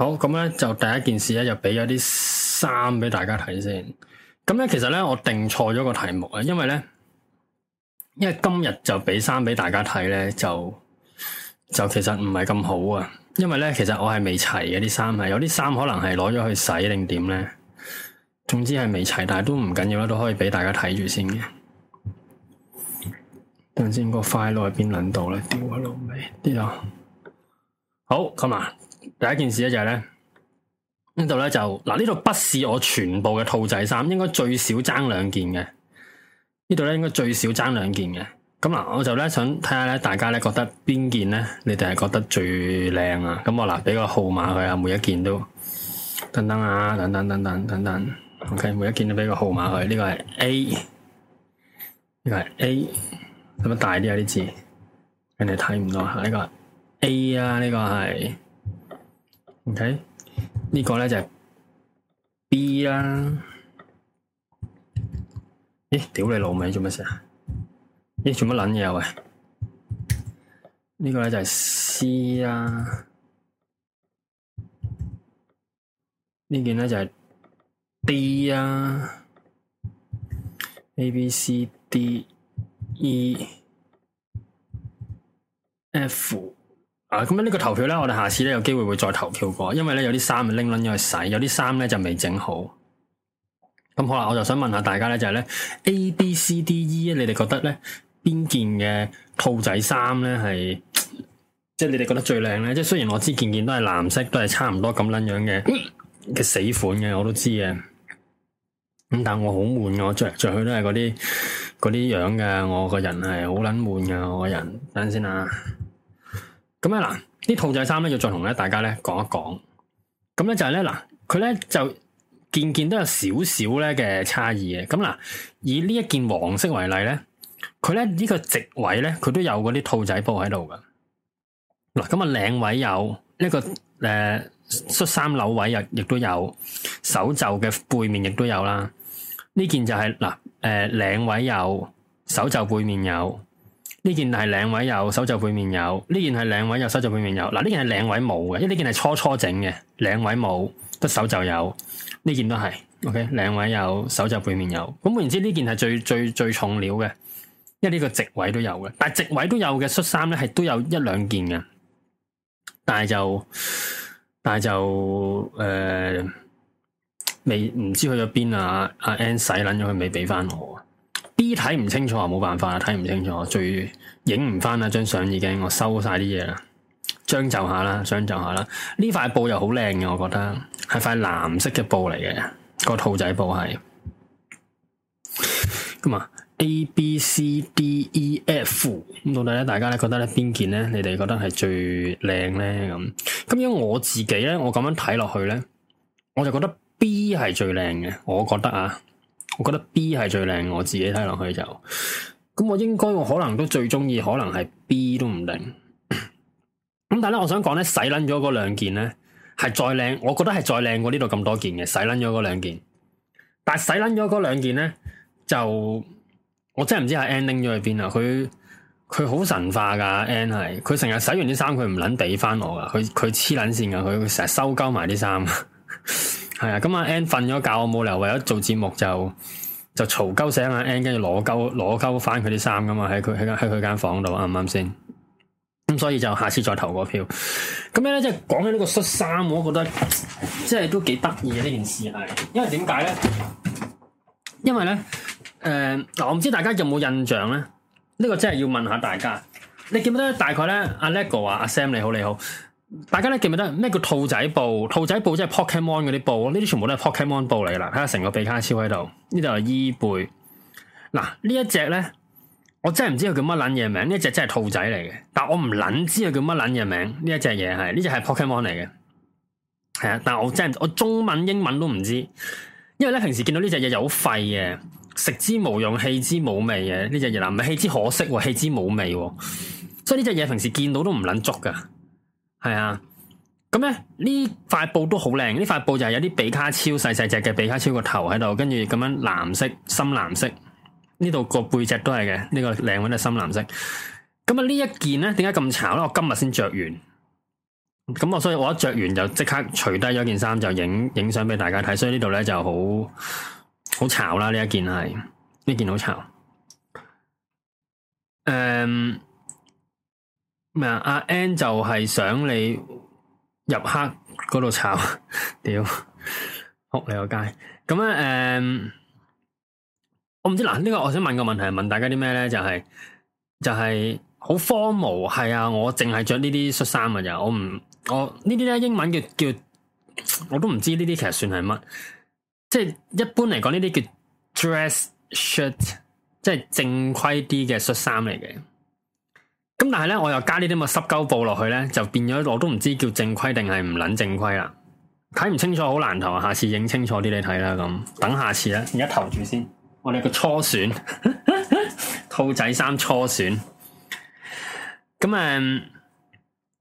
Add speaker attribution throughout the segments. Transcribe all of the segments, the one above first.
Speaker 1: 好，咁咧就第一件事咧，就俾咗啲衫俾大家睇先。咁咧，其實咧我定錯咗個題目啊，因為咧，因為今日就俾衫俾大家睇咧，就就其實唔係咁好啊。因為咧，其實我係未齊嘅啲衫係，有啲衫可能係攞咗去洗定點咧。總之係未齊，但係都唔緊要啦，都可以俾大家睇住先嘅。等陣先，個快樂係邊輪到咧？掉咗落嚟啲啊，好，咁啊第一件事咧就係咧，呢度咧就，嗱，呢度不是我全部嘅兔仔衫。應該最少爭兩件嘅。呢度咧應該最少爭兩件嘅。咁嗱，我就咧想睇下咧，大家咧覺得邊件咧你哋係覺得最靚啊？咁我嗱俾個號碼佢啊，每一件都等等啊，等等等等等等。OK，每一件都俾個號碼佢。呢個係 A，呢個係 A，咁樣大啲啊啲字，人哋睇唔到啊。呢個 A 啊，呢個係。OK，呢個咧就係 B 啦。咦，屌你老味做乜事啊？咦，做乜撚嘢啊喂？呢個咧就係 C 啦。呢件咧就係 D 啦。A、B、C、D、E、F。啊，咁樣呢個投票咧，我哋下次咧有機會會再投票過，因為咧有啲衫啊拎卵去洗，有啲衫咧就未整好。咁好啦，我就想問下大家咧，就係咧 A、B、C、D、E 咧，你哋覺得咧邊件嘅兔仔衫咧係，即係你哋覺得最靚咧？即係雖然我知件件都係藍色，都係差唔多咁卵樣嘅嘅 死款嘅，我都知嘅。咁但係我好悶嘅，我着着去都係嗰啲嗰啲樣嘅，我個人係好卵悶嘅，我個人，我個人等陣先啊。咁啊嗱，啲兔仔衫咧要再同咧大家咧講一講，咁咧就係咧嗱，佢咧就件件都有少少咧嘅差異嘅。咁嗱、啊，以呢一件黃色為例咧，佢咧呢、這個直位咧，佢都有嗰啲兔仔布喺度噶。嗱、啊，咁啊領位有，呢、這個誒恤、呃、衫鈕位又亦都有，手袖嘅背面亦都有啦。呢件就係、是、嗱，誒、啊呃、領位有，手袖背面有。呢件係領位有，手袖背面有。呢件係領位有，手袖背面有。嗱，呢件係領位冇嘅，因為呢件係初初整嘅，領位冇，得手袖有。呢件都係，OK，領位有，手袖背面有。咁然之，呢件係最最最重料嘅，因為呢個直位都有嘅，但係直位都有嘅恤衫咧，係都，都有一兩件嘅。但係就，但係就，誒、呃，未唔知去咗邊啊 Ann？阿 Ann 洗捻咗佢未俾翻我？B 睇唔清楚啊，冇辦法啊，睇唔清楚，最影唔翻啦，張相已經我收晒啲嘢啦，將就下啦，將就下啦。呢塊布又好靚嘅，我覺得係塊藍色嘅布嚟嘅，個兔仔布係。咁啊，嗯，A、B、C、D、E、F，咁到底咧，大家咧覺得咧邊件咧，你哋覺得係最靚咧？咁咁因為我自己咧，我咁樣睇落去咧，我就覺得 B 係最靚嘅，我覺得啊。我覺得 B 係最靚，我自己睇落去就，咁我應該我可能都最中意，可能係 B 都唔定。咁 但係咧，我想講咧，洗撚咗嗰兩件咧，係再靚，我覺得係再靚過呢度咁多件嘅。洗撚咗嗰兩件，但係洗撚咗嗰兩件咧，就我真係唔知喺 N 拎咗去邊呀。佢佢好神化噶，N 係佢成日洗完啲衫，佢唔撚俾翻我噶，佢佢黐撚線噶，佢成日收鳩埋啲衫。 係啊，咁阿 n 瞓咗覺，我冇理由為咗做節目就就嘈鳩醒阿 n 跟住攞鳩攞鳩翻佢啲衫噶嘛，喺佢喺間喺佢間房度，啱唔啱先？咁所以就下次再投個票。咁樣咧，即係講起呢個恤衫，我都覺得即係都幾得意嘅呢件事係，因為點解咧？因為咧，誒，嗱，我唔知大家有冇印象咧？呢、這個真係要問下大家。你記唔記得大概咧，阿 Lego 啊，阿 Sam 你好，你好。大家咧記唔記得咩叫兔仔布？兔仔布即係 Pokemon 嗰啲布，呢啲全部都係 Pokemon 布嚟噶啦。睇下成個比卡超喺度，呢度係伊貝。嗱呢一隻咧，我真係唔知佢叫乜捻嘢名。呢隻真係兔仔嚟嘅，但係我唔捻知佢叫乜捻嘢名。呢一隻嘢係，呢隻係 Pokemon 嚟嘅。係啊，但係我真係我中文、英文都唔知。因為咧平時見到呢隻嘢又好廢嘅，食之無用，棄之冇味嘅。呢隻嘢嗱唔係棄之可惜，棄之冇味。所以呢隻嘢平時見到都唔捻捉噶。係啊，咁咧呢塊布都好靚，呢塊布就係有啲比卡超細細隻嘅比卡超個頭喺度，跟住咁樣藍色、深藍色，呢度個背脊都係嘅，呢個靚款係深藍色。咁啊呢一件咧，點解咁潮咧？我今日先着完，咁我所以我一着完就即刻除低咗件衫，就影影相俾大家睇。所以呢度咧就好好潮啦，呢一件係呢件好潮。嗯。咩啊？阿 N 就係想你入黑嗰度炒，屌， 撲你個街。咁咧，誒、um，我唔知嗱，呢、這個我想問個問題，問大家啲咩咧？就係、是、就係、是、好 formal，係啊，我淨係着呢啲恤衫嘅咋？我唔，我呢啲咧，英文叫叫，我都唔知呢啲其實算係乜。即、就、係、是、一般嚟講，呢啲叫 dress shirt，即係正規啲嘅恤衫嚟嘅。咁但係咧，我又加濕呢啲咁嘅濕鳩布落去咧，就變咗我都唔知叫正規定係唔捻正規啦，睇唔清楚好難投，下次影清楚啲你睇啦。咁，等下次啦，而家投住先，我哋個初選， 兔仔衫初選，咁誒，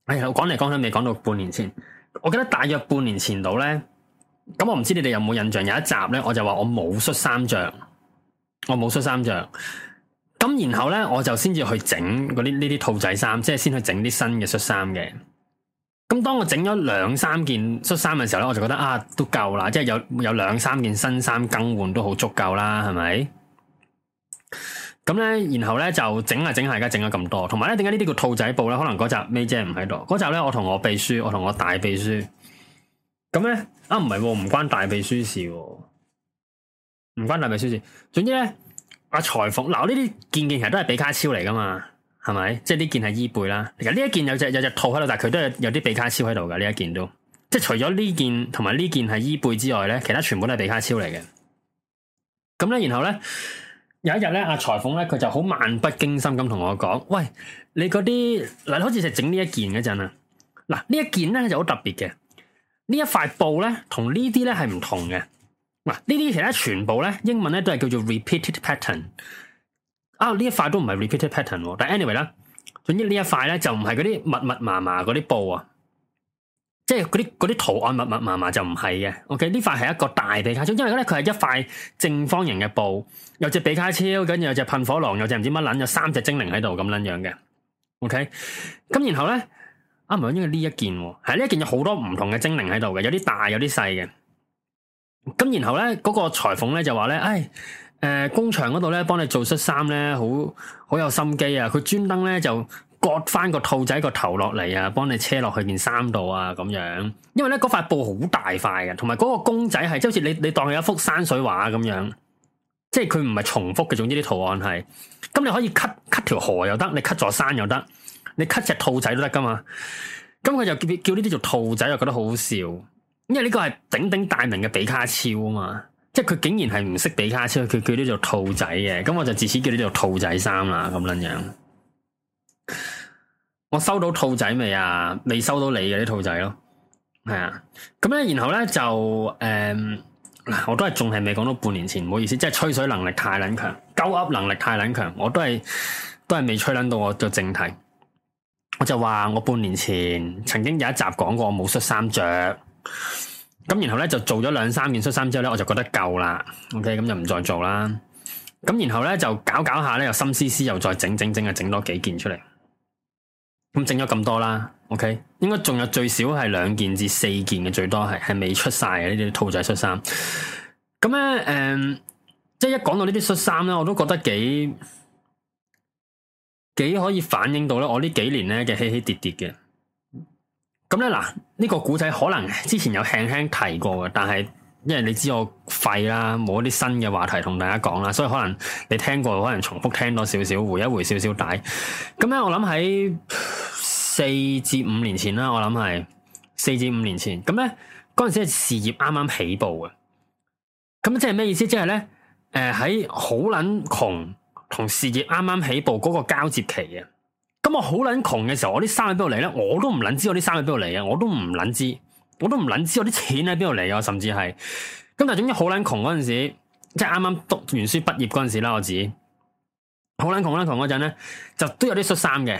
Speaker 1: 我講嚟講去未講到半年前，我記得大約半年前度咧，咁我唔知你哋有冇印象，有一集咧，我就話我冇恤衫着。我冇恤衫着。咁然後咧，我就先至去整嗰啲呢啲兔仔衫，即係先去整啲新嘅恤衫嘅。咁當我整咗兩三件恤衫嘅時候咧，我就覺得啊，都夠啦，即係有有兩三件新衫更換都好足夠啦，係咪？咁咧，然後咧就整下整下，而家整咗咁多。同埋咧，點解呢啲叫兔仔布咧？可能嗰集 May 姐唔喺度，嗰集咧我同我秘書，我同我大秘書。咁咧啊，唔係喎，唔關大秘書事喎，啊，唔關大秘書事。總之咧。阿裁縫嗱，呢啲、啊啊、件件其實都係比卡超嚟噶嘛，係咪？即係呢件係伊貝啦，其實呢一件有隻有隻兔喺度，但係佢都有有啲比卡超喺度噶，呢一件都，即係除咗呢件同埋呢件係伊貝之外咧，其他全部都係比卡超嚟嘅。咁咧，然後咧有一日咧，阿裁縫咧佢就好漫不經心咁同我講，喂，你嗰啲嗱，你好似係整呢一件嗰陣啊，嗱，呢一件咧就好特別嘅，一塊呢一塊布咧同呢啲咧係唔同嘅。嗱，呢啲其他全部咧，英文咧都係叫做 repeated pattern。啊，呢一塊都唔係 repeated pattern，但係 anyway 咧，總之呢一塊咧就唔係嗰啲密密麻麻嗰啲布啊，即係嗰啲嗰啲圖案密密麻麻就唔係嘅。OK，呢塊係一個大比卡超，因為咧佢係一塊正方形嘅布，有隻比卡超，跟住有隻噴火龍，有隻唔知乜捻，有三隻精靈喺度咁捻樣嘅。OK，咁然後咧，啱唔好意思，呢一件係呢、啊、一件有好多唔同嘅精靈喺度嘅，有啲大，有啲細嘅。咁然後咧，嗰個裁縫咧就話咧，誒，誒、呃，工場嗰度咧，幫你做恤衫咧，好好有心機啊！佢專登咧就割翻個兔仔個頭落嚟，啊，幫你車落去件衫度啊，咁樣。因為咧，嗰塊布好大塊嘅，同埋嗰個公仔係即好似你你當係一幅山水畫咁樣，即係佢唔係重複嘅。總之啲圖案係，咁你可以 cut cut 條河又得，你 cut 座山又得，你 cut 隻兔仔都得噶嘛。咁佢就叫叫呢啲做兔仔，又覺得好好笑。因為呢個係鼎鼎大名嘅比卡超啊嘛，即係佢竟然係唔識比卡超，佢叫呢做兔仔嘅，咁我就自此叫呢做兔仔衫啦，咁樣樣。我收到兔仔未啊？未收到你嘅啲兔仔咯，係啊。咁咧，然後咧就誒、嗯，我都係仲係未講到半年前，唔好意思，即係吹水能力太撚強，鳩 Up 能力太撚強，我都係都係未吹撚到我做正題。我就話我半年前曾經有一集講過我冇裇衫着。咁然後咧就做咗兩三件恤衫之後咧，我就覺得夠啦。OK，咁就唔再做啦。咁然後咧就搞搞下咧，又心思思又再整整整，又整多幾件出嚟。咁整咗咁多啦。OK，應該仲有最少係兩件至四件嘅，最多係係未出曬嘅呢啲兔仔恤衫。咁咧，誒、嗯，即係一講到呢啲恤衫咧，我都覺得幾幾可以反映到咧，我呢幾年咧嘅起起跌跌嘅。咁咧嗱，呢、這個古仔可能之前有輕輕提過嘅，但係因為你知我廢啦，冇一啲新嘅話題同大家講啦，所以可能你聽過，可能重複聽多少少，回一回少少帶。咁咧，我諗喺四至五年前啦，我諗係四至五年前。咁咧嗰陣時係事業啱啱起步嘅，咁即係咩意思？即係咧，誒喺好撚窮同事業啱啱起步嗰個交接期啊！咁我好捻窮嘅時候，我啲衫喺邊度嚟？咧？我都唔捻知我啲衫喺邊度嚟嘅，我都唔捻知，我都唔捻知我啲錢喺邊度嚟啊！甚至係，咁但係總之好捻窮嗰陣時，即係啱啱讀完書畢業嗰陣時啦，我自己好捻窮啦，捻窮嗰陣咧，就都有啲恤衫嘅，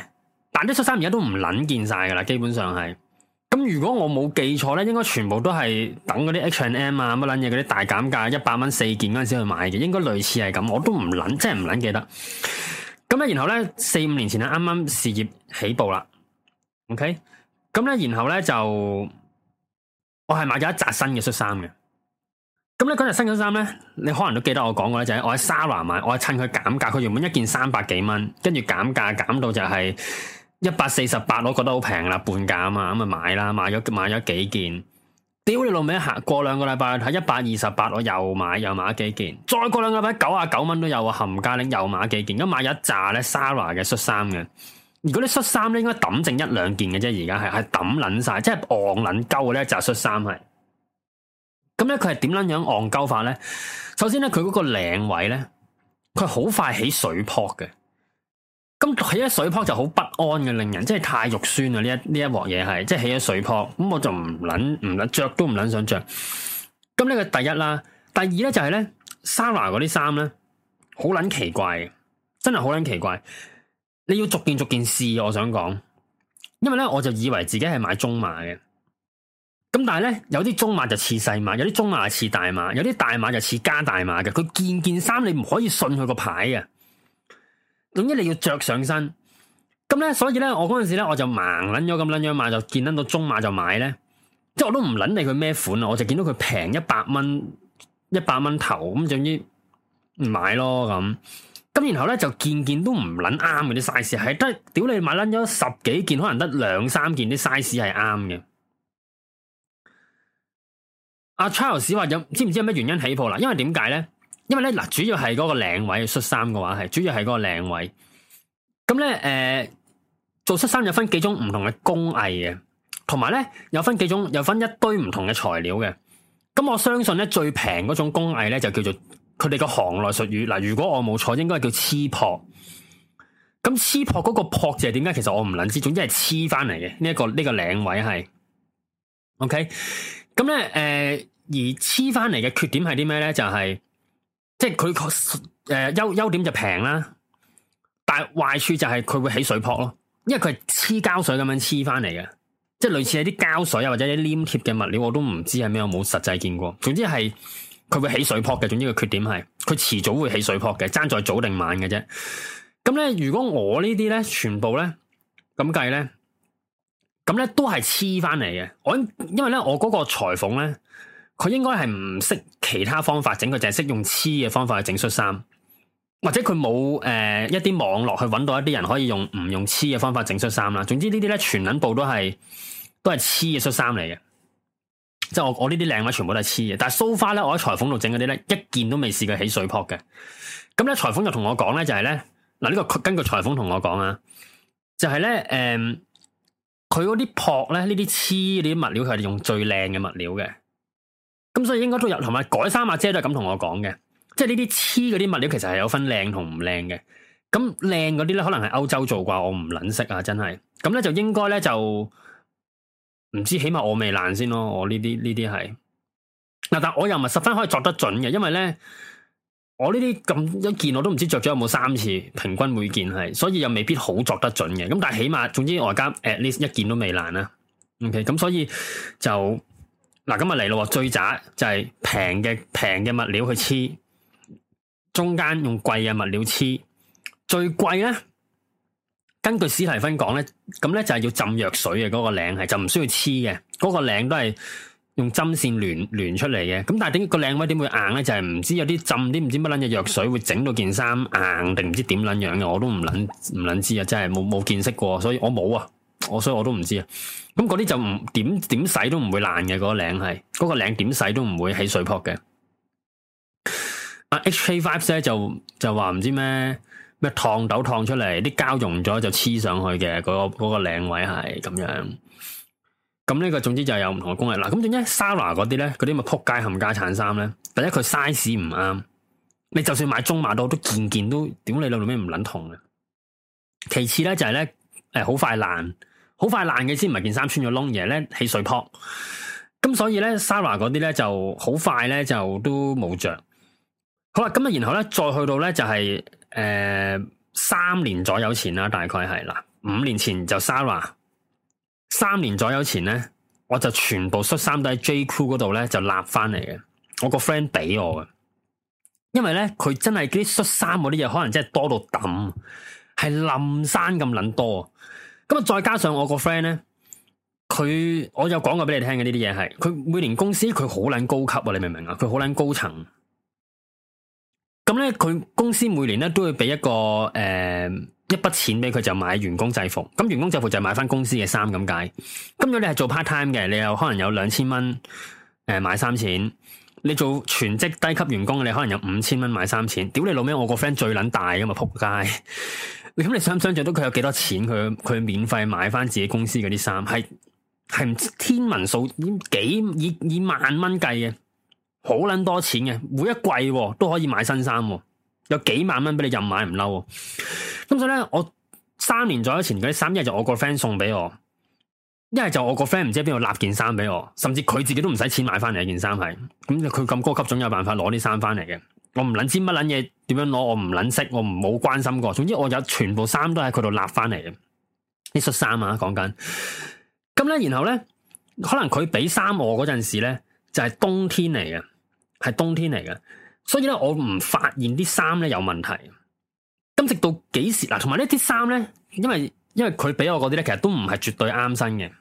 Speaker 1: 但啲恤衫而家都唔捻見晒噶啦，基本上係。咁如果我冇記錯咧，應該全部都係等嗰啲 H and M 啊乜捻嘢嗰啲大減價一百蚊四件嗰陣時去買嘅，應該類似係咁，我都唔捻，即係唔捻記得。咁咧，然後咧，四五年前咧，啱啱事業起步啦，OK，咁咧，然後咧就，我係買咗一紮新嘅恤衫嘅。咁咧嗰日新嘅啲衫咧，你可能都記得我講過咧，就係、是、我喺 Sarah 買，我係趁佢減價，佢原本一件三百幾蚊，跟住減價減到就係一百四十八，我覺得好平啦，半價啊嘛，咁、嗯、啊買啦，買咗買咗幾件。屌你老味啊！過兩個禮拜係一百二十八，我又買又買幾件，再過兩個禮拜九啊九蚊都有啊！冚家領又買幾件，咁買一扎咧，Sara 嘅恤衫嘅，而嗰啲恤衫咧應該抌剩一兩件嘅啫，而家係係抌捻晒，即係昂捻鳩嘅咧一扎恤衫係。咁咧佢係點捻樣昂鳩法咧？首先咧佢嗰個領位咧，佢好快起水泡嘅。咁起咗水泡就好不安嘅，令人真係太肉酸啦！呢一呢一鑊嘢係，即係起咗水泡，咁我就唔捻唔捻着都唔捻想着。咁呢個第一啦，第二咧就係咧，Sarah 嗰啲衫咧，好捻奇怪嘅，真係好捻奇怪。你要逐件逐件試，我想講，因為咧我就以為自己係買中碼嘅，咁但係咧有啲中碼就似細碼，有啲中碼似大碼，有啲大碼就似加大碼嘅。佢件件衫你唔可以信佢個牌嘅。總之你要着上身，咁咧，所以咧，我嗰陣時咧，我就盲捻咗咁捻樣買，就見捻到中碼就買咧，即係我都唔捻理佢咩款啦，我就見到佢平一百蚊，一百蚊頭咁，總之唔買咯咁。咁然後咧，就件件都唔捻啱嘅啲 size，係得屌你買捻咗十幾件，可能得兩三件啲 size 係啱嘅。阿 Charles 話有，知唔知有咩原因起破啦？因為點解咧？因為咧嗱，主要係嗰個領位恤衫嘅話，係主要係嗰個領位。咁咧，誒、呃，做恤衫有分幾種唔同嘅工藝嘅，同埋咧有分幾種，有分一堆唔同嘅材料嘅。咁我相信咧最平嗰種工藝咧就叫做佢哋個行內術語。嗱、呃，如果我冇錯，應該叫黐破。咁黐破嗰個破字點解？其實我唔捻知。總之係黐翻嚟嘅呢一個呢、呢個領位係。OK，咁咧，誒、呃，而黐翻嚟嘅缺點係啲咩咧？就係、是。即係佢誒優優點就平啦，但係壞處就係佢會起水泡咯，因為佢係黐膠水咁樣黐翻嚟嘅，即係類似係啲膠水啊或者啲黏貼嘅物料，我都唔知係咩，我冇實際見過。總之係佢會起水泡嘅，總之個缺點係佢遲早會起水泡嘅，爭在早定晚嘅啫。咁咧，如果我呢啲咧，全部咧咁計咧，咁咧都係黐翻嚟嘅。我因，因為咧，我嗰個裁縫咧。佢應該係唔識其他方法整，佢淨係識用黐嘅方法去整裇衫，或者佢冇誒一啲網絡去揾到一啲人可以用唔用黐嘅方法整裇衫啦。總之呢啲咧全撚部都係都係黐嘅裇衫嚟嘅，即係我我呢啲靚咧全部都係黐嘅。但係蘇花咧，我喺裁縫度整嗰啲咧，一件都未試過起水扑嘅。咁、嗯、咧，裁縫就同我講咧，就係咧嗱呢個根據裁縫同我講啊，就係咧誒，佢嗰啲扑咧呢啲黐呢啲物料佢係用最靚嘅物料嘅。咁、嗯、所以應該都有同埋改衫阿姐都係咁同我講嘅，即係呢啲黐嗰啲物料其實係有分靚同唔靚嘅。咁靚嗰啲咧，可能係歐洲做啩，我唔撚識啊，真係。咁、嗯、咧就應該咧就唔知，起碼我未爛先咯。我呢啲呢啲係嗱，但我又唔係十分可以作得準嘅，因為咧我呢啲咁一件我都唔知着咗有冇三次平均每件係，所以又未必好作得準嘅。咁、嗯、但係起碼總之外加 at least 一件都未爛啦、啊。OK，咁、嗯、所以就。嗱，今日嚟咯，最渣就係平嘅平嘅物料去黐，中間用貴嘅物料黐，最貴咧。根據史提芬講咧，咁咧就係要浸藥水嘅嗰個領係，就唔需要黐嘅，嗰個領都係用針線縫縫出嚟嘅。咁但係點個領位點會硬咧？就係唔知有啲浸啲唔知乜撚嘅藥水會整到件衫硬定唔知點撚樣嘅，我都唔撚唔撚知啊！真係冇冇見識過，所以我冇啊。我所以我都唔知啊，咁嗰啲就唔點點洗都唔會爛嘅嗰個領係，嗰、嗰個領點洗都唔會起水泡嘅。啊 HK Five 咧就就話唔知咩咩燙斗燙出嚟，啲膠溶咗就黐上去嘅嗰、嗰個嗰、嗰個領位係咁樣。咁呢個總之就有唔同嘅工藝啦。咁仲有呢 Zara 嗰啲咧，嗰啲咪仆街冚家鏟衫咧。第一佢 size 唔啱，你就算買中碼都都件件都點你兩度咩唔撚痛嘅。其次咧就係、係、咧，誒好快爛。好快爛嘅先唔係件衫穿咗窿，而係咧起水泡。咁所以咧 Zara 嗰啲咧就好快咧，就都冇着。好啦，咁啊，然後咧再去到咧就係誒三年左右前啦，大概係嗱，五年前就 Zara，三年左右前咧，我就全部恤衫都喺 J Crew 嗰度咧就立翻嚟嘅。我個 friend 俾我嘅，因為咧佢真係啲恤衫嗰啲嘢，可能真係多到抌，係冧山咁捻多。咁啊，再加上我個 friend 咧，佢我有講過俾你聽嘅呢啲嘢係，佢每年公司佢好捻高級啊，你明唔明啊？佢好捻高層。
Speaker 2: 咁咧，佢
Speaker 1: 公司每年咧都會俾一個誒、呃、一筆錢俾佢就買員工制服。咁員工制服就係買翻公司嘅衫咁解。咁如果你係做 part time 嘅，你又可能有兩千蚊誒買衫錢。你做全職低級員工，你可能有五千蚊買衫錢。屌你老味，我個 friend 最捻大噶嘛，仆街。咁、嗯、你想唔想象到佢有幾多錢？佢佢免費買翻自己公司嗰啲衫，係係天文數幾以以萬蚊計嘅，好捻多錢嘅，每一季都可以買新衫，有幾萬蚊俾你任買唔嬲。咁所以咧，我三年左右前嗰啲衫，一係就我個 friend 送俾我，一係就我個 friend 唔知喺邊度立件衫俾我，甚至佢自己都唔使錢買翻嚟一件衫係。咁佢咁高級，總有辦法攞啲衫翻嚟嘅。我唔捻知乜捻嘢。點樣攞我唔捻識，我唔好關心過。總之我有全部衫都喺佢度立翻嚟嘅，啲恤衫啊，講緊。咁咧，然後咧，可能佢俾衫我嗰陣時咧，就係、是、冬天嚟嘅，係冬天嚟嘅。所以咧，我唔發現啲衫咧有問題。咁直到幾時嗱？同、啊、埋呢啲衫咧，因為因為佢俾我嗰啲咧，其實都唔係絕對啱身嘅。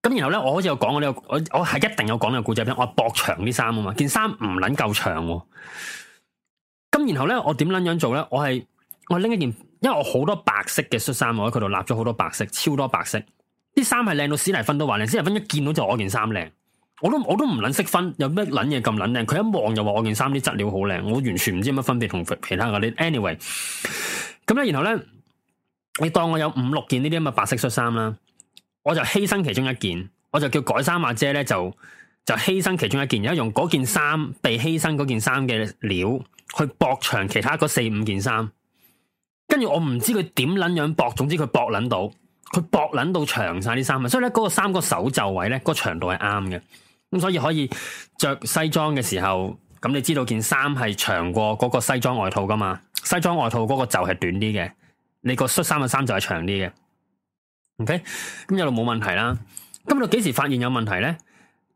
Speaker 1: 咁然後咧，我好似有講過呢個我咧，我我係一定有講呢個故仔嘅。我係博長啲衫啊嘛，件衫唔捻夠長。咁然後咧，我點捻樣做咧？我係我拎一件，因為我好多白色嘅恤衫，我喺佢度立咗好多白色，超多白色。啲衫係靚到史蒂芬都話靚，史蒂芬一見到就我件衫靚，我都我都唔捻識分，有咩捻嘢咁捻靚？佢一望就話我件衫啲質料好靚，我完全唔知乜分別同其他嘅。啲 anyway，咁咧然後咧，你當我有五六件呢啲咁嘅白色恤衫啦，我就犧牲其中一件，我就叫改衫阿姐咧就就犧牲其中一件，而家用嗰件衫被犧牲嗰件衫嘅料。去駁長其他嗰四五件衫，跟住我唔知佢點捻樣駁，總之佢駁捻到，佢駁捻到長晒啲衫啊！所以咧，嗰個衫個手袖位咧，個長度係啱嘅，咁所以可以着西裝嘅時候，咁你知道件衫係長過嗰個西裝外套噶嘛？西裝外套嗰個袖係短啲嘅，你個恤衫嘅衫就係長啲嘅。OK，咁一路冇問題啦。咁到幾時發現有問題咧？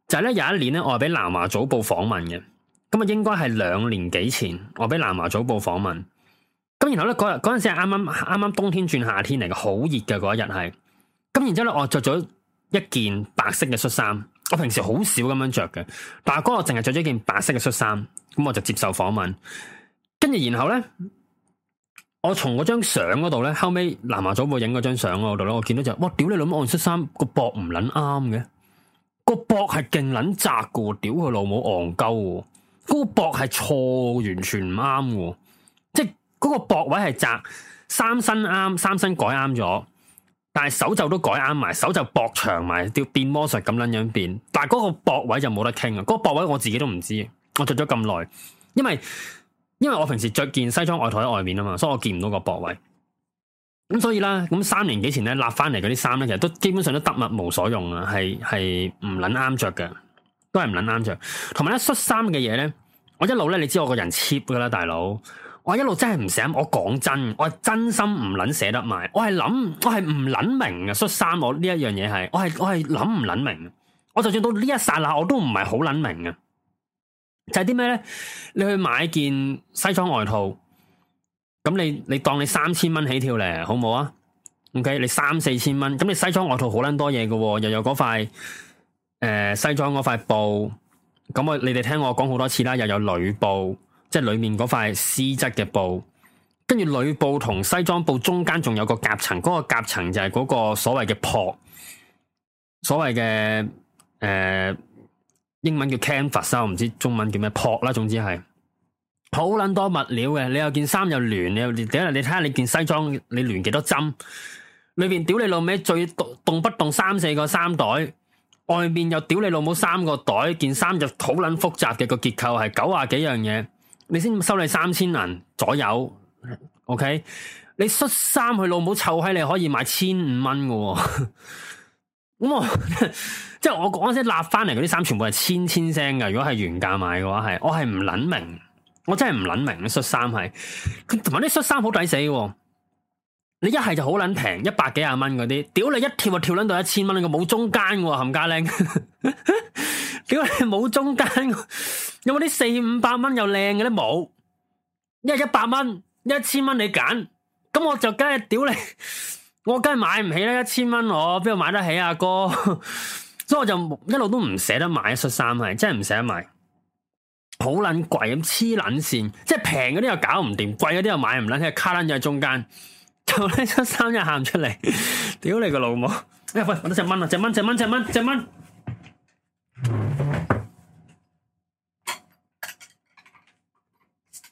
Speaker 1: 就係咧，有一年咧，我係俾南華早報訪問嘅。咁啊，應該係兩年幾前，我俾南華早報訪問。咁然後咧，嗰日嗰陣時係啱啱啱啱冬天轉夏天嚟嘅，好熱嘅嗰一日係。咁然之後咧，我着咗一件白色嘅恤衫，我平時好少咁樣着嘅。但係哥我淨係着咗一件白色嘅恤衫，咁我就接受訪問。跟住然後咧，我從嗰張相嗰度咧，後尾南華早報影嗰張相嗰度咧，我見到就，哇！屌你老母，我恤衫個膊唔撚啱嘅，個膊係勁撚窄噶，屌佢老母戇鳩。嗰個膊係錯，完全唔啱嘅，即係嗰個膊位係窄，三身啱，三身改啱咗，但係手袖都改啱埋，手袖膊長埋，變魔術咁樣樣變，但係嗰個膊位就冇得傾啊！嗰個膊位我自己都唔知，我着咗咁耐，因為因為我平時着件西裝外套喺外面啊嘛，所以我見唔到個膊位。咁所以啦，咁三年幾前咧，立翻嚟嗰啲衫咧，其實都基本上都得物無所用啊，係係唔捻啱着嘅。都係唔捻啱着，同埋咧恤衫嘅嘢咧，我一路咧你知我個人 cheap 噶啦，大佬，我一路真係唔想。我講真，我真心唔捻捨得買，我係諗，我係唔捻明啊恤衫，我呢一樣嘢係，我係我係諗唔捻明，我就算到呢一剎那，我都唔係好捻明啊，就係啲咩咧？你去買件西裝外套，咁你你當你三千蚊起跳嚟，好唔好啊？OK，你三四千蚊，咁你西裝外套好捻多嘢嘅，又有嗰塊。誒，西裝嗰塊布，咁我你哋聽我講好多次啦，又有裏布，即係裏面嗰塊絲質嘅布，跟住裏布同西裝布中間仲有個夾層，嗰個夾層就係嗰個所謂嘅朴，所謂嘅誒英文叫 canvas，我唔知中文叫咩朴啦，總之係好撚多物料嘅。你有件衫又亂，你又你睇下你件西裝你亂幾多針，裏邊屌你老味，最動動不動三四個衫袋。外面又屌你老母三個袋，件衫就好捻複雜嘅個結構係九啊幾樣嘢，你先收你三千銀左右，OK？你恤衫佢老母臭閪，你可以買千五蚊嘅，咁 那我 即係我講嗰啲納翻嚟嗰啲衫，全部係千千聲噶。如果係原價買嘅話，係我係唔捻明，我真係唔捻明恤衫係，同埋啲恤衫好抵死。你一係就好捻平，一百幾廿蚊嗰啲，屌你一跳就跳捻到一千蚊，你冇中間嘅冚家靚， 屌你冇中間，有冇啲四五百蚊又靚嘅咧？冇，一一百蚊、一千蚊你揀，咁我就梗係屌你，我梗係買唔起啦！一千蚊我邊度買得起啊？哥，哥， 所以我就一路都唔捨得買恤衫係，真係唔捨得買，好捻貴咁黐捻線，即係平嗰啲又搞唔掂，貴嗰啲又買唔捻，喺卡捻住喺中間。就呢七三日喊出嚟， 屌你個老母！哎呀喂，搵隻蚊啊，隻蚊隻蚊隻蚊隻蚊，蚊！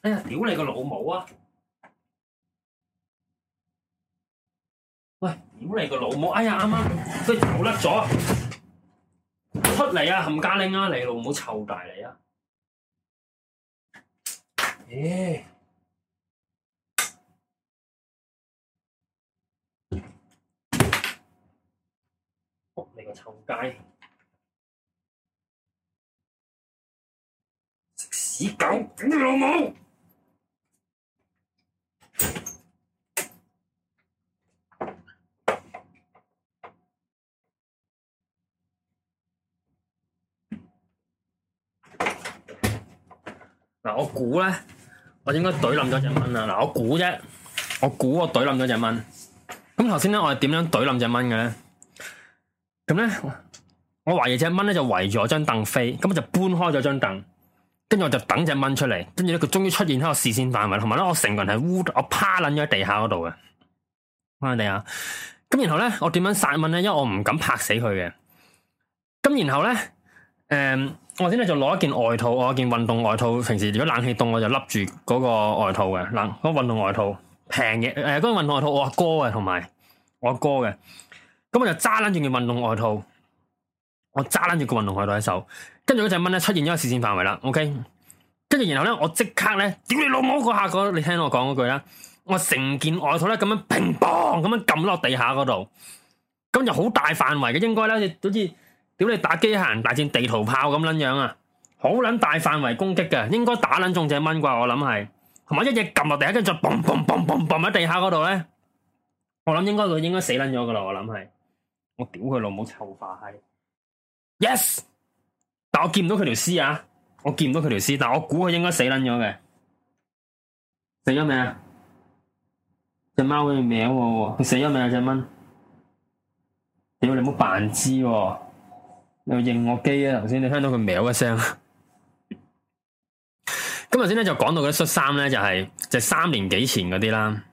Speaker 2: 哎呀，屌你個老母啊！喂，屌你個老母！哎呀，啱啱佢走甩咗，出嚟啊，冚家拎啊，你老母臭大你啊！誒、yeah.～臭街，食屎狗，屌你老母！嗱，我估咧，我應該懟
Speaker 1: 冧咗隻蚊啦。嗱，我估啫，我估我懟冧咗隻蚊。咁頭先咧，我係點樣懟冧隻蚊嘅咧？咁咧，我懷疑隻蚊咧就圍住我張凳飛，咁我就搬開咗張凳，跟住我就等隻蚊出嚟，跟住咧佢終於出現喺我視線範圍啦。同埋咧，我成個人係烏，我趴撚咗喺地下嗰度嘅，趴喺地下。咁然後咧，我點樣殺蚊咧？因為我唔敢拍死佢嘅。咁然後咧，誒、嗯，我先咧就攞一件外套，我一件運動外套。平時如果冷氣凍，我就笠住嗰個外套嘅，嗱，嗰個運動外套平嘅。誒，嗰、呃、件、嗰個、運動外套我阿哥嘅，同埋我阿哥嘅。咁我就揸捻住件運動外套，我揸捻住個運動外套喺手，跟住嗰隻蚊咧出現咗個視線範圍啦，OK，跟住然後咧我即刻咧，屌你老母嗰下，你聽我講嗰句啦，我成件外套咧咁樣砰砰咁樣撳落地下嗰度，咁就好大範圍嘅，應該咧好似屌你打機械人大戰地圖炮咁捻樣啊，好捻大範圍攻擊嘅，應該打捻中隻蚊啩，我諗係，同埋一嘢撳落地下，跟住再砰砰砰砰砰喺地下嗰度咧，我諗應該佢應該死捻咗噶啦，我諗係。我屌佢老母臭化閪，yes，但我見唔到佢條屍啊！我見唔到佢條屍，但我估佢應該死撚咗嘅。死咗未啊？隻貓佢喵喎，佢死咗未啊？隻蚊，屌你冇扮知喎，又認我機啊！頭先你聽到佢喵一聲，今日先咧就講到嗰啲恤衫咧，就係就係就係，三年幾前嗰啲啦，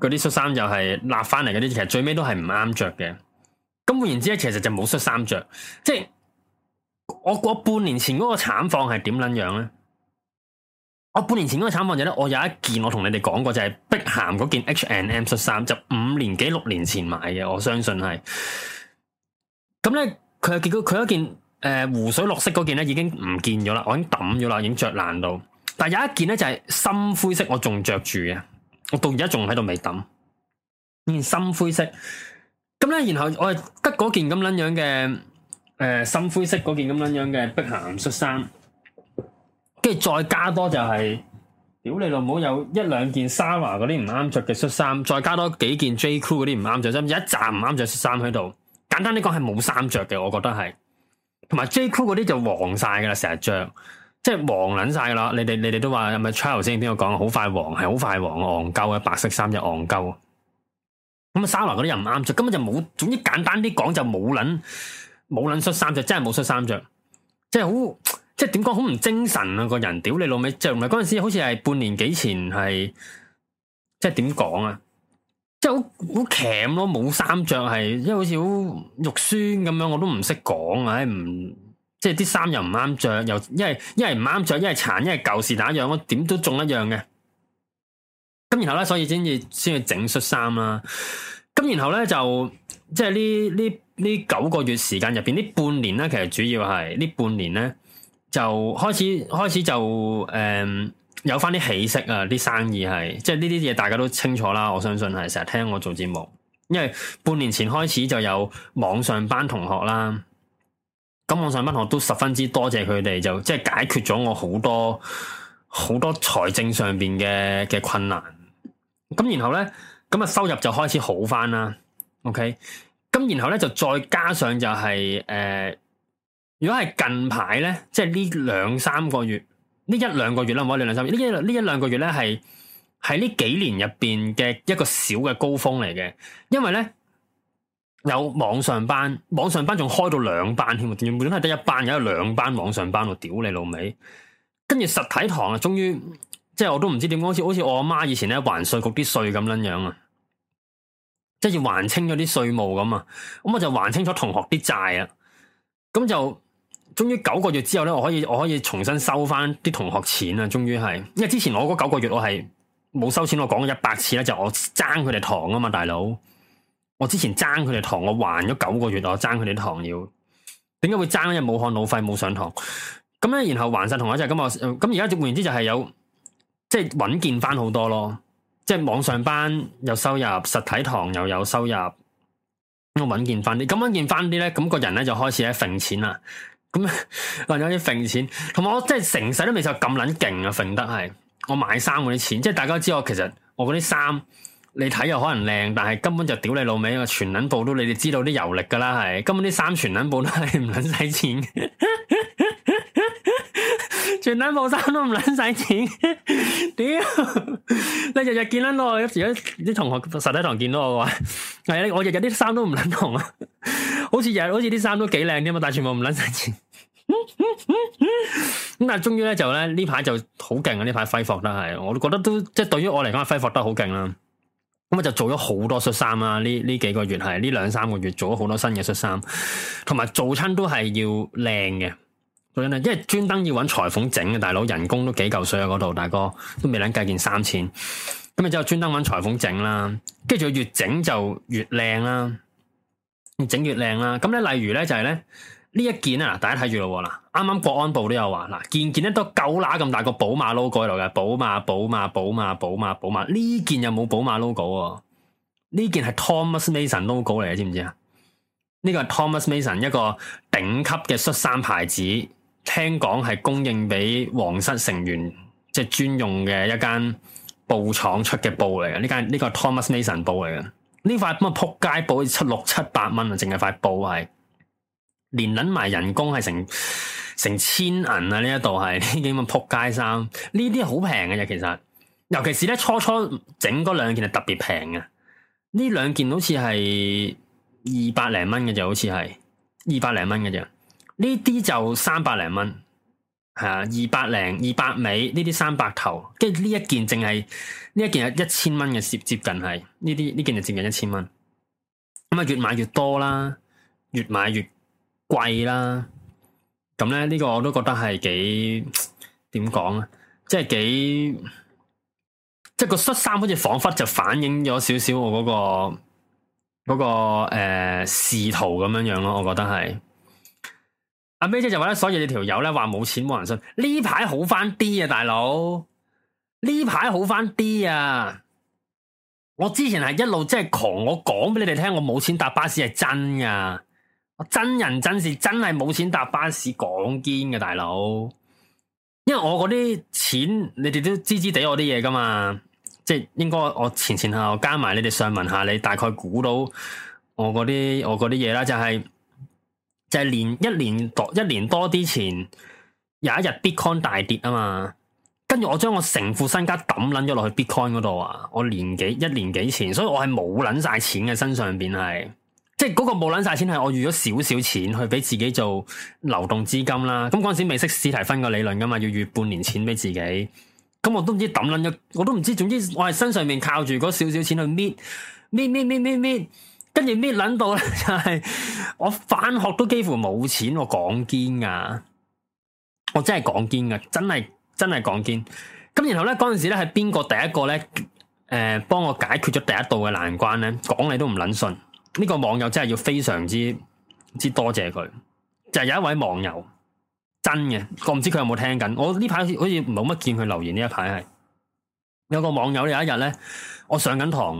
Speaker 1: 嗰啲恤衫就係立翻嚟嗰啲，其實最尾都係唔啱着嘅。咁換言之咧，其實就冇恤衫着，即係我半年前嗰個慘況係點捻樣咧？我半年前嗰個慘況就咧，我有一件我同你哋講過就係、是、碧咸嗰件 H and M 恤衫，就五年幾六年前買嘅，我相信係。咁、嗯、咧，佢有幾多？佢一件誒、呃、湖水綠色嗰件咧，已經唔見咗啦，我已經抌咗啦，已經着爛到。但係有一件咧就係、是、深，深灰色，我仲着住嘅，我到而家仲喺度未抌。呢件深灰色。咁咧、呃，然後我又得嗰件咁撚樣嘅誒深灰色嗰件咁撚樣嘅碧咸恤衫，跟住再加多就係、是、屌你老母有一兩件沙華嗰啲唔啱着嘅恤衫，再加多幾件 J.Crew 嗰啲唔啱着衫，有一紮唔啱着恤衫喺度。簡單啲講係冇衫着嘅，我覺得係，同埋 J.Crew 嗰啲就黃晒噶啦，成日着即係黃捻晒啦。你哋你哋都話係咪 Charles 先聽我講好快黃係好快黃，戇鳩啊！白色衫就戇鳩。咁啊，沙羅嗰啲又唔啱着，根本就冇。總之簡單啲講，就冇捻冇捻恤衫着，真係冇恤衫着，即係好即係點講，好唔精神啊個人屌你老味！着唔係嗰陣時，好似係半年幾前，係即係點講啊？即係好好鉗咯，冇衫着係，因為好似好肉酸咁、哎、樣，我都唔識講啊！唔即係啲衫又唔啱着，又因為因為唔啱着，因為殘，因為舊時打樣我點都中一樣嘅。咁然後咧，所以先至先至整恤衫啦。咁然後咧，就即係呢呢呢九個月時間入邊，呢半年咧，其實主要係呢半年咧，就開始開始就誒、呃、有翻啲起色啊，啲生意係即係呢啲嘢，大家都清楚啦。我相信係成日聽我做節目，因為半年前開始就有網上班同學啦。咁網上班同學都十分之多謝佢哋，就即係解決咗我好多。好多財政上邊嘅嘅困難，咁然後咧，咁啊收入就開始好翻啦。OK，咁然後咧就再加上就係、是、誒、呃，如果係近排咧，即係呢兩三個月，呢一兩個月啦，唔好理兩三個月，呢一呢一兩個月咧係喺呢幾年入邊嘅一個小嘅高峰嚟嘅，因為咧有網上班，網上班仲開到兩班添，原本係得一班，而家兩班網上班，我屌你老味。跟住實體堂啊，終於即係我都唔知點講，好似好似我阿媽以前咧還稅局啲稅咁樣樣啊，即係要還清咗啲稅務咁啊，咁我就還清楚同學啲債啊，咁就終於九個月之後咧，我可以我可以重新收翻啲同學錢啊，終於係，因為之前我嗰九個月我係冇收錢，我講一百次咧，就我爭佢哋堂啊嘛，大佬，我之前爭佢哋堂，我還咗九個月我爭佢哋堂要，點解會爭咧？因為武漢老廢冇上堂。咁咧，然後還晒同我一係咁我咁而家換言之就係有即係穩健翻好多咯，即係網上班有收入，實體堂又有收入，咁我穩健翻啲，咁穩健翻啲咧，咁、那個人咧就開始咧揈錢啦，咁仲有啲揈錢，同埋我即係成世都未晒咁捻勁啊，揈得係，我買衫嗰啲錢，即係大家都知道我其實我嗰啲衫你睇又可能靚，但係根本就屌你老味。啊，全捻部都你哋知道啲油力噶啦，係，根本啲衫全捻部都係唔捻使錢。 全捻部衫，都唔捻晒錢，屌！ 你日日見到我，有時啲同學實體堂見到我話，係啊，我日日啲衫都唔捻同啊，好似日日好似啲衫都幾靚添啊，但係全部唔捻晒錢。咁 但係終於咧就咧呢排就好勁啊！呢排揮霍得，係，我都覺得都即係對於我嚟講，揮霍得好勁啦。咁啊就做咗好多恤衫啦，呢呢幾個月係呢兩三個月做咗好多新嘅恤衫，同埋做親都係要靚嘅。因為專登要揾裁縫整嘅大佬，人工都幾嚿水啊！嗰度大哥都未諗計件三千，咁然之後專登揾裁縫整啦，跟住就越整就越靚啦，越整越靚啦。咁咧，例如咧就係咧呢一件啊，大家睇住咯嗱，啱啱國安部都有話嗱，件件都都狗乸咁大個寶馬 logo 喺度嘅。寶馬寶馬寶馬寶馬寶馬，呢件又冇寶馬 logo 喎、啊，呢件係 Thomas Mason logo 嚟嘅，知唔知啊？呢、這個係 Thomas Mason 一個頂級嘅恤衫牌子。聽講係供應俾皇室成員即係專用嘅一間布廠出嘅布嚟嘅，呢間呢個 Thomas Mason 布嚟嘅，呢塊咁嘅撲街布，七六七百蚊啊，淨係塊布係，連捻埋人工係成成千銀啊！呢一度係呢啲咁嘅撲街衫，呢啲好平嘅啫，其實，尤其是咧初初整嗰兩件係特別平嘅，呢兩件好似係二百零蚊嘅咋，好似係二百零蚊嘅咋。呢啲就三百零蚊，係啊，二百零二百尾，呢啲三百頭，跟呢一件淨係呢一件係一千蚊嘅，接接近係呢啲呢件就接近一千蚊。咁、嗯、啊，越買越多啦，越買越貴啦。咁咧，呢、這個我都覺得係幾點講啊？即係幾即係、就是、個恤衫，好似仿佛就反映咗少少我嗰、那個嗰、那個誒仕途咁樣樣咯。我覺得係。阿 May 姐就話咧，所以你條友咧話冇錢冇人信，呢排好翻啲啊，大佬，呢排好翻啲啊！我之前係一路真係窮，我講俾你哋聽，我冇錢搭巴士係真噶，我真人真事，真係冇錢搭巴士講堅嘅，大佬。因為我嗰啲錢，你哋都知知哋我啲嘢噶嘛，即係應該我前前後後加埋，你哋上文下理，大概估到我嗰啲我嗰啲嘢啦，就係、是。就係連一,一年多一年多啲錢，有一日 bitcoin 大跌啊嘛，跟住我將我成副身家抌捻咗落去 bitcoin 嗰度啊，我年幾一年幾錢，所以我係冇捻晒錢喺身上面係，即係嗰個冇捻晒錢係我預咗少少錢去俾自己做流動資金啦，咁嗰陣時未識史提芬個理論噶嘛，要預半年錢俾自己，咁我都唔知抌捻咗，我都唔知，總之我係身上面靠住嗰少少錢去搣搣搣搣搣搣。跟住呢諗到咧，就係我返學都幾乎冇錢，我講堅噶，我真係講堅噶，真係真係講堅。咁然後咧嗰陣時咧，係邊個第一個咧？誒、呃，幫我解決咗第一道嘅難關咧？講你都唔捻信，呢、這個網友真係要非常之之多謝佢。就係、是、有一位網友真嘅，我唔知佢有冇聽緊。我呢排好似冇乜見佢留言呢一排係有個網友有一日咧，我上緊堂，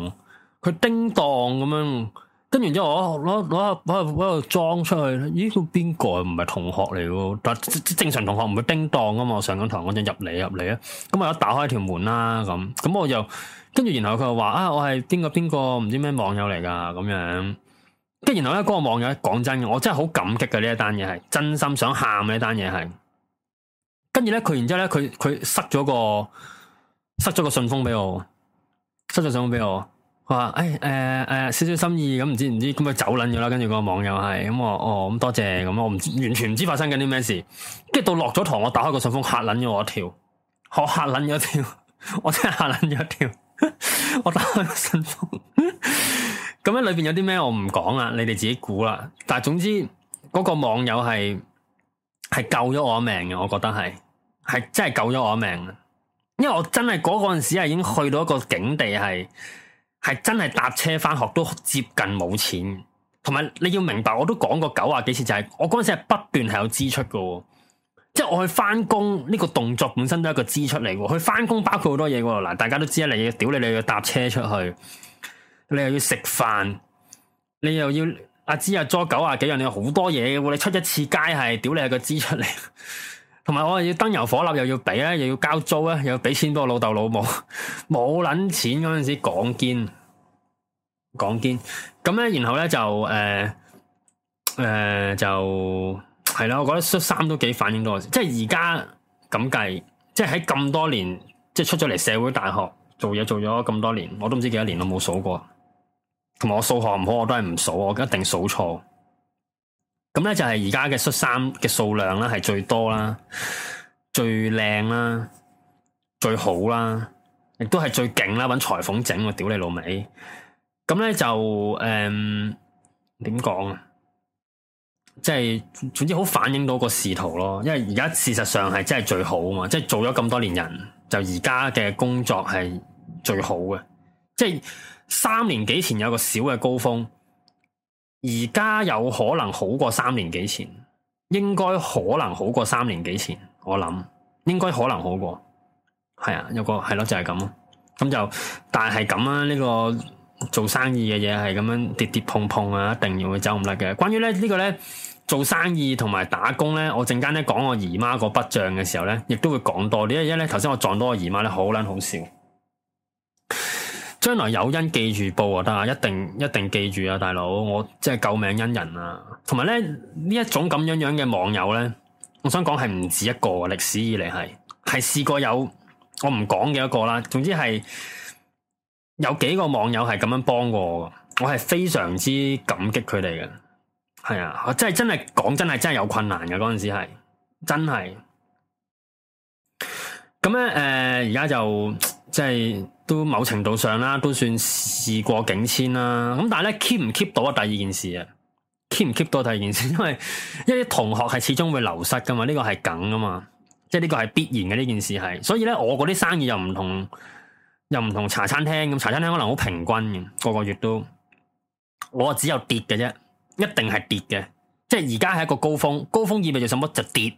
Speaker 1: 佢叮噹咁樣樣。跟然之後，我攞攞攞攞裝出去。咦？佢邊個？唔係同學嚟嘅，但正常同學唔會叮噹噶嘛。我上緊堂嗰陣入嚟入嚟咧，咁、啊、我一打開條門啦，咁咁我就跟住，然後佢又話啊，我係邊個邊個唔知咩網友嚟噶咁樣。跟然後咧嗰個網友，講真嘅，我真係好感激嘅呢一單嘢，係真心想喊呢單嘢係。跟住咧，佢然之後咧，佢佢塞咗個塞咗個信封俾我，塞咗信封俾我。話，誒誒誒，少少心意咁，唔知唔知咁咪走捻咗啦。跟住嗰個網友係咁我，哦咁多謝，咁，我唔完全唔知發生緊啲咩事。跟住到落咗堂，我打開個信封吓，捻咗我一跳，我吓捻咗一跳，我真係吓捻咗一跳。
Speaker 2: 我打開個信封，
Speaker 1: 咁 咧，裏邊有啲咩我唔講啦，你哋自己估啦。但係總之嗰個網友係係救咗我一命嘅，我覺得係係真係救咗我一命。因為我真係嗰個陣時係已經去到一個境地係。係真係搭車翻學都接近冇錢，同埋你要明白，我都講過九啊幾次，就係、是、我嗰陣時係不斷係有支出噶，即係我去翻工呢個動作本身都係一個支出嚟噶，去翻工包括好多嘢噶，嗱，大家都知啦，你要屌你，你要搭車出去，你又要食飯，你又要阿芝啊捉九啊幾樣，你好多嘢噶，你出一次街係屌你係個支出嚟，同埋我要燈又要燈油火蠟又要俾啊，又要交租啊，又要俾錢俾我老豆老母，冇捻錢嗰陣時講堅。講堅咁咧，然後咧就誒誒、呃呃、就係啦，我覺得恤衫都幾反映到，即係而家咁計，即係喺咁多年，即係出咗嚟社會大學做嘢做咗咁多年，我都唔知幾多年我冇數過，同埋我數學唔好，我都係唔數，我一定數錯。咁咧就係而家嘅恤衫嘅數量啦，係最多啦，最靚啦，最好啦，亦都係最勁啦，揾裁縫整我屌你老味。咁咧就誒點講啊？即係總之好反映到個仕途咯，因為而家事實上係真係最好啊嘛！即係做咗咁多年人，就而家嘅工作係最好嘅。即係三年幾前有個小嘅高峰，而家有可能好過三年幾前，應該可能好過三年幾前。我諗應該可能好過，係啊，有個係咯、啊，就係咁咯。咁就但係咁啊，呢、啊這個。做生意嘅嘢係咁樣跌跌碰碰啊，一定要會走唔甩嘅。關於咧呢、呢個咧，做生意同埋打工咧，我陣間咧講我姨媽個筆賬嘅時候咧，亦都會講多啲。因為咧，頭先我撞到我姨媽咧，好撚好笑。將來有恩記住報啊，得啊，一定一定記住啊，大佬，我即係救命恩人啊。同埋咧呢一種咁樣樣嘅網友咧，我想講係唔止一個，歷史以嚟係係試過有我唔講嘅一個啦。總之係。有幾個網友係咁樣幫過我，我係非常之感激佢哋嘅。係啊，真係真係講真係真係有困難嘅嗰陣時係真係。咁咧，誒而家就即係都某程度上啦，都算事過境遷啦。咁但係咧，keep 唔 keep 到啊？第二件事啊，keep 唔 keep 到第二件事，因為一啲同學係始終會流失噶嘛，呢個係梗噶嘛，即係呢個係必然嘅呢件事係。所以咧，我嗰啲生意又唔同。又唔同茶餐廳咁，茶餐廳可能好平均嘅，個個月都我只有跌嘅啫，一定係跌嘅。即係而家係一個高峰，高峰意味着什麼就跌，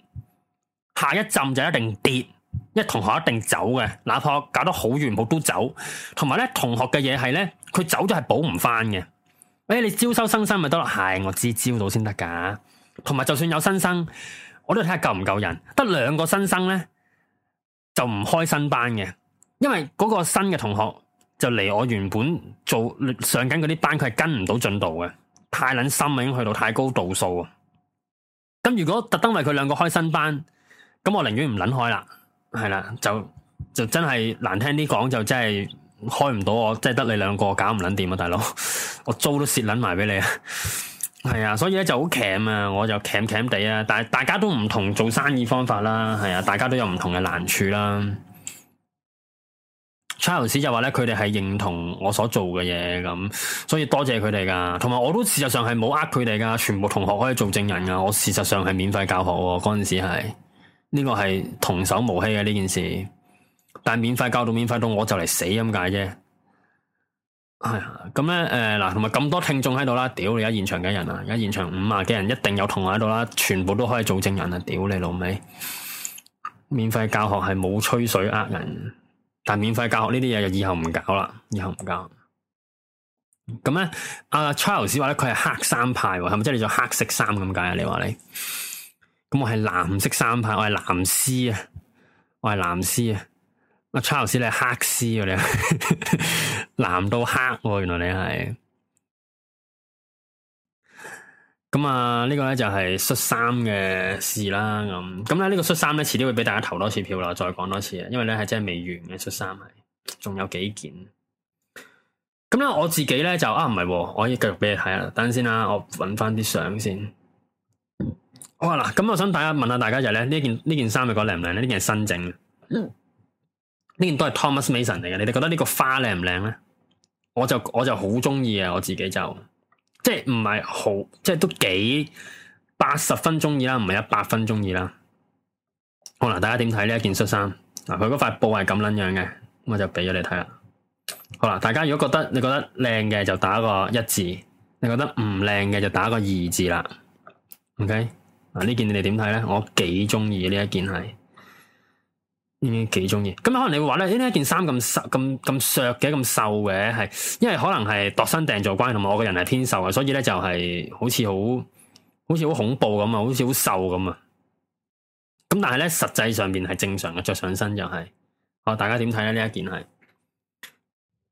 Speaker 1: 下一陣就一定跌，因為同學一定走嘅，哪怕搞得好完部都走。同埋咧，同學嘅嘢係咧，佢走咗係補唔翻嘅。誒、欸，你招收新生咪得咯？係、哎、我知招到先得噶。同埋就算有新生，我都睇下夠唔夠人，得兩個新生咧就唔開新班嘅。因為嗰個新嘅同學就嚟我原本做上緊嗰啲班，佢係跟唔到進度嘅，太捻心啊，已經去到太高度數啊。咁如果特登為佢兩個開新班，咁我寧願唔捻開啦，係啦，就就真係難聽啲講，就真係開唔到我，即係得你兩個搞唔捻掂啊，大佬， 我租都蝕捻埋俾你啊，係啊，所以咧就好鉗啊，我就鉗鉗地啊，但係大家都唔同做生意方法啦，係啊，大家都有唔同嘅難處啦。Charles 就話咧，佢哋係認同我所做嘅嘢，咁，所以多謝佢哋噶。同埋我都事實上係冇呃佢哋噶，全部同學可以做證人噶。我事實上係免費教學，嗰陣時係呢個係童叟無欺嘅呢件事。但免費教到免費到，我就嚟死咁解啫。係、哎、啊，咁咧誒嗱，同埋咁多聽眾喺度啦，屌你而家現場嘅人啊，而家現場五啊嘅人一定有同學喺度啦，全部都可以做證人啊！屌你老味，免費教學係冇吹水呃人。但免費教學呢啲嘢就以後唔搞啦，以後唔搞。咁咧、啊，阿 Charles 話咧佢係黑衫派喎、啊，係咪即係你着黑色衫咁解啊？你話你，咁我係藍色衫派，我係藍絲啊，我係藍絲啊，阿 Charles 你係黑絲嘅、啊、你，你， 藍到黑喎、啊，原來你係。咁啊，個個呢個咧，就係恤衫嘅事啦。咁咁咧呢個恤衫咧，遲啲會俾大家投多次票啦，再講多次啊。因為咧係真係未完嘅恤衫，係仲有幾件。咁咧我自己咧就啊，唔係喎，我可以繼續俾你睇下，等陣先啦，我揾翻啲相先。好啊，咁我想大家問下大家就咧，是、呢件呢件衫你覺得靚唔靚咧？呢件係新整
Speaker 2: 嘅，
Speaker 1: 呢件都係 Thomas Mason 嚟嘅。你哋覺得呢個花靚唔靚咧？我就我就好中意啊，我自己就。即係唔係好，即係都幾八十分中意啦，唔係一百分中意啦。好啦，大家點睇呢一件恤衫？嗱，佢嗰塊布係咁撚樣嘅，我就俾咗你睇啦。好啦，大家如果覺得你覺得靚嘅就打個一字，你覺得唔靚嘅就打個二字啦。OK，嗱、啊、呢件你哋點睇咧？我幾中意呢一件係。呢啲幾中意，咁可能你會話咧，呢一件衫咁瘦咁咁削嘅，咁瘦嘅係，因為可能係度身訂做關係，同埋我個人係偏瘦嘅，所以咧就係好似好好似好恐怖咁啊，好似好瘦咁啊，咁但係咧實際上邊係正常嘅，着上身就係、是，好大家點睇咧呢一件係，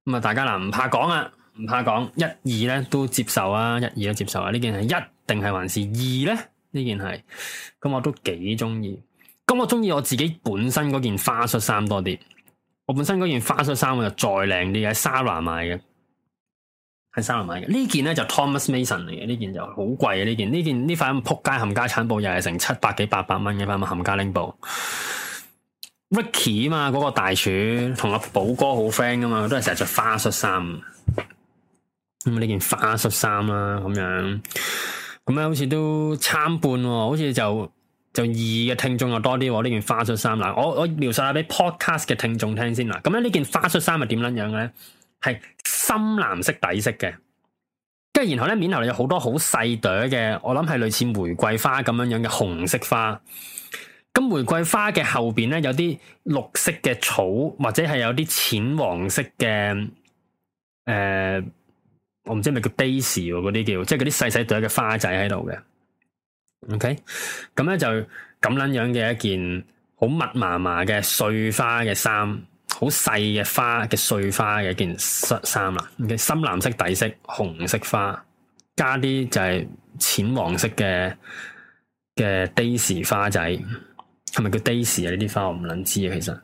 Speaker 1: 咁啊大家嗱唔怕講啊，唔怕講，一、二咧都接受啊，一、二都接受啊，呢件係一定係還是二咧？呢件係，咁我都幾中意。咁我中意我自己本身嗰件花恤衫多啲，我本身嗰件花恤衫我就再靚啲，喺 Sarah 買嘅，喺 Sarah 買嘅呢件咧就 Thomas Mason 嚟嘅，呢件就好貴啊呢件，呢件呢塊咁仆街冚家產布又係成七百幾八百蚊嘅塊咁冚家拎布，Ricky 啊嘛嗰個大廚同阿寶哥好 friend 噶嘛，都係成日着花恤衫，咁啊呢件花恤衫啦咁樣，咁咧好似都參半，好似就。就二嘅聽眾又多啲喎，呢件花恤衫嗱，我我描述下俾 podcast 嘅聽眾聽先嗱。咁樣呢件花恤衫係點樣樣嘅咧？係深藍色底色嘅，跟住然後咧面頭有好多好細朵嘅，我諗係類似玫瑰花咁樣樣嘅紅色花。咁玫瑰花嘅後邊咧有啲綠色嘅草，或者係有啲淺黃色嘅誒、呃，我唔知係咪叫 Daisy 喎、啊，嗰啲叫即係嗰啲細細朵嘅花仔喺度嘅。OK，咁咧就咁捻樣嘅一件好密麻麻嘅碎花嘅衫，好細嘅花嘅碎花嘅一件恤衫啦。OK，深藍色底色，紅色花，加啲就係淺黃色嘅嘅 Daisy 花仔，係咪叫 Daisy 啊？呢啲花我唔捻知啊，其實。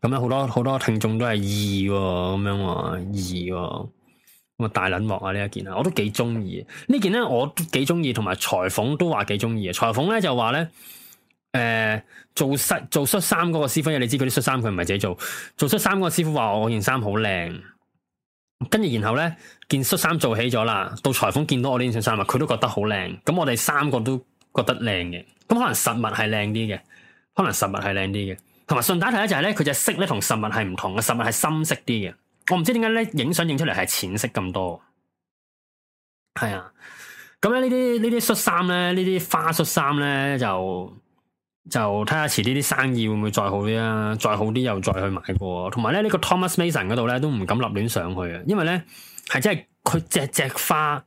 Speaker 1: 咁咧好多好多聽眾都係二咁樣喎，二喎。大捻鑊啊！呢一件啊，我都幾中意。件呢件咧，我都幾中意。同埋裁縫都話幾中意嘅。裁縫咧就話咧，誒、呃，做恤做恤衫嗰個師傅，你知佢啲恤衫佢唔係自己做。做恤衫嗰個師傅話我件衫好靚，跟住然後咧，件恤衫做起咗啦。到裁縫見到我呢件恤衫啊，佢都覺得好靚。咁我哋三個都覺得靚嘅。咁可能實物係靚啲嘅，可能實物係靚啲嘅。同埋順帶提咧就係咧，佢隻色咧同實物係唔同嘅，實物係深色啲嘅。我唔知點解咧，影相影出嚟係淺色咁多，係啊。咁咧呢啲呢啲恤衫咧，呢啲花恤衫咧，就就睇下遲啲啲生意會唔會再好啲啊？再好啲又再去買過。同埋咧呢個 Thomas Mason 嗰度咧都唔敢立亂上去啊，因為咧係真係佢隻隻花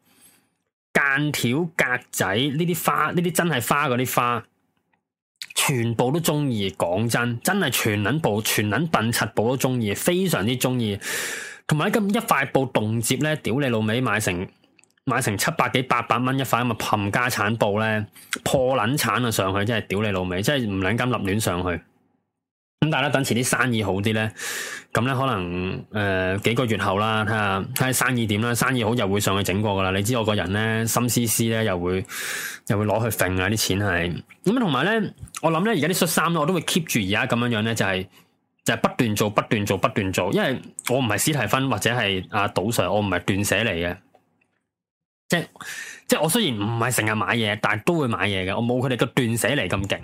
Speaker 1: 間條格仔呢啲花呢啲真係花嗰啲花。全部都中意，講真，真係全捻布、全捻笨柒布都中意，非常之中意。同埋咁一塊布動輒咧，屌你老味，買成買成七百幾、八百蚊一塊咁嘅冚家產布咧，破捻產啊上去，真係屌你老味，真係唔捻間立亂上去。咁大家等遲啲生意好啲咧，咁咧可能誒、呃、幾個月後啦，睇下睇下生意點啦，生意好又會上去整過噶啦。你知我個人咧，心思思咧又會又會攞去揈啊啲錢係。咁同埋咧，我諗咧而家啲恤衫咧，我都會 keep 住而家咁樣樣咧，就係、是、就是、不斷做、不斷做、不斷做,做，因為我唔係史提芬或者係阿賭 Sir，我唔係斷捨離嘅。即即我雖然唔係成日買嘢，但係都會買嘢嘅。我冇佢哋個斷捨離咁勁。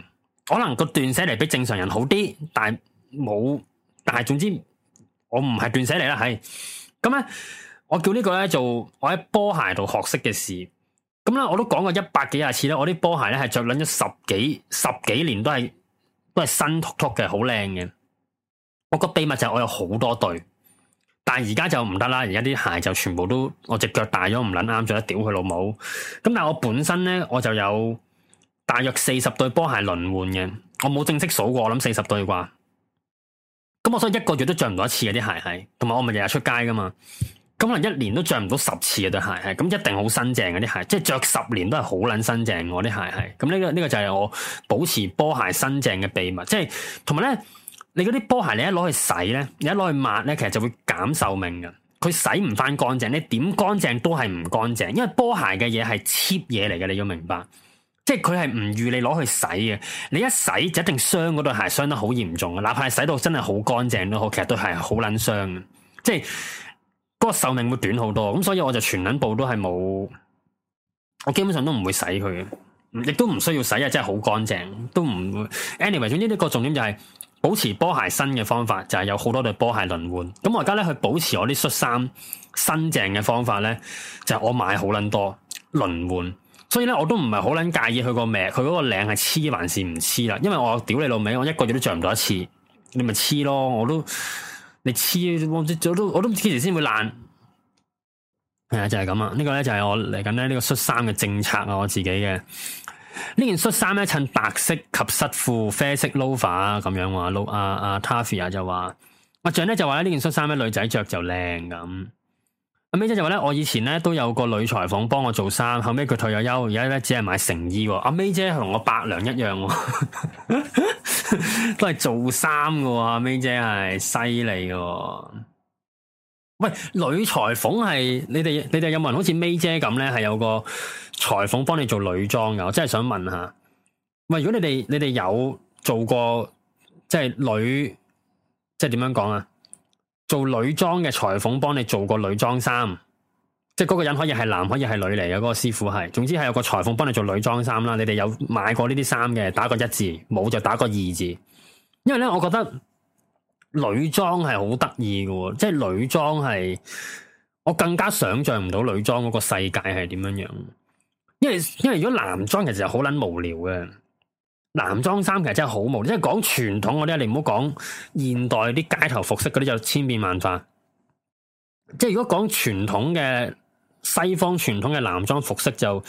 Speaker 1: 可能個斷捨離比正常人好啲，但係冇，但係總之我唔係斷捨離啦。係咁咧，我叫個呢個咧做我喺波鞋度學識嘅事，咁咧我都講過一百幾廿次啦。我啲波鞋咧係着捻咗十幾十幾年都係都係新禿禿嘅，好靚嘅。我個秘密就係我有好多對，但係而家就唔得啦，而家啲鞋就全部都我隻腳大咗唔捻啱着，屌佢老母！咁但係我本身咧我就有，大約四十對波鞋輪換嘅，我冇正式數過，我諗四十對啩。咁我想一個月都着唔到一次啊！啲鞋係，同埋我咪日日出街噶嘛，咁可能一年都着唔到十次啊對鞋係，咁一定好新淨啊啲鞋，即係着十年都係好捻新淨我啲鞋係。咁呢個呢個就係我保持波鞋新淨嘅秘密，即係同埋咧，你嗰啲波鞋你一攞去洗咧，你一攞去抹咧，其實就會減壽命噶。佢洗唔翻乾淨，你點乾淨都係唔乾淨，因為波鞋嘅嘢係 cheap 嘢嚟嘅，你要明白。即係佢係唔預你攞去洗嘅，你一洗就一定傷嗰對鞋，傷得好嚴重嘅。哪怕洗到真係好乾淨都好，其實都係好撚傷嘅。即係嗰個壽命會短好多。咁所以我就全撚部都係冇，我基本上都唔會洗佢嘅，亦都唔需要洗啊！真係好乾淨都唔會。Anyway，總之呢個重點就係保持波鞋新嘅方法就係有好多對波鞋輪換。咁我而家咧去保持我啲恤衫新淨嘅方法咧，就係我買好撚多輪換。所以咧，我都唔係好捻介意佢個名。佢嗰個領係黐還是唔黐啦。因為我屌你老味，我一個月都着唔到一次，你咪黐咯。我都你黐，我都我都唔知幾時先會爛。係、哎、啊，就係咁啊。這個、呢、就是呢這個咧就係我嚟緊咧呢個恤衫嘅政策啊，我自己嘅呢件恤衫咧，襯白色及膝褲，啡色 loafer 咁樣話。lo 啊啊，Taffy 啊就話，我仲咧就話呢件恤衫咧，女仔着就靚咁。阿 May 姐就話咧，我以前咧都有個女裁縫幫我做衫，後尾佢退咗休，而家咧只係買成衣。阿 May 姐係同我伯娘一樣 都，都係做衫嘅。阿 May 姐係犀利嘅。喂，女裁縫係你哋，你哋有冇人好似 May 姐咁咧？係有個裁縫幫你做女裝噶，我真係想問下。喂，如果你哋你哋有做過即係女，即係點樣講啊？做女裝嘅裁縫幫你做個女裝衫，即係嗰個人可以係男可以係女嚟嘅，嗰個師傅係，總之係有個裁縫幫你做女裝衫啦。你哋有買過呢啲衫嘅，打個一字，冇就打個二字。因為咧，我覺得女裝係好得意嘅，即係女裝，係我更加想象唔到女裝嗰個世界係點樣樣。因為因為如果男裝其實好捻無聊嘅。男裝衫其實真係好無聊，即係講傳統嗰啲，你唔好講現代啲街頭服飾嗰啲就千變萬化。即係如果講傳統嘅西方傳統嘅男裝服飾就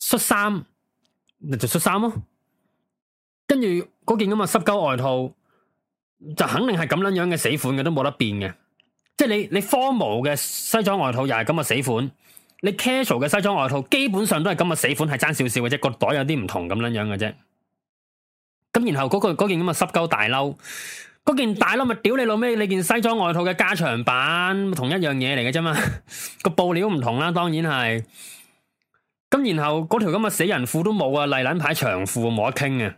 Speaker 1: 恤衫，就恤衫咯。跟住嗰件咁嘅濕膠外套，就肯定係咁樣樣嘅死款嘅都冇得變嘅。即係你你 formal 嘅西裝外套又係咁嘅死款，你 casual 嘅西裝外套基本上都係咁嘅死款，係爭少少嘅啫，個袋有啲唔同咁樣樣嘅啫。咁然後嗰個嗰件咁嘅濕鳩大褸，嗰件大褸咪屌你老味，你件西裝外套嘅加長版，咪同一樣嘢嚟嘅啫嘛，個布料唔同啦，當然係。咁然後嗰條咁嘅死人褲都冇啊，麗領牌長褲冇得傾嘅，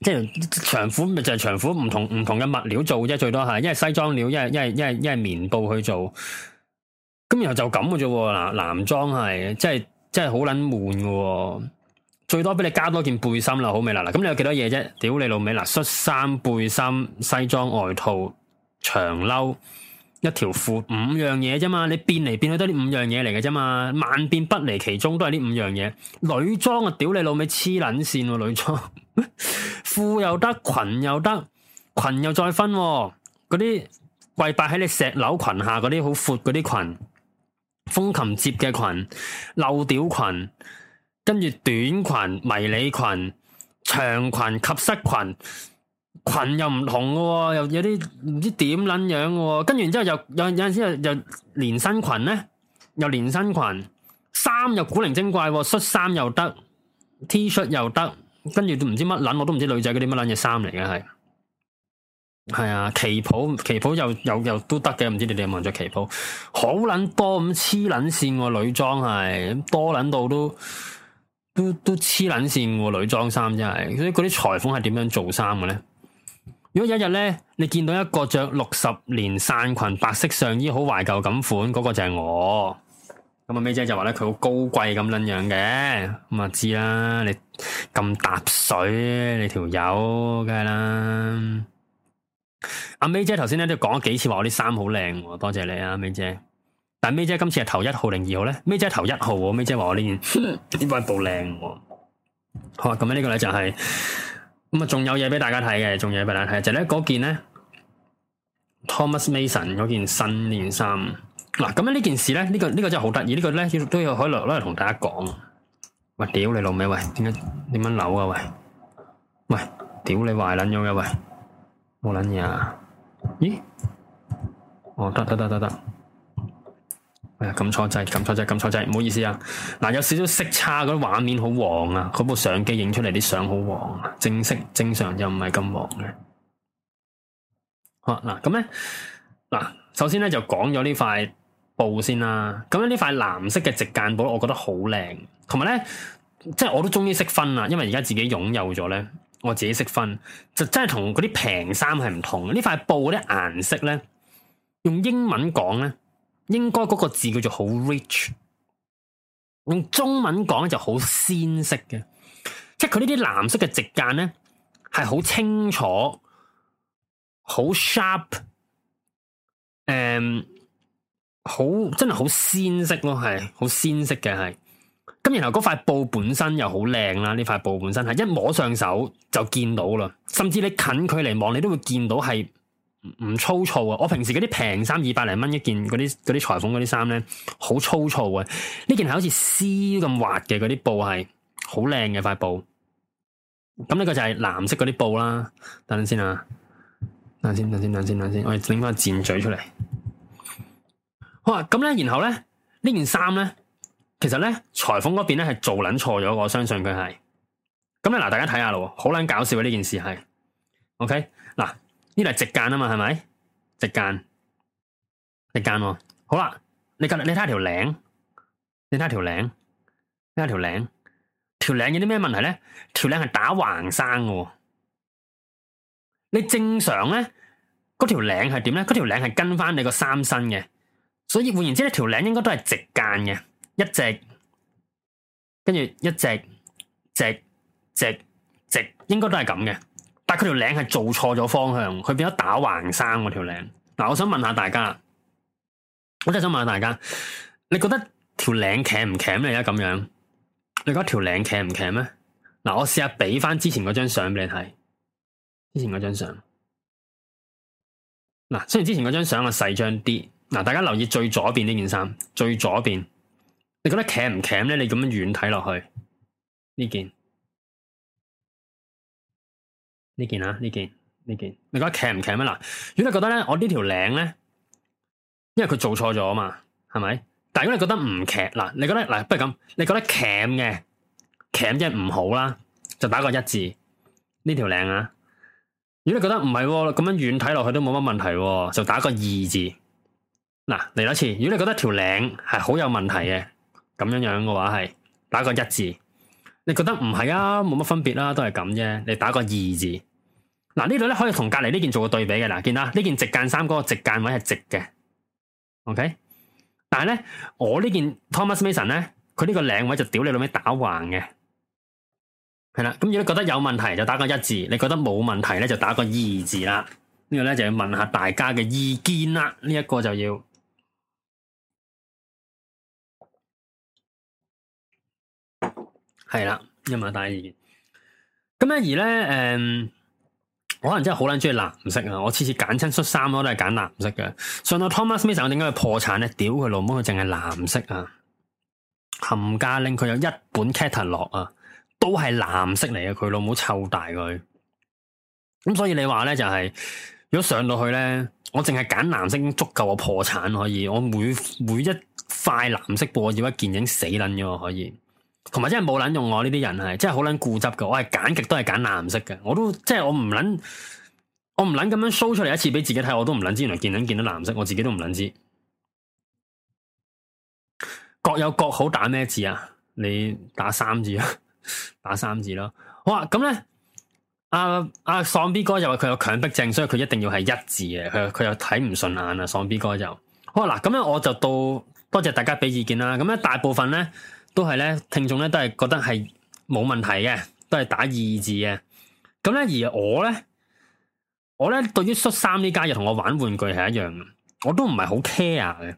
Speaker 1: 即係長褲咪就係長褲，唔同唔同嘅物料做啫，最多係，一係西裝料，一係一係一係一係棉布去做。咁然後就咁嘅啫，男男裝係，真係真係好撚悶嘅。最多俾你加多件背心啦，好美啦！咁你有幾多嘢啫？屌你老味啦！恤衫、背心、西裝、外套、長褸、一條褲，五樣嘢啫嘛！你變嚟變去都係呢五樣嘢嚟嘅啫嘛，萬變不離其宗，都係呢五樣嘢。女裝啊，屌你老味黐撚線喎！女裝，褲 又得，裙又得，裙又再分嗰啲跪拜喺你石榴裙下嗰啲好闊嗰啲裙，風琴接嘅裙，漏屌裙。跟住短裙、迷你裙、長裙、及膝裙，裙又唔同嘅喎，又有啲唔知點捻樣嘅喎。跟住之後又有有陣時又又連身裙咧，又連身裙，衫又古靈精怪喎，恤衫又得，T 恤又得，跟住都唔知乜捻，我都唔知女仔嗰啲乜捻嘢衫嚟嘅，係係啊，旗袍旗袍又又又都得嘅，唔知你哋有冇着旗袍？好捻多咁黐捻線喎，女裝係多捻到都，都。都都黐捻線喎，女裝衫真係，所以嗰啲裁縫係點樣做衫嘅咧？如果有一日咧，你見到一個着六十年紗裙、白色上衣，好懷舊咁款，嗰、嗰個就係我。咁阿 May 姐就話咧，佢好高貴咁捻樣嘅。咁啊知啦，你咁搭水，你條友梗係啦。阿、啊、May 姐頭先咧都講咗幾次話我啲衫好靚，多謝你啊，May 姐。但係 May 姐今次係頭一號定二號咧？May 姐頭一號喎，May 姐話我呢件呢班布靚喎。好啊，咁樣呢個咧就係咁啊，仲有嘢俾大家睇嘅，仲有嘢俾大家睇就係咧嗰件咧 Thomas Mason 嗰件新年衫。嗱，咁樣呢件事咧，呢個呢個真係好得意，呢個咧都要可以攞嚟同大家講。喂，屌你老味喂，點解點樣扭啊喂？喂，屌你壞撚咗嘅喂，冇撚嘢啊？咦？哦，得得得得得。咁、哎、錯掣，咁錯掣，咁錯掣，唔好意思啊！嗱，有少少色差，嗰啲畫面好黃啊，嗰部相機影出嚟啲相好黃啊，正式正常就唔係咁黃嘅、啊。好啦，嗱咁咧，嗱首先咧就講咗呢塊布先啦。咁咧呢塊藍色嘅直間布，我覺得好靚，同埋咧即係我都終於識分啦，因為而家自己擁有咗咧，我自己識分，就真係同嗰啲平衫係唔同嘅。呢塊布嗰啲顏色咧，用英文講咧，應該嗰個字叫做好 rich，用中文講就好鮮色嘅，即係佢呢啲藍色嘅直間咧係好清楚，好 sharp，誒，好、嗯、真係好鮮色咯，係好鮮色嘅係。咁然後嗰塊布本身又好靚啦，呢塊布本身係一摸上手就見到啦，甚至你近距離望你都會見到係。唔粗糙啊！我平時嗰啲平衫二百零蚊一件，嗰啲啲裁縫嗰啲衫咧，好粗糙啊！呢件係好似絲咁滑嘅，嗰啲布，係好靚嘅塊布。咁、那、呢個就係藍色嗰啲布啦。等陣先啊，等陣先，等陣先，等陣先，先，我哋擰翻個箭嘴出嚟。好啊。咁咧，然後咧，件呢件衫咧，其實咧，裁縫嗰邊咧係做捻錯咗，我相信佢係。咁咧，嗱，大家睇下咯，好捻搞笑嘅，呢件事係，OK。呢度係直間啊嘛，係咪？直間，直間，哦。好啦，你隔離你睇下條領，你睇下條領，你睇下條領。條領有啲咩問題咧？條領係打橫生嘅。你正常咧，嗰條領係點咧？嗰條領係跟翻你個三身嘅，所以換言之，咧，條領應該都係直間嘅，一直，跟住一直，直，直，直，應該都係咁嘅。但係佢條領係做錯咗方向，佢變咗打橫生喎條領。嗱，我想問下大家，我真係想問下大家，你覺得條領茄唔茄咩？而家咁樣，你覺得條領茄唔茄咩？嗱，我試下俾翻之前嗰張相俾你睇，之前嗰張相。嗱，雖然之前嗰張相係細張啲，嗱，大家留意最左邊呢件衫，最左邊，你覺得茄唔茄咧？你咁樣遠睇落去呢件？呢件啊，呢件呢件，你覺得夾唔夾咩？嗱，如果你覺得咧，我條呢條領咧，因為佢做錯咗啊嘛，係咪？但如果你覺得唔夾，嗱、啊，你覺得嗱、啊，不如咁，你覺得夾嘅夾即係唔好啦，就打個一字。呢條領啊，如果你覺得唔係咁樣遠睇落去都冇乜問題、啊，就打個二字。嗱、啊，嚟多次，如果你覺得條領係好有問題嘅，咁樣樣嘅話係打個一字。你覺得唔係啊？冇乜分別啦、啊，都係咁啫。你打個二字，嗱、啊、呢度咧可以同隔籬呢件做個對比嘅。嗱，見啦，呢件直間衫嗰個直間位係直嘅，OK。但係咧，我件呢件 Thomas Mason 咧，佢呢個領位就屌你老味打橫嘅，係啦。咁如果你覺得有問題就打個一字，你覺得冇問題咧就打個二字啦。這個、呢個咧就要問下大家嘅
Speaker 2: 意見啦。呢、這、一個就要。係啦，一碼帶二。
Speaker 1: 咁 咧樂、嗯、而咧，誒、嗯，我可能真係好撚中意藍色啊！我次次揀親恤衫我都係揀藍色嘅。上到 Thomas Mason 點解佢破產咧？屌佢老母，佢淨係藍色啊！冚家拎佢有一本 catalog 啊，都係藍色嚟嘅。佢老母臭大佢。咁、嗯、所以你話咧就係、是，如果上到去咧，我淨係揀藍色足夠我破產可以。我每每一塊藍色布我要一件已經死撚咗可以。同埋真係冇捻用我呢啲人係，真係好捻固執㗎。我係揀極都係揀藍色嘅，我都即係我唔捻，我唔捻咁樣 show 出嚟一次俾自己睇，我都唔捻知原來見捻見，見，見，見，見到藍色，我自己都唔捻知。各有各好打咩字啊？你打三字啊，打三字，、啊、 打三字咯。好、啊，咁咧，阿阿喪 B 哥又話佢有強迫症，所以佢一定要係一字嘅。佢佢又睇唔順眼啊！喪 B 哥就，好啦、啊，咁咧我就到多謝大家俾意見啦。咁咧大部分咧。都係咧，聽眾咧都係覺得係冇問題嘅，都係打二字嘅。咁咧，而我咧，我咧對於恤衫呢家嘢，同我玩玩具係一樣嘅，我都唔係好 care 嘅。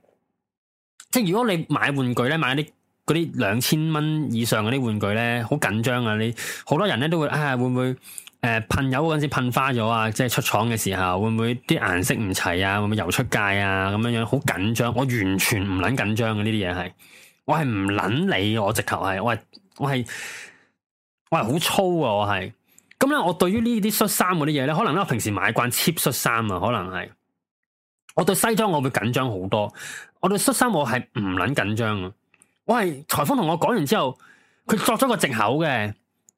Speaker 1: 即係如果你買玩具咧，買啲嗰啲兩千蚊以上嗰啲玩具咧，好緊張啊！你好多人咧都會、哎會、會、呃、會、會啊，會唔會誒噴油嗰陣時噴花咗啊？即係出廠嘅時候會唔會啲顏色唔齊啊？會唔會油出界啊？咁樣樣好緊張，我完全唔捻緊張嘅呢啲嘢係。我係唔捻你，我直頭係，我係我係我係好粗啊！我係咁咧，我對於呢啲恤衫嗰啲嘢咧，可能咧我平時買慣 cheap 恤衫啊，可能係我對西裝我會緊張好多，我對恤衫我係唔捻緊張啊！我係裁縫同我講完之後，佢作咗個借口嘅，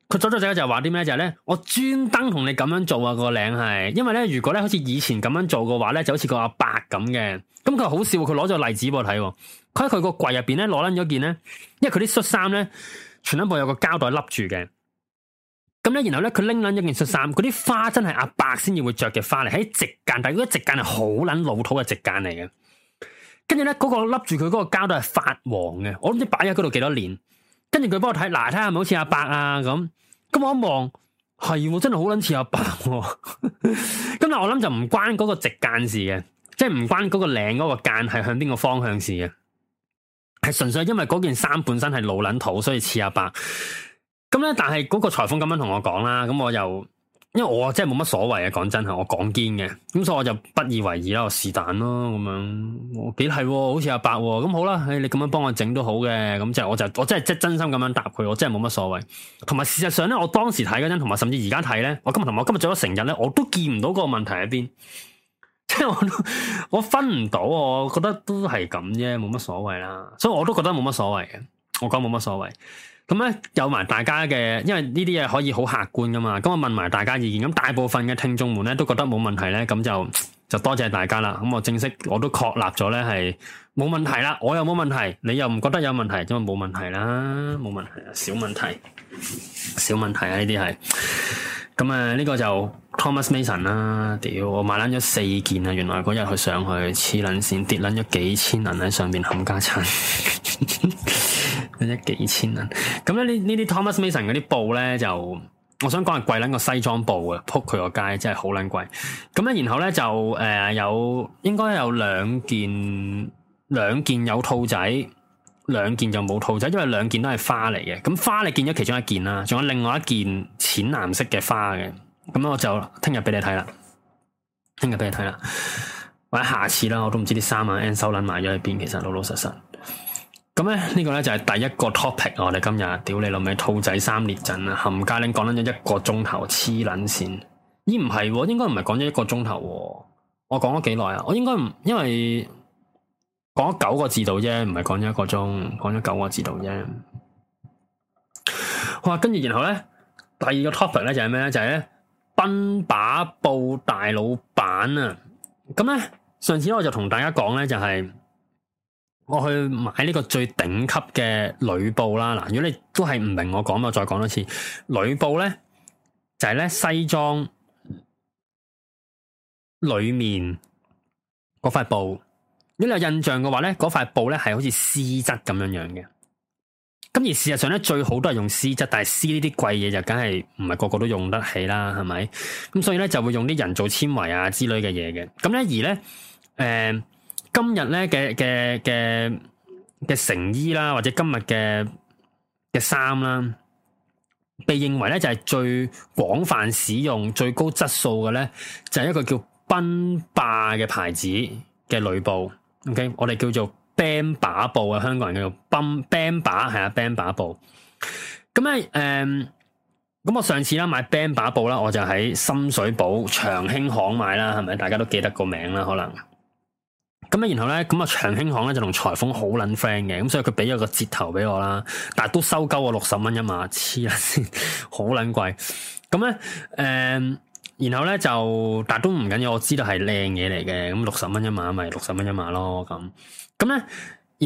Speaker 1: 佢作咗借口就係話啲咩？就係咧，我專登同你咁樣做啊！個領係，因為咧，如果咧好似以前咁樣做嘅話咧，就好似個阿伯咁嘅。咁佢好笑，佢攞咗個例子俾我睇啊。喺佢個櫃入邊咧，攞撚咗件咧，因為佢啲恤衫咧，全撚部有個膠袋笠住嘅。咁咧，然後咧，佢拎撚咗件恤衫，嗰啲花真係阿伯先至會着嘅花嚟，喺直間，但係嗰個直間係好撚老土嘅直間嚟嘅。跟住咧，嗰個笠住佢嗰個膠袋係發黃嘅，我唔知擺喺嗰度幾多年。跟住佢幫我睇，嗱睇下係咪好似阿伯啊咁？咁我一望係，真係好撚似阿伯、啊。咁 但我諗就唔關嗰個直間事嘅，即係唔關嗰個領嗰個間係向邊個方向事嘅。係純粹因為嗰件衫本身係老撚土，所以似阿伯。咁咧，但係嗰個裁縫咁樣同我講啦，咁我又因為我真係冇乜所謂啊，講真係，我講堅嘅，咁所以我就不以為意啦，我是但咯，咁樣，我見係好似阿伯咁，哦、好啦，你咁樣幫我整都好嘅，咁就我就我真係真真心咁樣答佢，我真係冇乜所謂。同埋事實上咧，我當時睇嗰陣，同埋甚至而家睇咧，我今日同我今日做咗成日咧，我都見唔到個問題喺邊。即係我都我分唔到，我覺得都係咁啫，冇乜所謂啦。所以我都覺得冇乜所謂嘅，我覺得冇乜所謂。咁咧有埋大家嘅，因為呢啲嘢可以好客觀噶嘛。咁我問埋大家意見，咁大部分嘅聽眾們咧都覺得冇問題咧，咁就。就多謝大家啦，咁我正式我都確立咗咧係冇問題啦，我又冇問題，你又唔覺得有問題，咁啊冇問題啦，冇問題啊，小問題，小問題啊呢啲係，咁啊呢、這個就 Thomas Mason 啦、啊，屌我買撚咗四件啊，原來嗰日佢去上去黐撚線跌撚咗幾千銀喺上面，冚家鏟， 一幾千銀，咁咧呢呢啲 Thomas Mason 嗰啲布咧就。我想講係貴捻個西裝布啊，撲佢個街真係好捻貴。咁咧，然後咧就誒、呃、有，應該有兩件，兩件有兔仔，兩件就冇兔仔，因為兩件都係花嚟嘅。咁花你見咗其中一件啦，仲有另外一件淺藍色嘅花嘅。咁我就聽日俾你睇啦，聽日俾你睇啦，或者下次啦，我都唔知啲衫啊 n 收捻埋咗喺邊。其實老老實實。咁咧，呢、這個咧就係第一個 topic 我。我哋今日屌你老味，兔仔裇衫列陣啊，冚家拎講緊一個鐘頭，黐撚線。咦，唔係、喎，應該唔係講咗一個鐘頭、喎。我講咗幾耐啊？我應該唔因為講咗九個字度啫，唔係講咗一個鐘，講咗九個字度啫。哇！跟住然後咧，第二個 topic 咧就係咩咧？就係、是、咧，賓霸布大老闆啊！咁咧，上次我就同大家講咧，就係、是。我去買呢個最頂級嘅裏布啦！嗱，如果你都係唔明我講，我再講多次。裏布咧就係、是、咧西裝裏面嗰塊布。如果你有印象嘅話咧，嗰塊布咧係好似絲質咁樣樣嘅。咁而事實上咧，最好都係用絲質，但係絲呢啲貴嘢就梗係唔係個個都用得起啦，係咪？咁所以咧就會用啲人造纖維啊之類嘅嘢嘅。咁咧而咧，誒、呃。今日咧嘅嘅嘅嘅成衣啦，或者今日嘅嘅衫啦，被認為咧就係最廣泛使用、最高質素嘅咧，就係一個叫賓霸嘅牌子嘅裡布。OK，我哋叫做賓霸布啊，香港人叫賓霸、啊、賓霸係啊賓霸布。咁啊誒，咁我上次啦買賓霸布啦，我就喺深水埗長興巷買啦，係咪？大家都記得個名啦，可能。咁咧、嗯，然後咧，咁啊，長興行咧就同裁縫好卵 friend 嘅，咁所以佢俾咗個折頭俾我啦，但係都收鳩我六十蚊一碼，黐線，好卵貴。咁咧，誒，然後咧就，但都唔緊要，我知道係靚嘢嚟嘅，咁六十蚊一碼咪六十蚊一碼咯，咁，咁咧，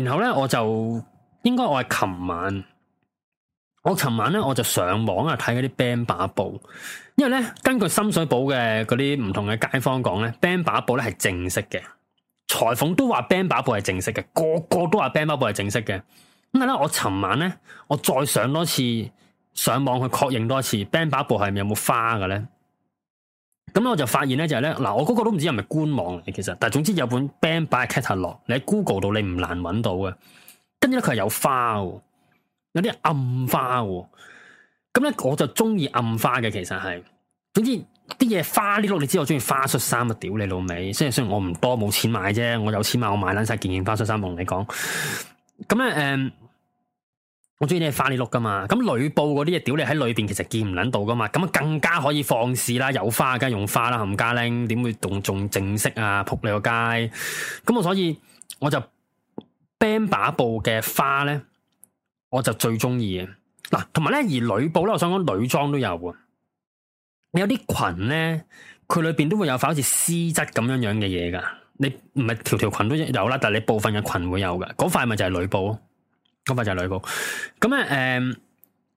Speaker 1: 然後咧我就，應該我係琴晚，我琴晚咧我就上網啊睇嗰啲賓霸布，因為咧根據深水埗嘅嗰啲唔同嘅街坊講咧，賓霸布咧係正式嘅。裁縫都話賓霸布係正式嘅，個個都話賓霸布係正式嘅。咁咧，我尋晚咧，我再上多次上網去確認多一次賓霸布係咪有冇花嘅咧？咁咧我就發現咧就係、是、咧，嗱我嗰個都唔知係咪官網嚟，嘅，其實，但係總之有本賓霸嘅 catalog，你喺 Google 度你唔難搵到嘅。跟住咧佢係有花，有啲暗花。咁咧我就中意暗花嘅，其實係，總之。啲嘢花呢碌，你知我中意花恤衫啊！屌你老味。雖然雖然我唔多冇錢買啫，我有錢買我買捻晒件件花恤衫、嗯。我同你講，咁咧誒，我中意啲花呢碌噶嘛。咁呂布嗰啲嘢，屌你喺裏邊其實見唔捻到噶嘛。咁啊更加可以放肆啦，有花梗係用花啦，冚家拎？點會動仲正式啊？仆你個街咁，我、嗯、所以我就賓霸布嘅花咧，我就最中意嘅嗱。同埋咧，而呂布咧，我想講女裝都有。有啲群咧，佢裏邊都會有塊好似絲質咁樣樣嘅嘢噶。你唔係條條群都有啦，但係你部分嘅群會有噶。嗰塊咪就係女布咯，嗰塊就係女布。咁、嗯、咧，誒、嗯，誒、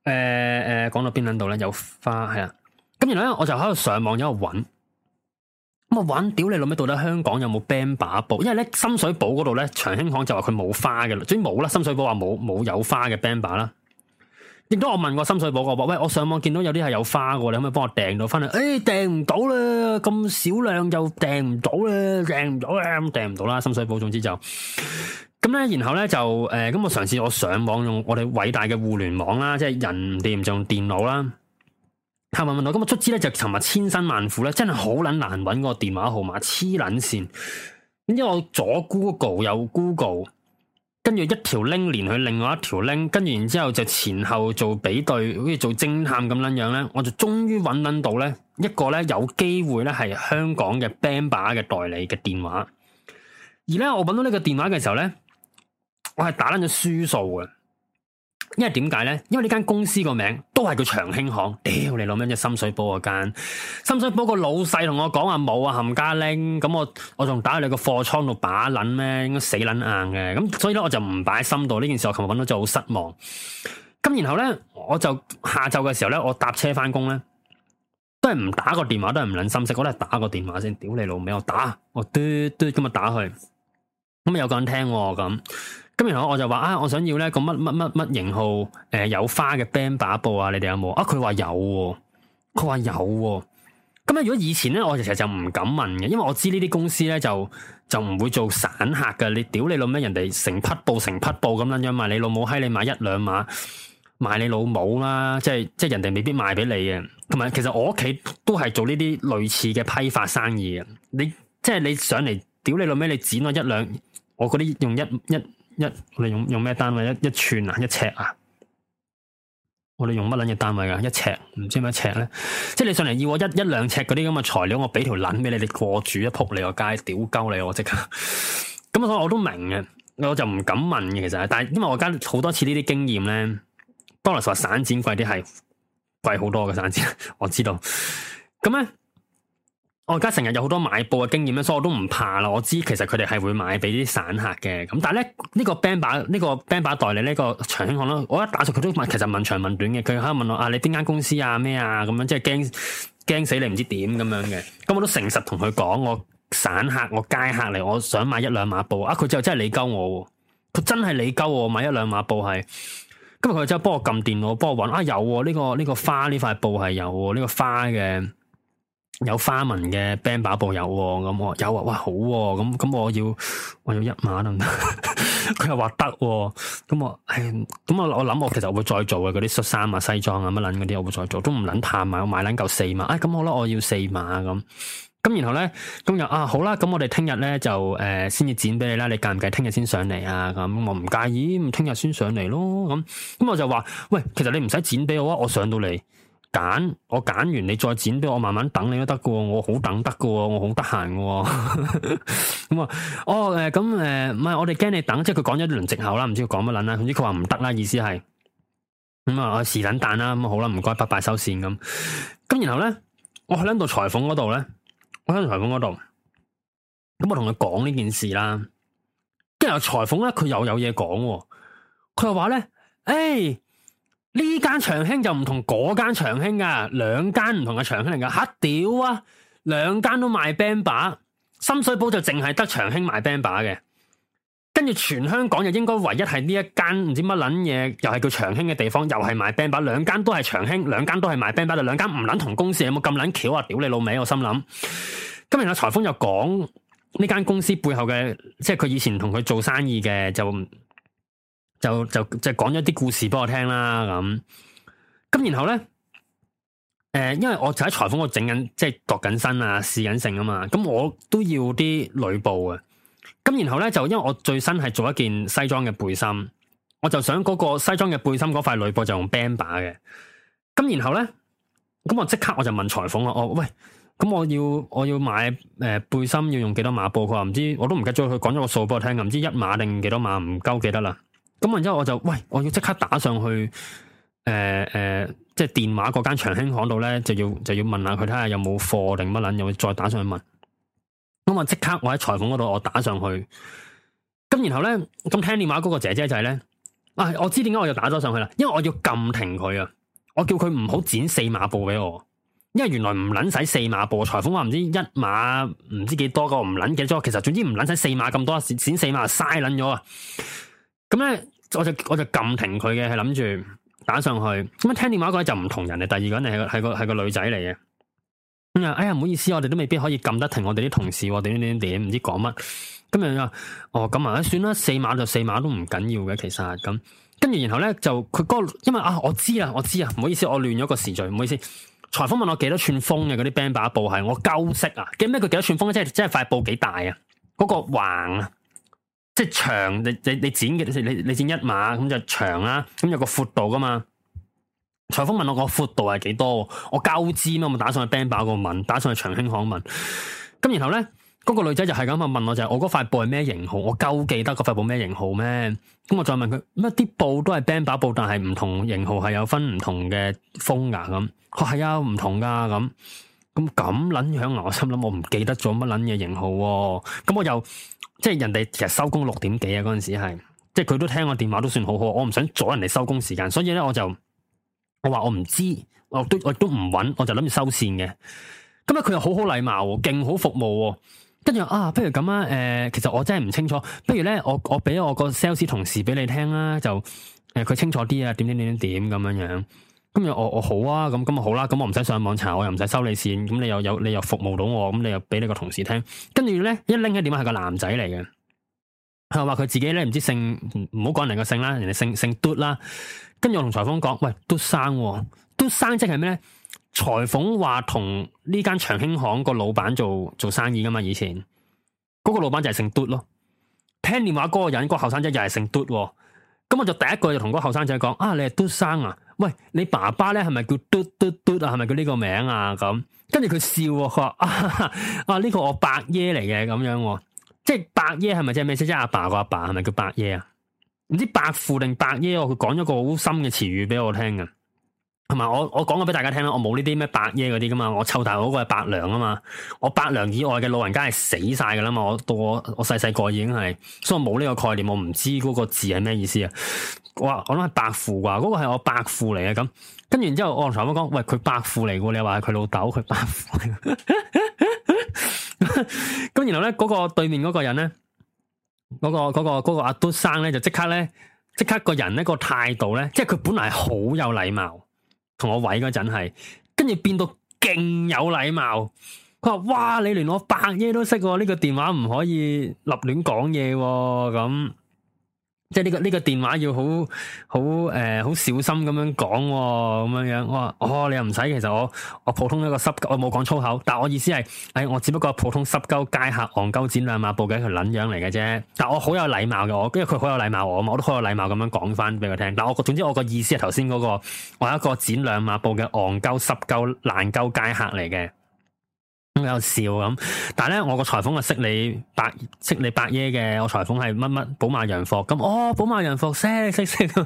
Speaker 1: 嗯，誒，講到邊 u 度 n 咧，有花係啦。咁、啊、然後咧，我就喺度上網喺度揾。咁啊，揾屌你老味到底香港有冇 b a m b a 把布？因為咧深水埗嗰度咧，長興巷就話佢冇花嘅啦，總之冇啦。深水埗話冇冇有花嘅 band 把啦。亦都我問過深水埗個，話喂，我上網見到有啲係有花嘅，你可唔可以幫我訂到翻？誒、哎，訂唔到啦，咁少量又訂唔到啦，訂唔到，誒咁訂唔到啦。深水埗，總之就咁咧、嗯，然後咧就誒，咁、呃、我嘗試我上網用我哋偉大嘅互聯網啦，即係人掂上電腦啦，探問問到，咁我出資咧就尋日千辛萬苦咧，真係好捻難搵個電話號碼，黐捻線，咁因為我左 Google 右 Google，跟住一條 link 連去另外一條 link，跟住然之後就前後做比對，好似做偵探咁樣樣咧，我就終於揾到到咧一個咧有機會咧係香港嘅 Bemberg 嘅代理嘅電話，而咧我揾到呢個電話嘅時候咧，我係打緊咗輸數嘅。因為點解咧？因為呢間公司個名都係叫長興行。屌、哎、你老味，即深水埗嗰間，深水埗個老細同我講話冇啊冚家拎，咁我我仲打去個貨倉度把捻咩？應該死捻硬嘅，咁所以咧我就唔擺喺心度。呢件事我琴日搵到就好失望。咁然後咧，我就下晝嘅時候咧，我搭車翻工咧，都係唔打個電話，都係唔捻心息，我都係打個電話先。屌你老味，我打我嘟嘟咁就打佢，咁有個人聽喎咁。咁然後我就話啊，我想要咧個乜乜乜乜型號誒、呃、有花嘅 band 把布啊，你哋有冇啊？佢話有、哦，佢話有、哦。咁咧，如果以前咧，我其實就唔敢問嘅，因為我知呢啲公司咧就就唔會做散客嘅。你屌你老咩，人哋成匹布成匹布咁樣賣，你老母閪，你買一兩碼，賣你老母啦。即係即係人哋未必賣俾你嘅。同埋其實我屋企都係做呢啲類似嘅批發生意嘅。你即係你上嚟屌你老咩，你剪我一兩，我嗰啲用一一。一一一我哋用用咩單位？一一寸啊，一尺啊？我哋用乜撚嘅單位啊？一尺唔知咩尺咧？即係你上嚟要我一一兩尺嗰啲咁嘅材料，我俾條撚俾你，你過住一扑你個街你，屌鳩你我即刻。咁 所以我都明嘅，我就唔敢問嘅其實。但係因為我而家好多次呢啲經驗咧，本來話散展貴啲係貴好多嘅散展。我知道。咁咧。我而家成日有好多買布嘅經驗咧，所以我都唔怕啦。我知其實佢哋係會買俾啲散客嘅。咁但係咧，呢個賓霸呢個賓霸代理呢個長兄我咯，我一打熟佢都問，其實問長問短嘅。佢吓問我啊，你邊間公司啊咩啊咁樣？即係驚驚死你唔知點咁樣嘅。咁我都誠實同佢講，我散客，我街客嚟，我想買一兩碼布。啊，佢就真係你鳩我，佢真係你鳩我買一兩碼布係。今日佢就幫我撳電腦，幫我搵啊有呢、啊這個呢、這個這個花呢塊布係有呢、這個花嘅。有花紋嘅賓霸布有咁、哦、我有啊，哇好咁、哦、咁我要我要一碼得唔得？佢又話得，咁我咁我我諗我其實我會再做嘅嗰啲恤衫啊、西裝啊、乜卵嗰啲我會再做，都唔卵探埋，我買卵夠四碼，哎咁好啦，我要四碼，咁咁然後咧今日啊，好啦，咁我哋聽日咧就誒、呃、先至剪俾你啦，你介唔介聽日先上嚟啊？咁我唔介意，咁聽日先上嚟咯。咁咁我就話喂，其實你唔使剪俾我啊，我上到嚟。」揀我揀完你再剪俾我，我慢慢等你都得嘅，我好等得嘅，我好得閒嘅。咁啊，哦，誒、呃，咁、嗯，誒、呃，唔係，我哋驚你等，即係佢講咗一輪藉口啦，唔知佢講乜捻啦，總之佢話唔得啦，意思係咁啊，我是卵蛋啦，咁、嗯嗯嗯、好啦，唔該，拜拜收線咁。咁然後咧，我去到裁縫嗰度咧，我喺到裁縫嗰度，咁我同佢講呢件事啦，跟住裁縫咧，佢又有嘢講，佢又話咧，誒、欸。呢間長興就唔同嗰間長興噶，兩間唔同嘅長興嚟噶，嚇屌啊！兩間都賣賓霸，深水埗就淨係得長興賣賓霸嘅，跟住全香港就應該唯一係呢一間唔知乜捻嘢，又係叫長興嘅地方，又係賣賓霸，兩間都係長興，兩間都係賣賓霸，就兩間唔捻同公司有冇咁捻巧啊？屌你老味！我心諗今日阿裁縫就講呢間公司背後嘅，即係佢以前同佢做生意嘅就。就就就講咗啲故事俾我聽啦咁，咁、嗯、然後咧，誒、呃，因為我就喺裁縫度整緊，即係度緊身啊，試緊性啊嘛。咁、嗯、我都要啲女布啊。咁然後咧，就因為我最新係做一件西裝嘅背心，我就想嗰個西裝嘅背心嗰塊女布就用賓霸嘅。咁然後咧，咁我即刻我就問裁縫我，我喂，咁我要我要買誒、呃、背心要用幾多碼布？佢話唔知，我都唔記得咗。佢講咗個數俾我聽，唔知一碼定幾多碼，唔夠記得啦。咁然之後我就喂，我要即刻打上去，誒、呃、誒、呃，即係電話嗰間長興行度咧，就要就要問下佢睇下有冇貨定乜捻，又再打上去問。咁啊，即刻我喺裁縫嗰度，我打上去。咁然後咧，咁聽電話嗰個姐姐就係、是、咧，啊，我知點解我又打咗上去啦，因為我要撳停佢啊，我叫佢唔好剪四碼布俾我，因為原來唔捻使四碼布，裁縫話唔知一碼唔知幾多個，唔捻幾多，其實總之唔捻使四碼咁多，剪剪四碼嘥捻咗啊。咁咧。我就我就撳停佢嘅，係諗住打上去。咁一聽電話嗰陣就唔同人嘅，第二個人你係個係個係個女仔嚟嘅。咁、嗯、啊，哎呀，唔好意思，我哋都未必可以撳得停我，我哋啲同事我點點點唔知講乜。咁樣啊，哦、嗯、咁、嗯、啊，算啦，四碼就四碼都唔緊要嘅，其實咁。跟、嗯、住然後咧就佢嗰、那個，因為啊，我知啊，我知啊，唔好意思，我亂咗個時序，唔好意思。裁縫問我幾多寸風嘅嗰啲賓霸布係，我鳩識啊，記咩？佢幾多寸風、啊？即係即係塊布幾大啊？嗰、那個橫啊？即係長，你你你剪嘅，你你剪一碼咁就長啦，咁有個闊度噶嘛？裁縫問我個闊度係幾多？我夠知嘛？打上去 band 把個問，打上去長興巷問。咁然後咧，嗰、那個女仔就係咁啊，問我就係、是、我嗰塊布係咩型號？我夠記得個塊布咩型號咩？咁我再問佢，乜啲布都係 band 把布，但係唔同型號係有分唔同嘅風格。哦，咁。哇，係啊，唔同噶咁、啊。咁咁捻樣啊！我心諗我唔記得咗乜捻嘢型號、啊，咁我又即係人哋其實收工六點幾啊！嗰陣時係即係佢都聽我電話都算好好，我唔想阻人哋收工時間，所以咧我就我話我唔知，我都我都唔穩，我就諗住收線嘅。咁咧佢又好好禮貌，啊，勁好服務，啊，跟住啊，不如咁啊，誒、呃，其實我真係唔清楚，不如咧我我俾我個 sales 同事俾你聽啦，啊，就誒佢、呃、清楚啲啊，點點點點點咁樣樣。今日我我好啊，咁咁啊好啦，咁我唔使上網查，我又唔使收你線，咁你又有你又服務到我，咁你又俾你個同事聽。跟住咧一拎一點啊，係個男仔嚟嘅，佢話佢自己咧唔知姓唔好講人嘅姓啦，人哋姓姓嘟啦。跟住我同裁縫講，喂嘟生，嘟生即係咩咧？裁縫話同呢間長興行個老闆做做生意噶嘛，以前嗰個老闆就係姓嘟咯。聽電話個人，嗰後生仔又係姓嘟，咁我就第一句就同嗰後生仔講，啊你係嘟生啊！喂，你爸爸咧係咪叫嘟嘟嘟啊？係咪叫呢個名啊？咁跟住佢笑，佢話啊呢個我伯爺嚟嘅，咁樣，即係伯爺係咪即係咩啫？即係阿爸個阿爸係咪叫伯爺啊？唔知伯父定伯爺？佢講咗個好深嘅詞語俾我聽啊。同埋我我講過俾大家聽啦，我冇呢啲咩伯爺嗰啲噶嘛，我湊大嗰個係伯娘啊嘛，我伯娘以外嘅老人家係死晒噶啦嘛，我到我我細細個已經係，所以我冇呢個概念，我唔知嗰個字係咩意思啊，哇，我諗係伯父啩，嗰、那個係我伯父嚟嘅，咁跟住然之後我同陳生講，喂，佢伯父嚟噶，你又話佢老豆佢伯父，咁 然後咧嗰、那個對面嗰個人咧，嗰、那個、那個、那個那個阿嘟生咧就即刻咧、那個，即刻個人咧個態度咧，即係佢本來係好有禮貌。同我位嗰陣係，跟住變到勁有禮貌。佢話：哇，你連我伯爺都識喎，呢、這個電話唔可以立亂講嘢咁。即係呢個呢、呢個電話要好好誒好小心咁樣講咁樣樣，我話哦，你又唔使，其實我我普通一個濕鳩，我冇講粗口，但係我意思係，誒、哎、我只不過普通濕鳩街客戇鳩剪兩碼布嘅一條捻樣嚟嘅啫，但係我好有禮貌嘅，我跟住佢好有禮貌我，我咪我都好有禮貌咁樣講翻俾佢聽。嗱我總之我個意思係頭先嗰個我有一個剪兩碼布嘅戇鳩濕鳩爛鳩街客嚟嘅。咁又笑咁，但係咧，我個裁縫啊識你伯識你伯爺嘅，我裁縫係乜乜寶馬洋服，咁哦寶馬洋服識識識，屌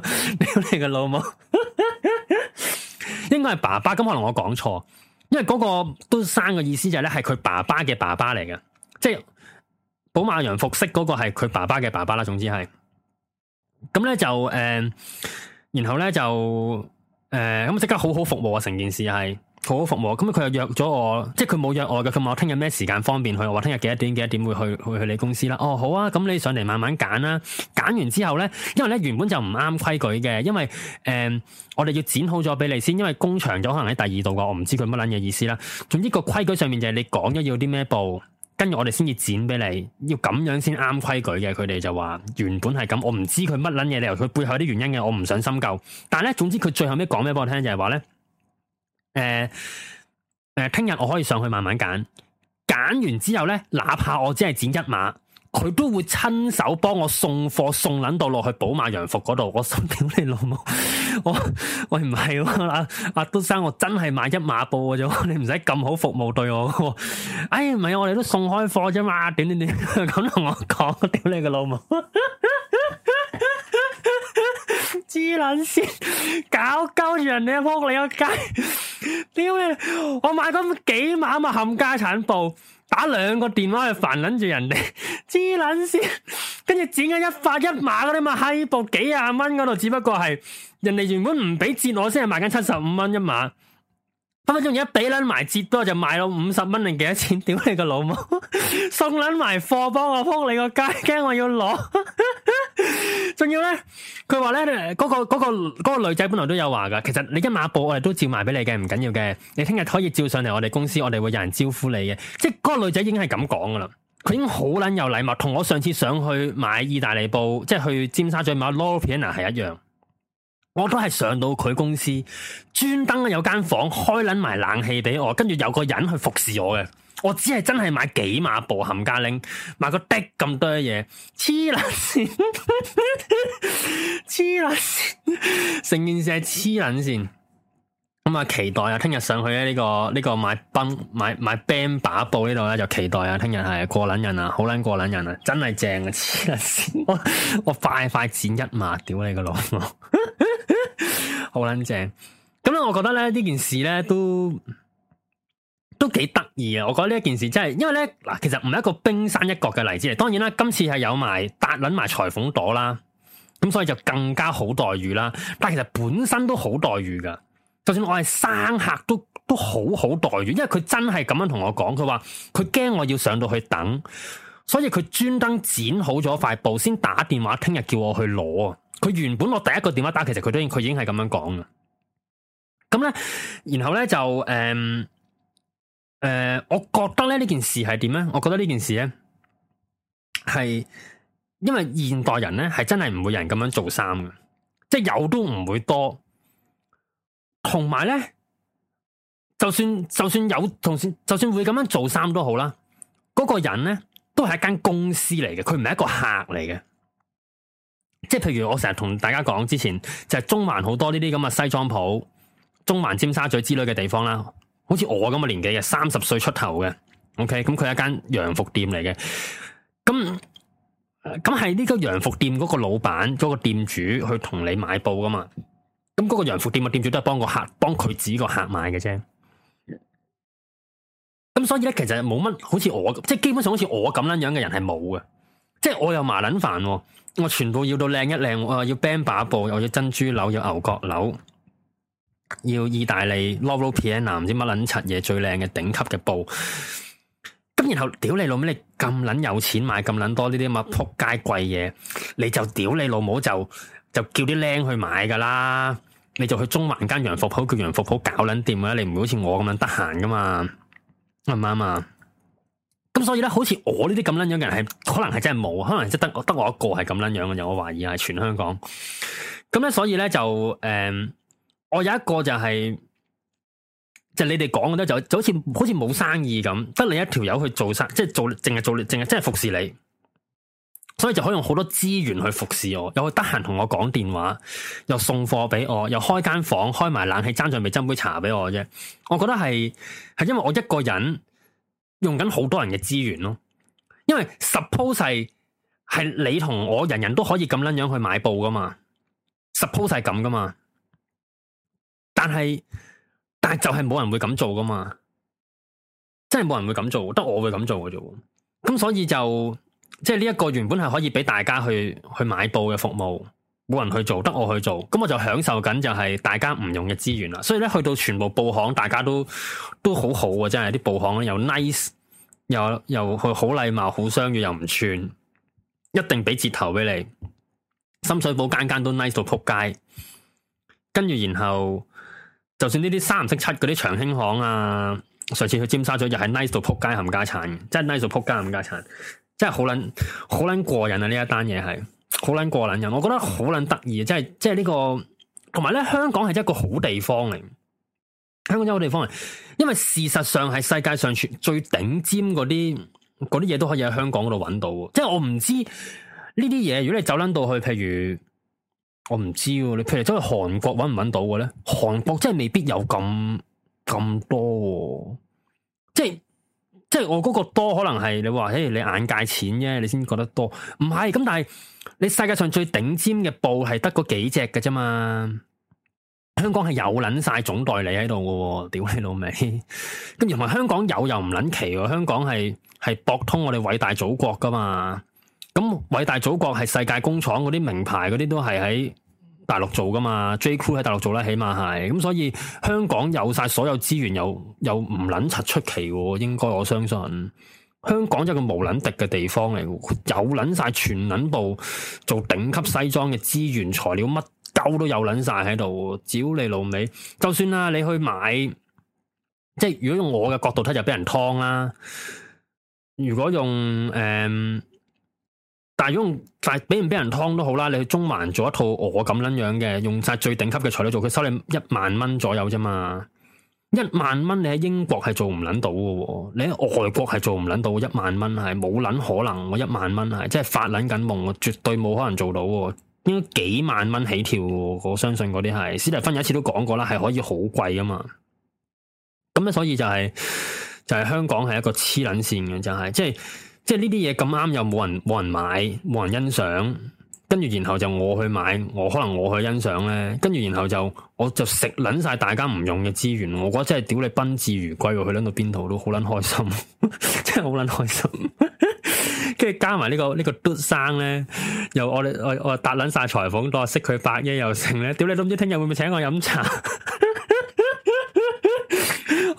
Speaker 1: 你個老母，應該係爸爸，咁可能我講錯，因為嗰個都生嘅意思就係、是、咧，係佢爸爸嘅爸爸嚟嘅，即係寶馬洋服識嗰個係佢爸爸嘅爸爸啦，總之係，咁咧就誒，然後咧就誒，咁、嗯、即、嗯嗯嗯嗯、刻好好服務啊，成件事係。好服務咁，佢又約咗我，即係佢冇約我嘅。佢問我聽日咩時間方便去，我話聽日幾多點幾多點會去會去你公司啦。哦，好啊，咁你上嚟慢慢揀啦。揀完之後呢，因為呢原本就唔啱規矩嘅，因為誒、嗯、我哋要剪好咗俾你先，因為工場咗可能喺第二度嘅，我唔知佢乜撚嘢意思啦。總之個規矩上面就係你講咗要啲咩布，跟住我哋先至剪俾你，要咁樣先啱規矩嘅。佢哋就話原本係咁，我唔知佢乜撚嘢，理由佢背後有啲原因嘅，我唔想深究。但係呢，總之佢最後尾講咩俾我聽就係、是、話呢。誒誒，聽日我可以上去慢慢揀，揀完之後咧，哪怕我只係剪一碼，佢都會親手幫我送貨送捻到落去寶馬洋服嗰度，我心屌你老母！我喂唔係，阿阿都生，我真係買一碼布嘅啫，你唔使咁好服務對我，我。哎，唔係、啊、我哋都送開貨啫嘛，點點點咁同我
Speaker 2: 講，屌你個老母！ 知捻先，搞鳩住人哋撲你個街，屌你！我買
Speaker 1: 咁幾碼啊冚家產布，打兩個電話去煩捻住人哋，知捻先，跟住剪緊一發一碼嗰啲嘛，嘿，布幾廿蚊嗰度，只不過係人哋原本唔俾剪，我先係賣緊七十五蚊一碼。分分鐘一俾撚埋折多就賣到五十蚊定幾多錢？屌你個老母！
Speaker 2: 送撚埋貨我幫我仆你個街，驚我要攞。仲 要咧，佢話咧嗰個嗰、嗰個
Speaker 1: 嗰個、女仔本來都有話噶。其實你一馬報我哋都照埋俾你嘅，唔緊要嘅。你聽日可以照上嚟我哋公司，我哋會有人招呼你嘅。即係嗰、嗰個女仔已經係咁講噶啦，佢已經好撚有禮貌，同我上次上去買意大利布，即係去尖沙咀買 Loro Piana 係一樣，我都係上到佢公司，專登有間房間開捻埋冷氣俾我，跟住有個人去服侍我嘅。我只係真係買幾碼步冚家拎，ling, 買個的咁多嘢，黐捻線，
Speaker 2: 黐捻
Speaker 1: 線，成件事係黐捻線。咁、嗯、啊，期待啊，聽日上去咧呢、這個呢、這個買賓買買，買賓霸布呢度咧，就期待啊，聽日係過捻人啊，好捻過捻人啊，真係正啊，黐捻線，我我快快剪一碼，屌你個老母！好撚正，咁咧、嗯，我覺得咧呢件事咧都都幾得意啊！我覺得呢一件事真係，因為咧嗱，其實唔係一個冰山一角嘅例子嚟。當然啦，今次係有埋搭捻埋裁縫朵啦，咁所以就更加好待遇啦。但係其實本身都好待遇噶，就算我係生客都都好好待遇，因為佢真係咁樣同我講，佢話佢驚我要上到去等，所以佢專登剪好咗塊布，先打電話聽日叫我去攞啊。佢原本我第一個電話打，其實佢都佢已經係咁樣講嘅。咁咧，然後咧就誒誒，我覺得咧呢件事係點咧？我覺得呢件事咧係因為現代人咧係真係唔會有人咁樣做衫嘅，即係有都唔會多。同埋咧，就算就算有，就算，就算，就算，就算會咁樣做衫都好啦，嗰個人咧都係一間公司嚟嘅，佢唔係一個客嚟嘅。即係譬如我成日同大家講，之前就係中環好多呢啲咁嘅西裝鋪，中環尖沙咀之類嘅地方啦。好似我咁嘅年紀嘅，三十歲出頭嘅，OK。咁佢係一間洋服店嚟嘅，咁咁係呢個洋服店嗰個老闆，嗰、嗰個店主去同你買布噶嘛？咁、嗰、嗰個洋服店嘅店主都係幫個客，幫佢指個客買嘅啫。咁所以咧，其實冇乜好似我，即係基本上好似我咁樣樣嘅人係冇嘅。即係我又麻捻煩、啊。我全部要到靚一靚，我話要賓霸布，又要珍珠紐，要牛角紐，要意大利 Loro Piana 唔知乜撚柒嘢，最靚嘅頂級嘅布。咁然後屌你老味，你咁撚有錢買咁撚多呢啲咁嘅扑街貴嘢，你就屌你老母就就叫啲靚去買噶啦，你就去中環間洋服舖叫洋服舖搞撚掂啦，你唔會好似我咁樣得閒噶嘛，啱唔啱啊？咁所以咧，好似我呢啲咁撚樣嘅人，係可能係真係冇，可能即係得得我一個係咁撚樣嘅人。我懷疑係全香港。咁咧，所以咧就誒，我有一個就係就你哋講嘅咧，就就好似好似冇生意咁，得你一條友去做生，即係做淨係做淨係即係服侍你。所以就可以用好多資源去服侍我，又去得閒同我講電話，又送貨俾我，又開間房開埋冷氣，爭住嚟斟杯茶俾我啫。我覺得係係因為我一個人。用緊好多人嘅資源咯，因為 suppose 係你同我人人都可以咁樣樣去買布噶嘛，suppose 係咁噶嘛，但係但係就係冇人會咁做噶嘛，真係冇人會咁做，得我會咁做嘅啫，咁所以就即係呢一個原本係可以俾大家去去買布嘅服務。冇人去做，得我去做，咁我就享受緊就係大家唔用嘅資源啦。所以咧，去到全部布行，大家都都好好啊，真係啲布行咧又 nice，又又佢好禮貌，好相與又唔串，一定俾折頭俾你。深水埗間間都 nice 到撲街，跟住然後就算呢啲三唔識七嗰啲長興行啊，上次去尖沙咀又係 nice 到撲街冚家鏟，真係 nice 到撲街冚家鏟，真係好捻好捻過癮啊！呢一單嘢係。好撚過癮人，我覺得好撚得意，真係，即係呢個，同埋咧，香港係一個好地方嚟，香港一個好地方嚟，因為事實上係世界上全最頂尖嗰啲嗰啲嘢都可以喺香港嗰度揾到嘅，即係我唔知呢啲嘢，如果你走撚到去，譬如我唔知你，譬如走去韓國揾唔揾到嘅咧，韓國真係未必有咁咁多，哦，即係即係我嗰個多可能係你話，誒，你眼界淺啫，你先覺得多，唔係咁，但係。你世界上最頂尖嘅布係得嗰幾隻嘅啫嘛？香港係有捻晒總代理喺度嘅，屌你老味！咁又話香港有又唔捻奇喎？香港係係博通我哋偉大祖國噶嘛？咁偉大祖國係世界工廠，嗰啲名牌嗰啲都係喺大陸做噶嘛？J. Crew 喺大陸做啦，起碼係。咁所以香港有晒所有資源，又又唔捻柒出奇喎。應該我相信。香港就係個無捻敵嘅地方嚟，有捻晒全捻部做頂級西裝嘅資源材料，乜鳩都，都有捻晒喺度。只要你老味，就算啦，你去買，即係如果用我嘅角度睇就俾人劏啦。如果用誒、嗯，但係用但係俾唔俾人劏都好啦，你去中環做一套我咁捻樣嘅，用晒最頂級嘅材料做，佢收你一萬蚊左右啫嘛。一萬蚊你喺英國係做唔捻到嘅，你喺外國係做唔捻到。一萬蚊係冇捻可能，我一萬蚊係即係發捻緊夢，絕對冇可能做到。應該幾萬蚊起跳，我相信嗰啲係史蒂芬有一次都講過啦，係可以好貴啊嘛。咁咧，所以就係就係香港係一個黐捻線嘅，就係即係即係呢啲嘢咁啱又冇人冇人買，冇人欣賞。跟住然後就我去買，我可能我去欣賞咧。跟住然後就我就食撚晒大家唔用嘅資源，我覺得真係屌你，賓至如歸喎！佢捻到邊度都好捻開心，呵呵真係好捻開心。跟住加埋、這個這個、呢個呢個嘟生咧，又我哋我我搭捻晒裁縫都話識佢百嘢，又成咧，屌你都唔知聽日會唔會請我飲茶。呵
Speaker 2: 呵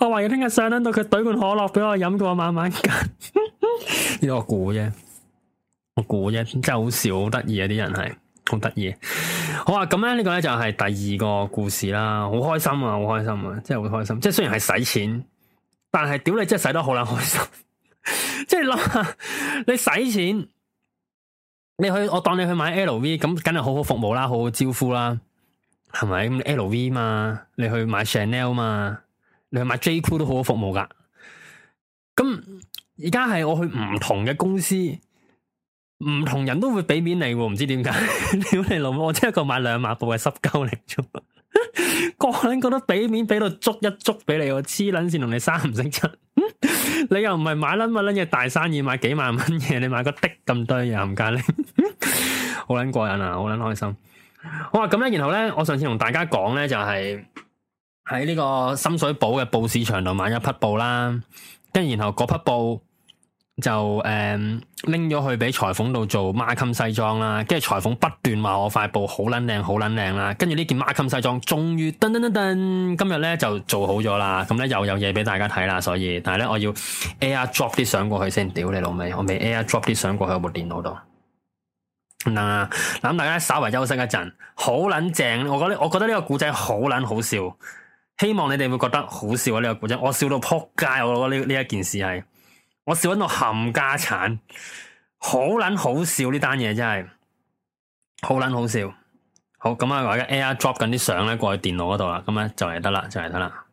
Speaker 2: 我話要聽日上捻到
Speaker 1: 佢懟罐可樂俾我飲，我慢慢飲。呢個估啫。古一真係好少好得意啊！啲人係好得意，好啊！咁咧呢個咧就係第二個故事啦，好開心啊，好開心啊，真係好開心！即係雖然係使錢，但係屌你真係使得好捻開心， 即係諗下你使錢，你去，我當你去買 LV 咁，梗係好好服務啦，好好招呼啦，係咪咁 LV 嘛？你去買 Chanel 嘛？你去買 J.Crew 都好好服務噶。咁而家係我去唔同嘅公司。唔同人都會俾面你喎，唔知點解屌你老母， 我只係個買兩碼布嘅濕鳩嚟啫嘛，個捻覺得俾面俾到捉一捉俾你，我黐捻線同你三唔識七， 你又唔係買捻乜捻嘢大生意，買幾萬蚊嘢，你買個的咁多嘢，唔介拎。好 捻過癮啊，好捻開心。哇、啊，咁咧，然後咧，我上次同大家講咧，就係喺呢個深水埗嘅布市場度買咗匹布啦，跟住然後嗰匹布。就誒拎咗去俾裁縫度做孖襟西裝啦，跟住裁縫不斷話我塊布好撚靚，好撚靚啦，跟住呢件孖襟西裝終於噔噔噔噔，今日咧就做好咗啦，咁咧又有嘢俾大家睇啦，所以但係咧我要 AirDrop 啲相過去先，屌你老味，我未 AirDrop 啲相過去部電腦度。嗱、啊，嗱大家稍為休息一陣，好撚正，我覺得我覺得呢個古仔好撚好笑，希望你哋會覺得好笑啊！呢、呢個古仔我笑到撲街，我覺得呢呢一件事係。我笑緊到冚家產，好捻好笑，呢單嘢真係，好捻好笑。好，咁啊，我而家 AirDrop 緊啲相咧，過去電腦嗰度啦。咁咧就嚟得啦，就嚟得啦。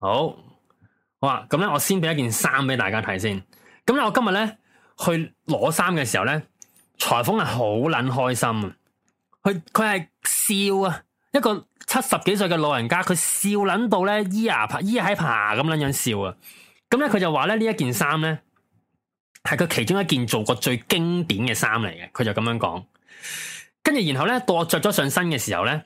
Speaker 1: 好，好哇！咁咧我先俾一件衫俾大家睇先。咁咧我今日咧去攞衫嘅時候咧，裁縫係好捻開心啊！佢佢係笑啊，一個七十幾歲嘅老人家，佢笑捻到咧依牙爬依喺爬咁捻樣笑啊！咁咧，佢、嗯、就話咧呢一件衫咧係佢其中一件做過最經典嘅衫嚟嘅。佢就咁樣講，跟住然後咧，到我着咗上身嘅時候咧，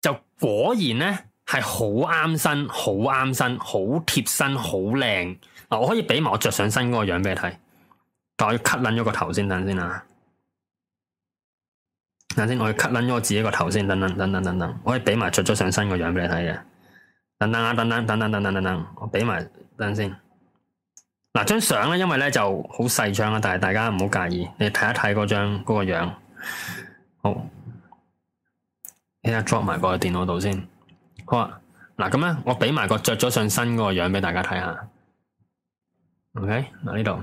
Speaker 1: 就果然咧係好啱身，好啱身，好貼身，好靚嗱。我可以俾埋我着上身嗰個樣俾你睇，但我要 cut 撚咗個頭先，等先啦。等先，我要 cut 撚咗我自己個頭先，等等等等等等，我可以俾埋着咗上身個樣俾你睇嘅。等等等等等等等等等等，我俾埋。等等等等等等先，嗱張相咧，因為咧就好細張啊，但係大家唔好介意，你睇一睇嗰張嗰個樣。好，依家 drop 埋個電腦度先。好啊，嗱咁咧，我俾埋個着咗上身嗰個樣俾大家睇下。OK，嗱呢度。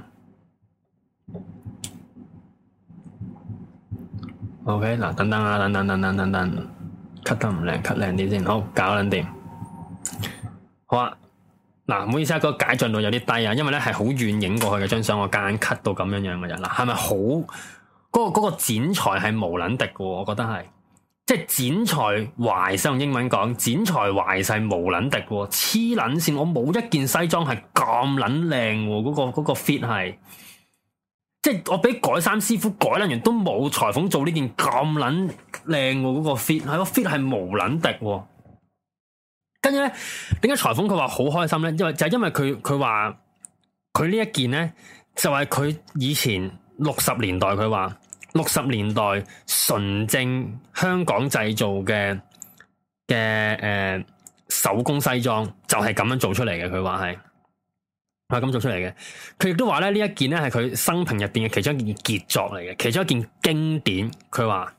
Speaker 1: OK，嗱等等啊、等等啊，等等等等等等，cut 得唔靚，cut 靚啲先。好，搞定掂。好啊。嗱，唔好意思啊，嗰個解像度有啲低啊，因為咧係好遠影過去嘅張相，我間 cut 到咁樣樣嘅人，嗱，係咪好嗰個嗰個剪裁係無撚敵嘅？我覺得係，即係剪裁壞，想用英文講，剪裁壞晒無撚敵喎，黐撚線，我冇一件西裝係咁撚靚喎，嗰個嗰個 fit 係，即係我俾改衫師傅改撚完都冇裁縫做呢件咁撚靚喎，嗰個 fit 係，個 fit 係無撚敵喎。跟住咧，點解裁縫佢話好開心咧？就是、因為就係因為佢佢話佢呢一件咧，就係、是、佢以前六十年代佢話六十年代純正香港製造嘅嘅誒手工西裝就係咁樣做出嚟嘅。佢話係係咁做出嚟嘅。佢亦都話咧呢一件咧係佢生平入邊嘅其中一件傑作嚟嘅，其中一件經典。佢話。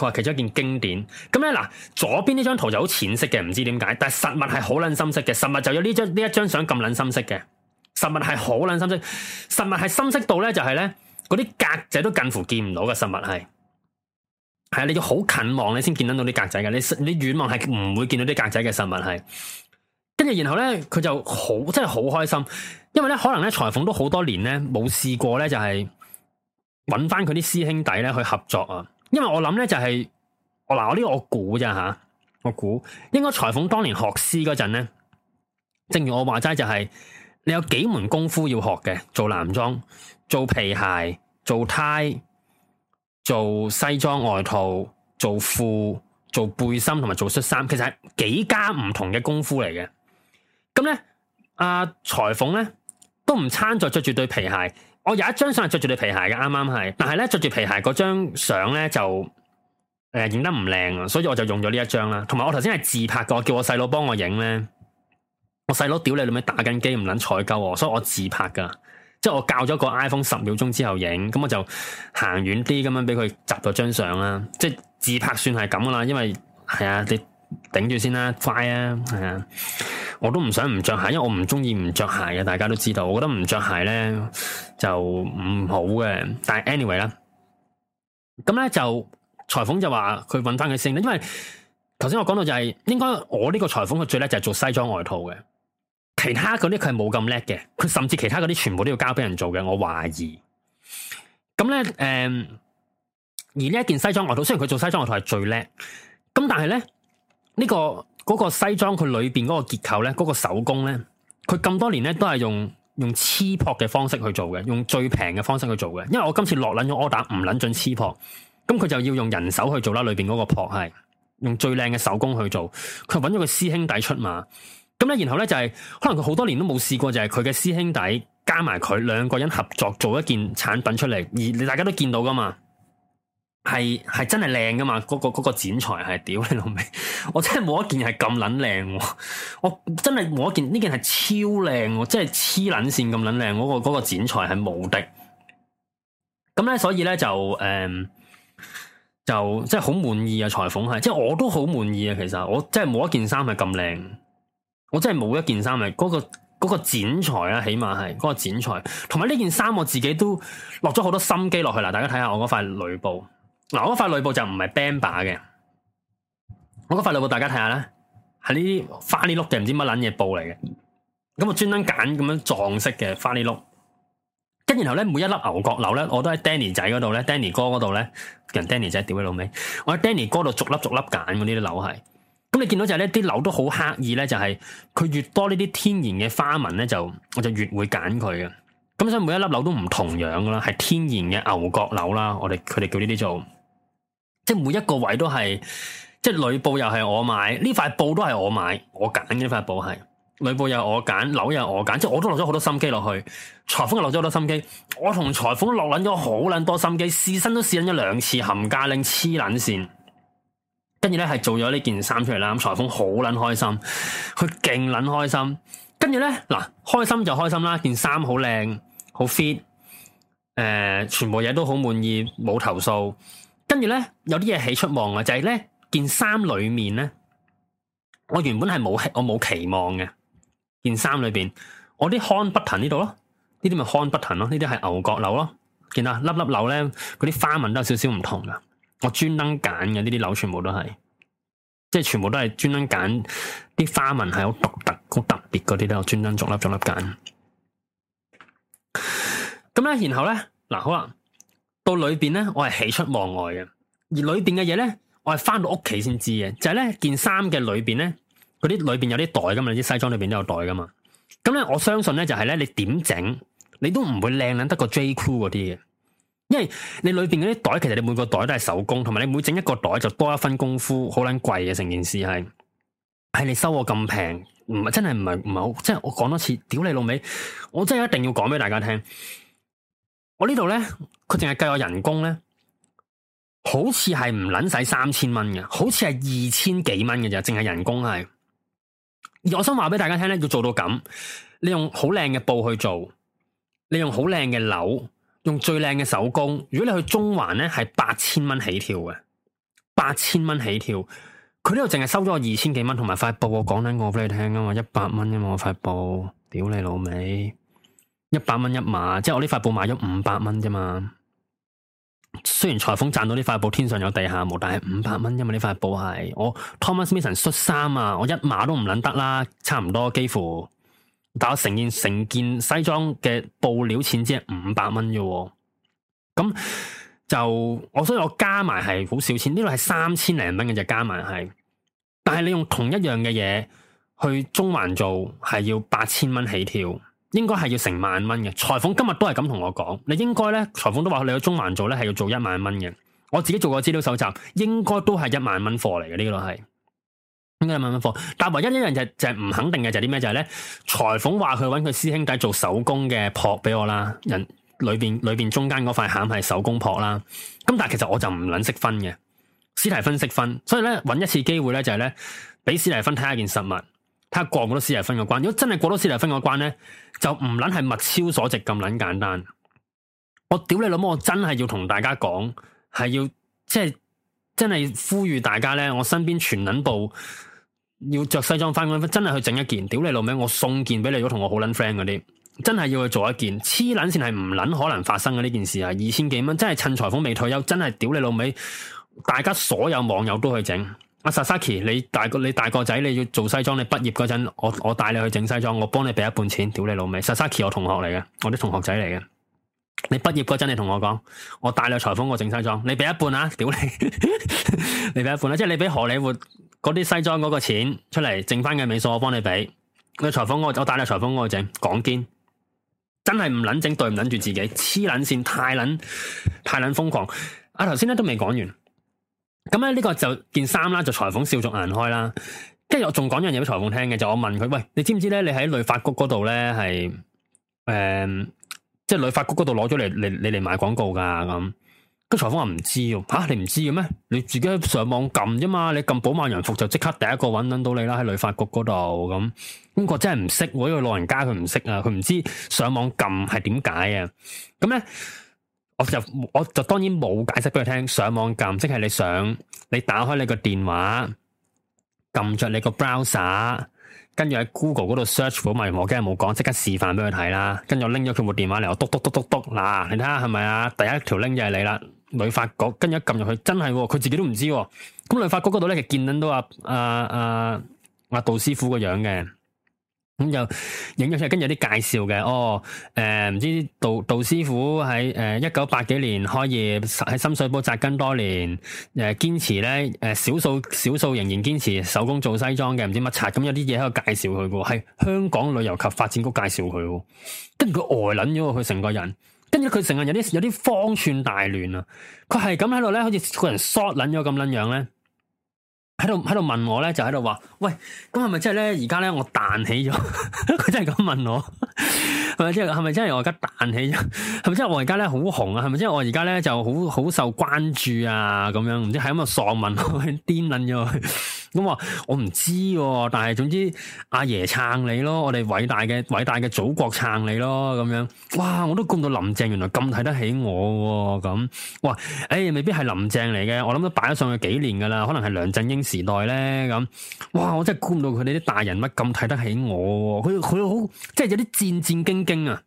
Speaker 1: 佢係其中一件經典。咁咧，嗱，左邊呢張圖就好淺色嘅，唔知點解，但係實物係好撚深色嘅，實物就有呢張呢一張相咁撚深色嘅，實物係好撚深色，實物係深色到咧就係咧嗰啲格仔都近乎見唔到嘅。實物係，係啊，你要好近望你先見得到啲格仔嘅，你你遠望係唔會見到啲格仔嘅。實物係，跟住然後咧佢就好真係好開心，因為咧可能咧裁縫都好多年咧冇試過咧就係揾翻佢啲師兄弟咧去合作啊。因為我諗咧就係、是，我嗱我呢個我估咋吓，我估應該裁縫當年學師嗰陣咧，正如我話齋就係、是，你有幾門功夫要學嘅，做男裝、做皮鞋、做呔、做西裝外套、做褲、做背心同埋做恤衫，其實係幾家唔同嘅功夫嚟嘅。咁咧，阿裁縫咧都唔餐在着住對皮鞋。我有一張相係着住你皮鞋嘅，啱啱係，但係咧着住皮鞋嗰張相咧就誒影、呃、得唔靚啊，所以我就用咗呢一張啦。同埋我頭先係自拍噶，我叫我細佬幫我影咧，我細佬屌你做咩打緊機唔捻採購我，所以我自拍噶，即係我較咗個 iPhone 十秒鐘之後影，咁我就行遠啲咁樣俾佢集咗張相啦，即係自拍算係咁啦，因為係啊、哎頂住先啦，快啊，係啊！我都唔想唔着鞋，因為我唔中意唔着鞋嘅，大家都知道。我覺得唔着鞋咧就唔好嘅。但係 anyway 啦，咁咧就裁縫就話佢揾翻佢先啦。因為頭先我講到就係、是、應該我呢個裁縫佢最叻就係做西裝外套嘅，其他嗰啲佢係冇咁叻嘅。佢甚至其他嗰啲全部都要交俾人做嘅。我懷疑。咁咧，誒、嗯，而呢一件西裝外套，雖然佢做西裝外套係最叻，咁但係咧。呢個嗰個西裝佢裏邊嗰個結構咧，嗰個手工呢，佢咁多年呢，都係用用黐撲嘅方式去做嘅，用最平嘅方式去做嘅。因為我今次落撚咗柯打唔撚準黐撲，咁佢就要用人手去做啦。裏邊嗰個撲係用最靚嘅手工去做，佢揾咗個師兄弟出馬，咁呢，然後呢，就係可能佢好多年都冇試過，就係佢嘅師兄弟加埋佢兩個人合作做一件產品出嚟，而你大家都見到噶嘛。係係真係靚噶嘛？嗰、嗰個、嗰個剪裁係屌你老味！我真係冇一件係咁撚靚，我真係冇一件呢件係超靚，即係黐撚線咁撚靚。嗰個嗰個剪裁係無敵。咁咧，所以咧就誒，就真係好滿意啊！裁縫係，即係我都好滿意啊！其實我真係冇一件衫係咁靚，我真係冇一件衫係嗰個、嗰個剪裁咧，起碼係嗰個剪裁。同埋呢件衫，我自己都落咗好多心機落去啦。大家睇下我嗰塊鋁布。嗱，我嗰塊內部就唔係賓霸嘅，我嗰塊內部大家睇下啦，係呢啲花呢碌嘅，唔知乜撚嘢布嚟嘅，咁我專登揀咁樣撞色嘅花呢碌，跟然後咧每一粒牛角鈕咧，我都喺 Danny 仔嗰度咧，Danny 哥嗰度咧，人 Danny 仔屌佢老味。我喺 Danny 哥度逐粒逐粒揀呢啲紐係，咁你見到就係呢啲紐都好刻意咧，就係、是、佢越多呢啲天然嘅花紋咧，就我就越會揀佢嘅，咁所以每一粒紐都唔同樣啦，係天然嘅牛角鈕啦，我哋佢哋叫呢啲做。即係每一個位都係，即係呂布又係我買呢塊布都係我買，我揀呢塊布係呂布又我揀，樓又我揀，即係我都落咗好多心機落去。裁縫又落咗好多心機，我同裁縫落捻咗好捻多心機，試身都試捻咗兩次，含家令黐捻線，跟住咧係做咗呢件衫出嚟啦。咁裁縫好捻開心，佢勁捻開心。跟住咧嗱，開心就開心啦，件衫好靚，好 fit，誒、呃，全部嘢都好滿意，冇投訴。跟住咧，有啲嘢喜出望外！就係咧，件衫裏面咧，我原本係冇我冇期望嘅件衫裏邊，我啲 horn button 呢度咯，呢啲咪 horn button 咯，呢啲係牛角鈕咯，見啦，粒粒鈕咧，嗰啲花紋都有少少唔同嘅，我專登揀嘅呢啲鈕全部都係，即係全部都係專登揀啲花紋係好獨特、好特別嗰啲咯，專登逐粒逐粒揀。咁咧，然後咧，嗱，好啦。到裏邊咧，我係喜出望外嘅，而裏邊嘅嘢咧，我係返到屋企先知嘅，就係咧，件衫嘅裏邊咧，嗰啲裏邊有啲袋噶嘛，啲西裝裏邊都有袋噶嘛，咁咧，我相信咧就係咧，你點整，你都唔會靚啦，得個 J Crew 嗰啲嘅，因為你裏邊嗰啲袋，其實你每個袋都係手工，同埋你每整一個袋就多一分功夫，好撚貴，嘅成件事係，係你收我咁平，唔係真係唔係唔係好，即係我講多次，屌你老味，我真係一定要講俾大家聽。我呢度咧，佢淨係計我人工咧，好似係唔捻使三千蚊嘅，好似係二千幾蚊嘅咋，淨係人工係。而我想話俾大家聽咧，要做到咁，你用好靚嘅布去做，你用好靚嘅柳，用最靚嘅手工。如果你去中環咧，係八千蚊起跳嘅，八千蚊起跳。佢呢度淨係收咗我二千幾蚊，同埋塊布我講緊我俾你聽啊嘛，一百蚊啫嘛，我塊布，屌你老味。一百蚊一碼，即係我呢塊布買咗五百蚊啫嘛。雖然裁縫賺到呢塊布天上有地下冇，但係五百蚊，因為呢塊布係我 Thomas Mason 恤衫啊，我一碼都唔捻得啦，差唔多幾乎。但我成件成件西裝嘅布料錢只係五百蚊啫，咁就我所以我加埋係好少錢，呢度係三千零蚊嘅就加埋係。但係你用同一樣嘅嘢去中環做，係要八千蚊起跳。應該係要成萬蚊嘅，裁縫今日都係咁同我講，你應該咧，裁縫都話你去中環做咧係要做一萬蚊嘅。我自己做過資料搜集，應該都係一萬蚊貨嚟嘅呢個係，應該一萬蚊貨。但唯一一樣就就係唔肯定嘅就係啲咩？就係咧，裁縫話佢揾佢師兄弟做手工嘅破俾我啦，人裏邊裏邊中間嗰塊餡係手工破啦。咁但係其實我就唔撚識分嘅，史提芬識分，所以咧揾一次機會咧就係咧俾史提芬睇下件實物。睇下過唔過得斯德芬個關，如果真係過到斯德芬個關咧，就唔捻係物超所值咁捻簡單。我屌你老母！我真係要同大家講，係要即係真係呼籲大家咧，我身邊全捻部要着西裝翻工，真係去整一件。屌你老味，就是。我送件俾你，如果同我好捻 friend 嗰啲，真係要去做一件。黐捻線係唔捻可能發生嘅呢件事啊！二千幾蚊，真係趁裁縫未退休，真係屌你老味，大家所有網友都去整。阿 Sasaki，你大個你大個仔，你要做西裝，你畢業嗰陣，我我帶你去整西裝，我幫你俾一半錢，屌你老味，Sasaki，我同學嚟嘅，我啲同學仔嚟嘅。你畢業嗰陣，你同我講，我帶你去裁縫我整西裝，你俾一半啊，屌你， 你俾一半啦、啊，即係你俾荷里活嗰啲西裝嗰個錢出嚟，剩翻嘅尾數我幫你俾。去裁縫嗰度，我帶你，我帶你，我我帶你我去裁縫嗰度整，講堅，真係唔捻整對唔捻住自己，黐捻線太捻太捻瘋狂。阿頭先咧都未講完。咁咧呢個就件衫啦，就裁縫笑逐顏開啦。跟住我仲講一樣嘢俾裁縫聽嘅，就我問佢：喂，你知唔知咧、呃就是，你喺旅發局嗰度咧係誒，即係旅發局嗰度攞咗嚟嚟嚟賣廣告噶咁、啊。跟住裁縫話唔知喎、啊啊，你唔知嘅咩？你自己上網撳啫嘛，你撳寶馬洋服就即刻第一個揾到你啦，喺旅發局嗰度咁。邊、那個真係唔識喎？呢個老人家佢唔識啊，佢唔知上網撳係點解啊？咁咧。我就我就當然冇解釋俾佢聽，上網撳，即係你上你打開你個電話，撳著你個 browser，跟住喺 Google 嗰度 search 埋我，我梗係冇講，即刻示範俾佢睇啦。跟住我拎咗佢部電話嚟，我篤篤篤篤篤，嗱，你睇下係咪啊？第一條拎就係你啦，旅發局，跟住一撳入去，真係喎，佢自己都唔知喎。咁旅發局嗰度咧，見到阿阿阿杜師傅個樣嘅。咁就影咗出嚟，跟住有啲介紹嘅，哦，誒、呃、唔知道杜杜師傅喺誒一九八幾年開業，喺深水埗紮根多年，誒、呃、堅持咧，誒、呃、少數少數仍然堅持手工做西裝嘅，唔知乜柒，咁有啲嘢喺度介紹佢嘅，係香港旅遊及發展局介紹佢，跟住佢呆撚咗，佢成個人，跟住佢成日有啲有啲方寸大亂啊，佢係咁喺度咧，好似個人 short 撚咗咁撚樣咧。喺度喺度問我咧，就喺度話，喂，咁係咪即係咧？而家咧，我彈起咗，佢 真係咁問我。 係咪真係？係咪真係我而家彈起？係咪真係我而家咧好紅啊？係咪真係我而家咧就好好受關注啊？咁樣唔知喺咁個喪文去癲捻咗咁話，我唔知、哦，但係總之阿爺撐你咯，我哋偉大嘅偉大嘅祖國撐你咯，咁樣哇！我都估唔到林鄭原來咁睇得起我咁哇！誒、欸，未必係林鄭嚟嘅，我諗都擺咗上去幾年噶啦，可能係梁振英時代咧咁哇！我真係估唔到佢哋啲大人物咁睇得起我，佢佢好即係有啲戰戰兢兢。驚啊！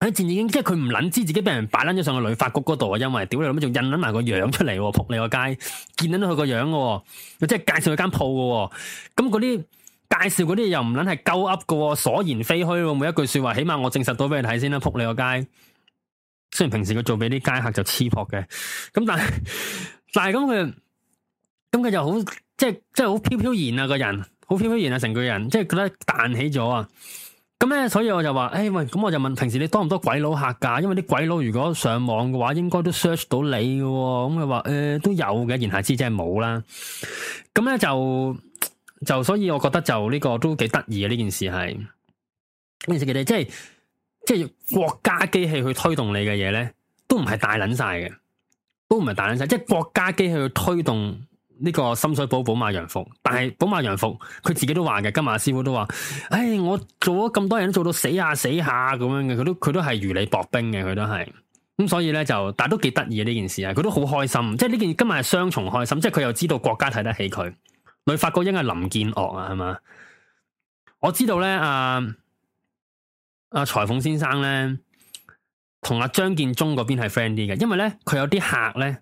Speaker 1: 喺前已經即係佢唔捻知自己俾人擺捻咗上去女發局嗰度啊！因為屌你咁樣仲印捻埋個樣出嚟，撲你個街見捻到佢個樣嘅，即係介紹佢間鋪嘅。咁嗰啲介紹嗰啲又唔捻係鳩噏嘅，所言非虛。每一句說話起碼我證實到俾你睇先啦，撲你個街。雖然平時佢做俾啲街客就黐撲嘅，咁但係但係咁佢咁佢就好即係即係好飄飄然啊個人，好飄飄然啊成個人，即係覺得彈起咗啊！咁咧，所以我就話，誒、欸、喂，咁我就問，平時你多唔多鬼佬客㗎？因為啲鬼佬如果上網嘅話，應該都 search 到你嘅、哦。咁佢話，誒、欸、都有嘅，言下之即係冇啦。咁咧就就所以，我覺得就呢、這個都幾得意嘅呢件事係。呢件事其實即係即係國家機器去推動你嘅嘢咧，都唔係大捻晒嘅，都唔係大捻晒，即係國家機器去推動。呢個深水埗寶馬洋服，但係寶馬洋服，佢自己都話嘅，今日阿師傅都話，唉、哎，我做咗咁多人做到死下、啊、死下、啊、咁樣嘅，佢都佢都係如履薄冰嘅，佢都係咁，所以咧就，但係都幾得意嘅呢件事啊，佢都好開心，即係呢件今日係雙重開心，即係佢又知道國家睇得起佢，你發覺應該係林建岳啊，係嘛？我知道咧，阿阿裁縫先生咧，同阿、啊、張建宗嗰邊係 friend 啲嘅，因為咧佢有啲客咧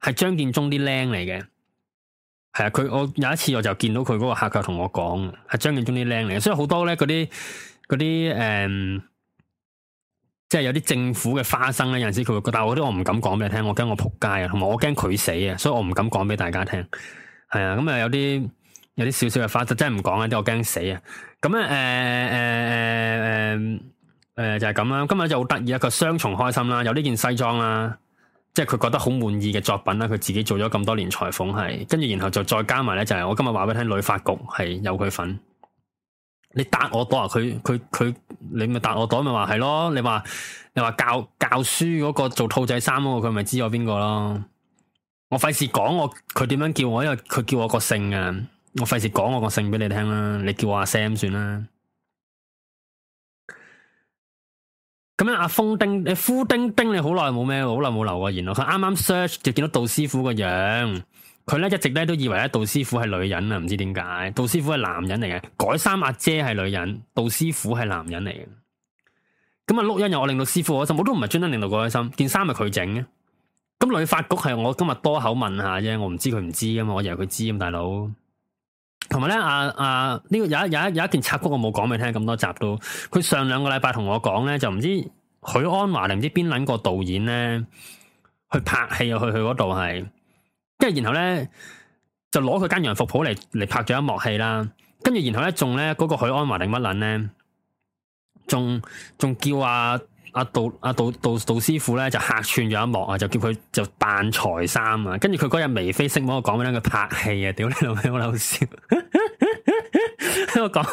Speaker 1: 係張建宗啲僆嚟嘅。係啊，佢我有一次我就見到佢嗰個客，佢同我講，係張建宗啲僆嚟，所以好多咧嗰啲啲誒，即係有啲政府嘅花生咧，有陣時佢會但覺得，我啲我唔敢講俾你聽，我驚我仆街啊，同埋我驚佢死啊，所以我唔敢講俾大家聽。係啊，咁、嗯、啊有啲有啲少少嘅花生、嗯嗯嗯嗯嗯、就真係唔講啊，啲我驚死啊。咁咧誒誒誒誒誒就係咁啦。今日就好得意啊，佢雙重開心啦，有呢件西裝啦。即係佢覺得好滿意嘅作品啦，佢自己做咗咁多年裁縫係，跟住然後就再加埋咧就係、是、我今日話俾你聽，女發局係有佢份。你答我袋啊，佢佢佢，你咪答我袋咪話係咯。你話你話教教書嗰個做兔仔衫嗰個，佢咪知我邊個咯。我費事講我佢點樣叫我，因為佢叫我個姓啊。我費事講我個姓俾你聽啦，你叫我阿 Sam 算啦。咁樣阿風丁，你夫丁丁，你好耐冇咩，好耐冇留過言咯。佢啱啱 search 就見到杜師傅個樣，佢咧一直咧都以為咧杜師傅係女人啊，唔知點解杜師傅係男人嚟嘅。改衫阿姐係女人，杜師傅係男人嚟嘅。咁啊，錄音又我令到師傅開心，我都唔係專登令到佢開心。件衫係佢整嘅，咁女發局係我今日多口問下啫，我唔知佢唔知吖嘛，我以為佢知咁大佬。同埋咧，阿阿呢、啊啊這個有一有一有一段插曲，我冇講俾你聽。咁多集都，佢上兩個禮拜同我講咧，就唔知許鞍華定唔知邊捻個導演咧，去拍戲啊去去嗰度係，跟住然後咧就攞佢間洋服鋪嚟嚟拍咗一幕戲啦跟住然後咧仲咧嗰個許鞍華定乜捻咧，仲仲叫阿、啊。阿、啊、杜阿杜杜杜，杜師傅咧就客串咗一幕啊，就叫佢就扮裁衫啊，跟住佢嗰日眉飛色舞，more, 我講俾佢拍戲啊，屌你老味，我好笑。我講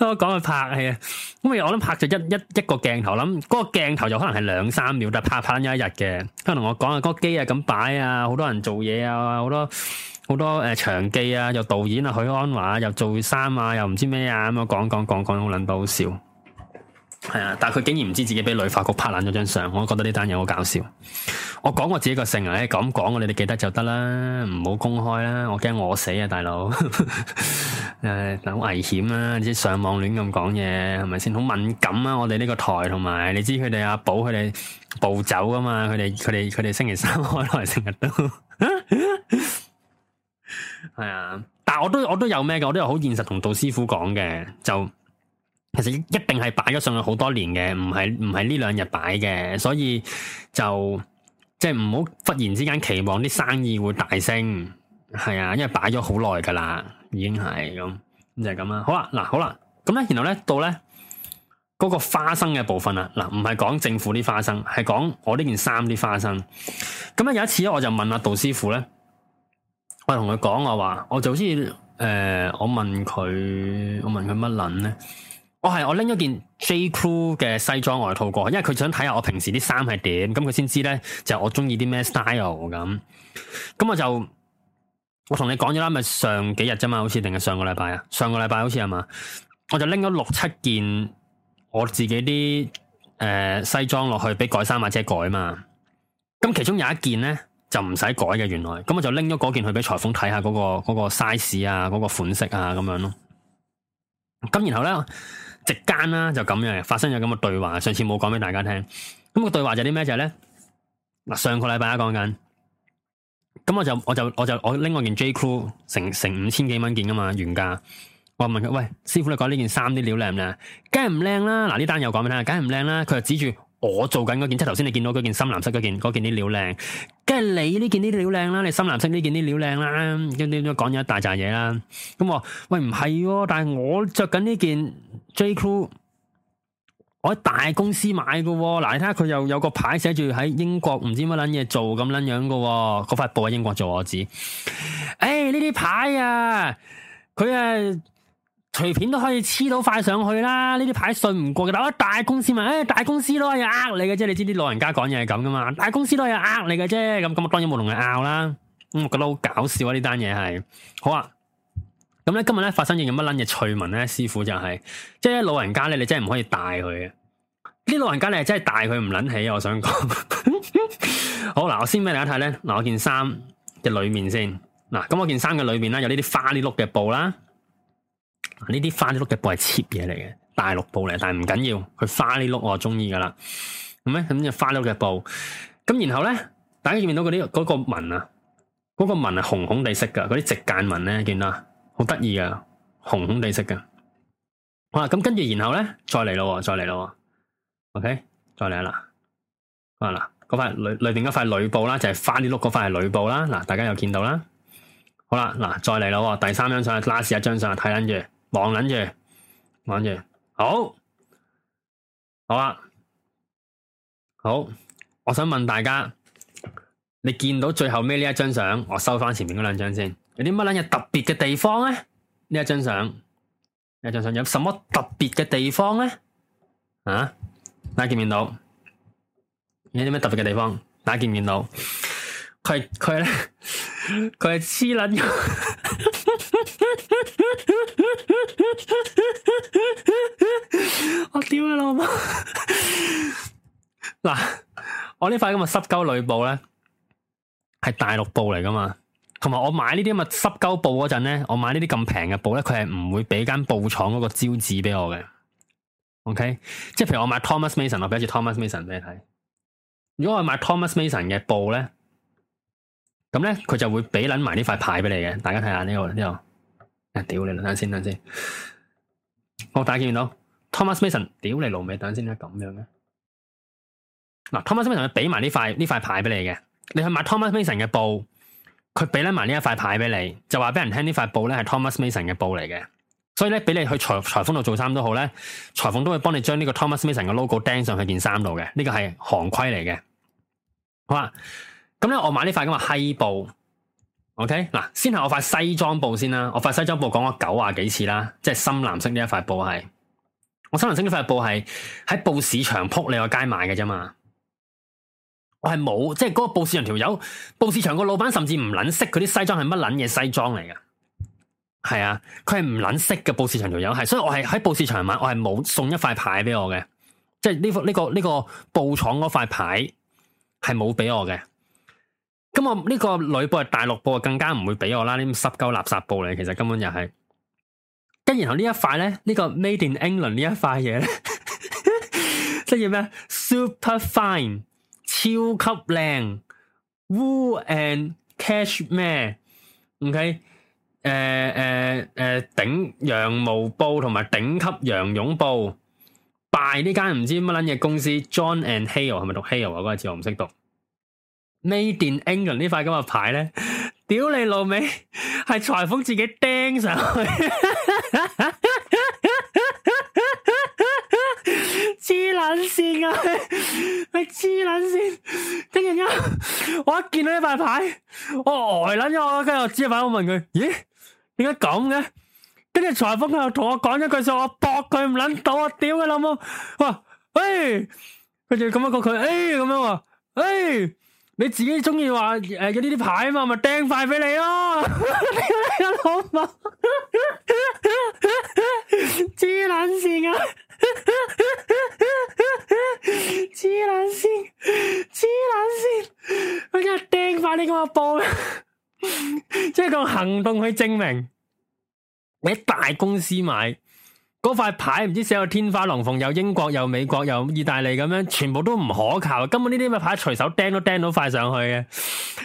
Speaker 1: 我講佢拍戲，咁咪 我諗拍咗一一一個鏡頭，諗嗰、那個鏡頭就可能係兩三秒，但拍翻一日嘅。可能我講下、那個機啊咁擺啊，好多人做嘢啊，好多好多誒場記啊，又導演啊，許鞍華又做衫啊，又唔知咩啊，咁我講講講講，好撚都好笑。係啊，但係佢竟然唔知自己俾旅發局拍爛咗張相，我都覺得呢單嘢好搞笑。我講我自己個性啊，咁、哎、講你哋記得就得啦，唔好公開啦，我驚我死啊，大佬！誒、 哎，好危險啊，你知上網亂咁講嘢係咪先？好敏感啊，我哋呢個台同埋，你知佢哋阿寶佢哋暴走噶嘛？佢哋佢哋佢哋星期三開台成日都係 啊、 哎，但係我都我都有咩嘅，我都有好現實同杜師傅講嘅就。其實一定係擺咗上去好多年嘅，唔係唔係呢兩日擺嘅，所以就即係唔好忽然之間期望啲生意會大升，係啊，因為擺咗好耐噶啦，已經係咁，就係咁啦。好啦，嗱，好啦，咁咧，然後咧到咧嗰個花生嘅部分啊，嗱，唔係講政府啲花生，係講我呢件衫啲花生。咁咧有一次咧，我就問阿杜師傅咧，我同佢講我話，我就好似誒，我問佢，我問佢乜捻咧？哦、我係我拎咗件 J Crew 嘅西裝外套過，因為佢想睇下我平時啲衫係點，咁佢先知咧就係、我中意啲咩 style 咁。咁我就我同你講咗啦，咪上幾日啫嘛，好似定係上個禮拜啊？上個禮拜好似係嘛？我就拎咗六七件我自己啲誒、呃、西裝落去俾改衫或者改嘛。咁其中有一件咧就唔使改嘅，原來咁我就拎咗嗰件去俾裁縫睇下嗰個、嗰個 size 啊，嗰、嗰個款式啊咁樣咯。咁然後咧。直間啦、啊、就咁樣，發生咗咁嘅對話，上次冇講俾大家聽。咁個對話就啲咩？就係咧，嗱，上個禮拜一講緊，咁我就我就我就我拎我件 J.Crew 成成五千幾蚊件噶嘛原價，我問佢：喂，師傅你講呢件衫啲料靚唔靚？梗係唔靚啦！嗱、啊，呢單又講俾你聽，梗係唔靚啦。佢就指住我做緊嗰件，即係頭先你見到嗰件深藍色嗰件，嗰件啲料靚，梗係你呢件啲料靚啦，你深藍色呢件啲料靚啦，咁啲咁樣講咗一大扎嘢啦。咁我喂唔係、啊，但係我着緊呢件。J. Crew，我喺大公司買嘅、哦，嗱，睇下佢又有個牌寫住喺英國唔知乜捻嘢做咁捻樣嘅、哦，塊布喺英國做我知。誒呢啲牌啊，佢啊隨便都可以黐到塊上去啦。呢啲牌信唔過嘅，但我喺大公司咪誒、哎、大公司都可以呃你嘅啫。你知啲老人家講嘢係咁噶嘛，大公司都可以呃你嘅啫。咁咁我當然冇同佢拗啦。咁、嗯、覺得好搞笑啊，呢單嘢係，好啊。咁咧，今日咧發生有乜撚嘅趣聞咧？師傅就係、是，即係老人家咧，你真係唔可以帶佢嘅。啲老人家你真係帶佢唔捻起，我想講。 好嗱，我先俾大家睇咧，嗱我件衫嘅裏面先。嗱，咁我件衫嘅裏面咧有呢啲花呢碌嘅布啦。嗱，呢啲花呢碌嘅布係 cheap 嘢嚟嘅，大陸布嚟，但係唔緊要緊，佢花呢碌我中意噶啦。咁咧，咁就花呢碌嘅布。咁然後咧，大家見到嗰啲嗰個紋啊，嗰、那個紋係紅紅地色噶，嗰啲直間紋咧，見到啊。好得意嘅，紅紅地色好哇，咁跟住然後咧，再嚟咯，再嚟咯。OK，再嚟啦。啊嗱，嗰塊裏裏邊嗰塊裏布啦，就係、是、花啲碌嗰塊係裏布啦。嗱，大家又見到啦。好啦，嗱，再嚟咯。第三張相，拉屎一張相，睇緊住，望緊住，望住。好，好啊，好。我想問大家，你見到最後尾呢一張相，我收翻前面嗰兩張先。有啲乜撚嘢特別嘅地方咧？呢一張相，呢張相有什麼特別嘅地方咧？啊，大家見唔見到？有啲咩特別嘅地方？大家見唔見到？佢佢咧，佢係黐撚嘢。
Speaker 2: 我屌你老母！
Speaker 1: 嗱，我呢塊咁嘅濕鳩鋁布咧，係大陸布嚟噶嘛？同埋我買濕呢啲咁嘅濕膠布嗰陣咧，我買這這呢啲咁平嘅布咧，佢係唔會俾間布廠嗰個招紙俾我嘅。OK，即係譬如我買 Thomas Mason，我俾住 Thomas Mason 俾你睇。如果我買 Thomas Mason 嘅布咧，咁咧佢就會俾捻埋呢塊牌俾你嘅。大家睇下呢個呢個，啊屌你，等下先，等下先。好，大家見到 Thomas Mason，屌你老味，等下先啦，咁樣嘅。嗱，啊，Thomas Mason 俾埋呢塊呢塊牌俾你嘅，你去買 Thomas Mason 嘅布。佢俾咧埋呢一塊牌俾你，就話俾人聽呢塊布咧係 Thomas Mason 嘅布嚟嘅，所以咧俾你去裁裁縫度做衫都好咧，裁縫都會幫你將呢個 Thomas Mason 嘅 logo 釘上去件衫度嘅，呢個係行規嚟嘅。好啦，咁咧我買呢塊咁嘅黑布，OK 嗱，先係我塊西裝布先啦，我塊西裝布講咗九啊幾次啦，即係深藍色呢一塊布係，我深藍色呢塊布係喺布市場撲你個街買嘅啫嘛。我係冇，即係嗰個布市場條友，布市場個老闆甚至唔捻識佢啲西裝係乜捻嘢西裝嚟㗎，係啊，佢係唔捻識嘅布市場條友，係，所以我係喺布市場買，我係冇送一塊牌俾我嘅，即係呢副呢個呢、這個這個布廠嗰塊牌係冇俾我嘅。咁我呢個呂布啊，大陸布更加唔會俾我啦，啲濕鳩垃圾布嚟，其實根本就係。跟然後一塊呢一塊咧，呢、這個 Made in England 一塊呢一塊嘢，即係咩 Super Fine。超級靚，wool and cash 咩？OK，誒誒誒，頂羊毛布同埋頂級羊絨布，buy 呢間唔知乜撚嘢公司，John and Hale 係咪讀 Hale 嗰個字？我唔識讀，Made in England 呢塊咁嘅牌咧，屌你老味，係裁縫自己
Speaker 2: 釘上去。黐撚線啊！咪黐撚線！聽日啊，我一見到呢塊牌，我
Speaker 1: 呆撚咗，我跟住我黐下牌，我問佢，咦？
Speaker 2: 點解咁嘅？財跟住裁縫又同我講咗句話，我駁佢唔撚到，我屌佢老母！哇！誒，佢就咁樣過佢？誒、欸、咁樣喎？誒、
Speaker 1: 欸，你自己中意話誒有呢啲牌啊嘛，咪掟塊俾你咯！屌你
Speaker 2: 老母！黐撚線啊！ 病 黐捻線，黐捻線，我今日釘翻呢個波，
Speaker 1: 即係個行動去證明。你喺大公司買嗰塊牌，唔知寫有天花龍鳳，有英國，有美國，有意大利咁樣，全部都唔可靠。根本呢啲咪牌隨手釘都釘到塊上去嘅。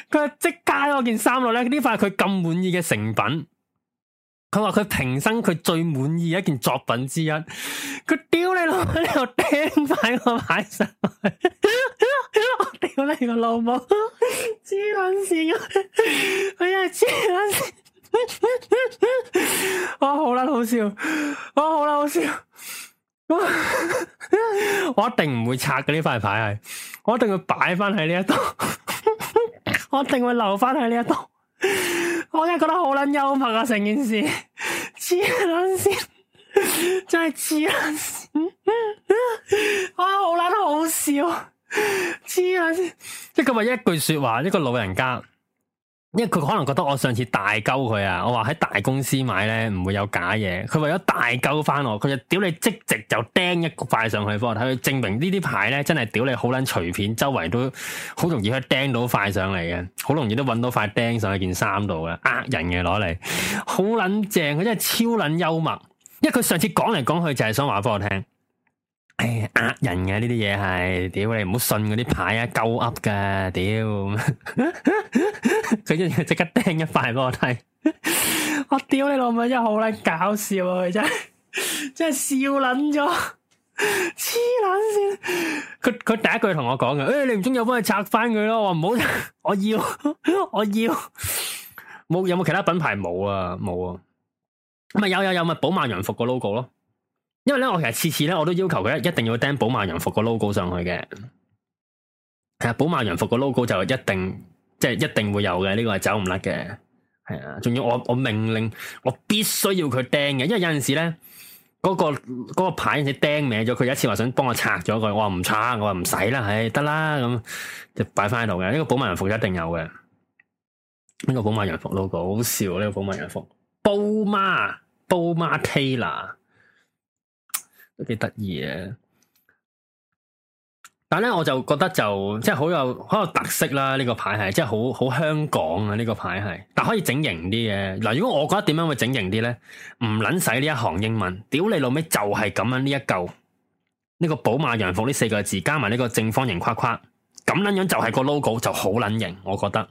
Speaker 1: 佢即街攞件衫落咧，呢塊佢咁滿意嘅成品。佢話佢平生佢最滿意一件作品之一，佢屌你，我
Speaker 2: 我你老母，你又掟塊個牌上嚟，我屌你個老母，黐卵線我，佢又黐卵線，我好撚好笑，我好撚好笑，我
Speaker 1: 我一定唔會拆嘅呢塊牌係，我一定會擺翻喺呢一度，
Speaker 2: 我一定會留翻喺呢一度。 我真係覺得好撚幽默啊！成件事，黐捻線，真係黐捻線，啊好捻好笑，黐捻線。即係咁啊！一,一,一
Speaker 1: 句說話，一個老人家。因為佢可能覺得我上次大鳩佢啊，我話喺大公司買咧唔會有假嘢，佢為咗大鳩翻我，佢就屌你即直就釘一塊塊上去，幫我睇佢證明呢啲牌咧真係屌你好捻隨便，周圍都好容易去釘到塊上嚟嘅，好容易都搵到塊釘上去件衫度嘅，呃人嘅攞嚟，好捻正，佢真係超捻幽默，因為佢上次講嚟講去就係想話俾我聽。係呃、哎、人嘅呢啲嘢係，屌你唔好信嗰啲牌啊，鳩噏嘅，屌！佢即 刻即刻掟一塊俾我睇，
Speaker 2: 我屌你老母真係好撚搞笑啊！佢真係真係笑撚咗，黐撚線！
Speaker 1: 佢佢第一句同我講嘅，誒、欸、你唔中意，我幫你拆翻佢咯。我唔好，我要我要，冇 有冇其他品牌冇啊？冇啊！咪有有有咪寶萬洋服個 logo 咯。因為咧，我其實次次咧，我都要求佢一一定要釘寶馬洋服個 logo 上去嘅，啊。其實寶馬洋服個 logo 就一定即係、就是、一定會有嘅。呢，這個係走唔甩嘅。係啊，仲要我我命令我必須要佢釘嘅，因為有陣時咧嗰，那個、那個牌你釘歪咗，佢有一次話想幫我拆咗佢，我話唔拆，我話唔使啦，唉，得啦，咁就擺翻喺度嘅。呢個寶馬洋服一定有嘅。呢，這個寶馬洋服 logo 好笑呢，啊這個寶馬洋服，寶馬，寶馬 Tailor。都幾得意嘅，但咧我就覺得就即係好有好有特色啦。呢個牌係即係好好香港啊。呢個牌係，但可以整形啲嘅嗱。如果我覺得點樣會整形啲咧，唔撚使呢一行英文，屌你老味就係咁樣呢一嚿呢個寶馬洋服呢四個字加埋呢個正方形框框咁，撚樣就係個 logo 就好撚型。我覺得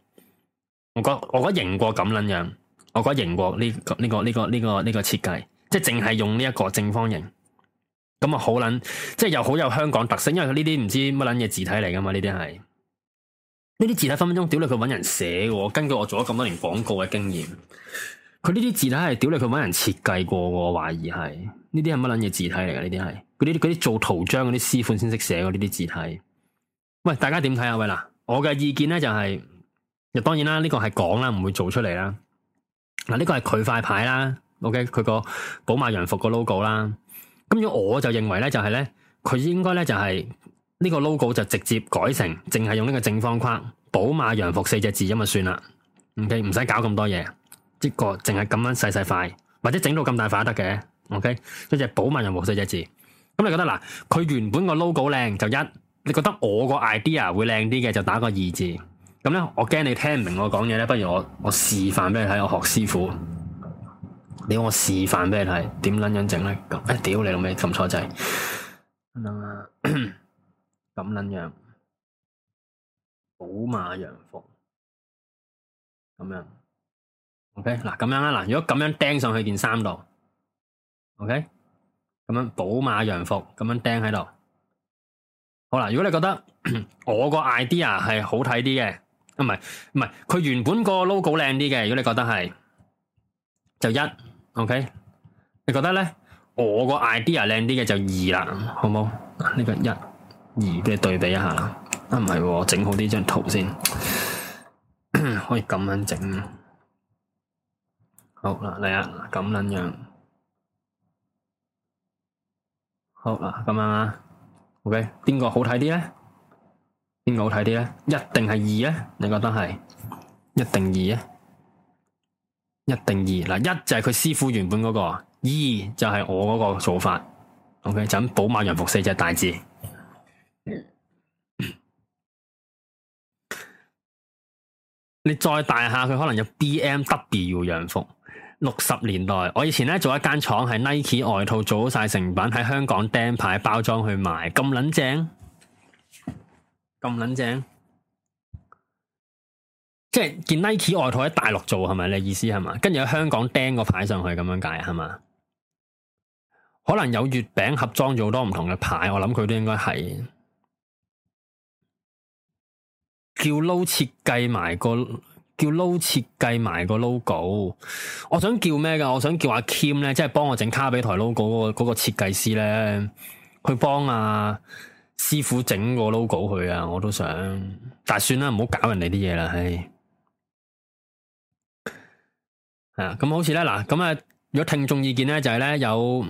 Speaker 1: 我覺得我覺得型過咁撚樣，我覺得型過呢呢個呢個呢個呢個設計，即係淨係用呢一個正方形。咁啊，好撚，即係又好有香港特色，因為佢呢啲唔知乜撚嘢字體嚟噶嘛？呢啲係呢啲字體分分鐘屌你，佢搵人寫嘅。根據我做咗咁多年廣告嘅經驗，佢呢啲字體係屌你，佢搵人設計過嘅。我懷疑係呢啲係乜撚嘢字體嚟㗎？呢啲係嗰啲啲做圖章嗰啲師傅先識寫嘅呢啲字體。喂，大家點睇啊？喂嗱，我嘅意見咧就係，就當然啦，呢個係講啦，唔會做出嚟啦。嗱，呢個係佢塊牌啦，OK，佢個寶馬洋服個 logo 啦。咁樣我就認為咧，就係咧，佢應該咧就係呢個 logo 就直接改成淨係用呢個正方框，寶馬洋服四隻字咁啊算啦。唔計唔使搞咁多嘢，即個淨係咁樣細細塊，或者整到咁大塊得嘅。OK，一隻寶馬洋服四隻字。咁你覺得嗱，佢原本個 logo 靚就一，你覺得我個 idea 會靚啲嘅就打個二字。咁咧，我驚你聽唔明我講嘢咧，不如我我示範俾你睇，我學師傅。.你要我示範俾你睇，點捻樣整呢？誒、哎，屌你老味，撳錯掣，
Speaker 2: 咁捻樣，寶馬洋服，咁樣，OK 嗱，咁樣啦，如果咁
Speaker 1: 樣釘上去件衫度，OK，咁樣寶馬洋服咁樣釘喺度，好啦，如果你覺得我個 idea 係好睇啲嘅，唔係唔係，佢原本個 logo 靚啲嘅，如果你覺得係，就一。OK，你覺得咧？我個 idea 靚啲嘅就二啦，好冇？呢個一、二嘅你對比一下啦。啊，唔係喎，整好呢張圖先， 可以咁樣整。好啦，嚟啊，咁樣樣。好啦，咁樣啊。OK，邊個好睇啲咧？邊個好睇啲咧？一定係二啊！你覺得係？一定二啊！一定二，嗱，一就係佢師傅原本嗰、嗰個，二就係我嗰個做法。O、OK，K，就咁，寶馬洋服四隻大字。 你再大下，佢可能有 B M W 洋服。六十年代，我以前咧做一間廠，係 Nike 外套，做好晒成品喺香港釘牌包裝去賣，咁撚正，咁撚正。即係件 Nike 外套喺大陸做係咪？是是你意思係嘛？跟住喺香港釘個牌上去咁樣解係嘛？可能有月餅盒裝咗好多唔同嘅牌，我諗佢都應該係叫撈設計埋個叫撈設計埋個 logo。我想叫咩噶？我想叫阿 Kim 咧，即係幫我整卡比台 logo 嗰個嗰個設計師咧，去幫阿、啊、師傅整個 logo 佢啊！我都想，但係算啦，唔好搞人哋啲嘢啦，唉。啊，咁、嗯、好似咧，嗱，咁啊，如果聽眾意見咧，就係咧有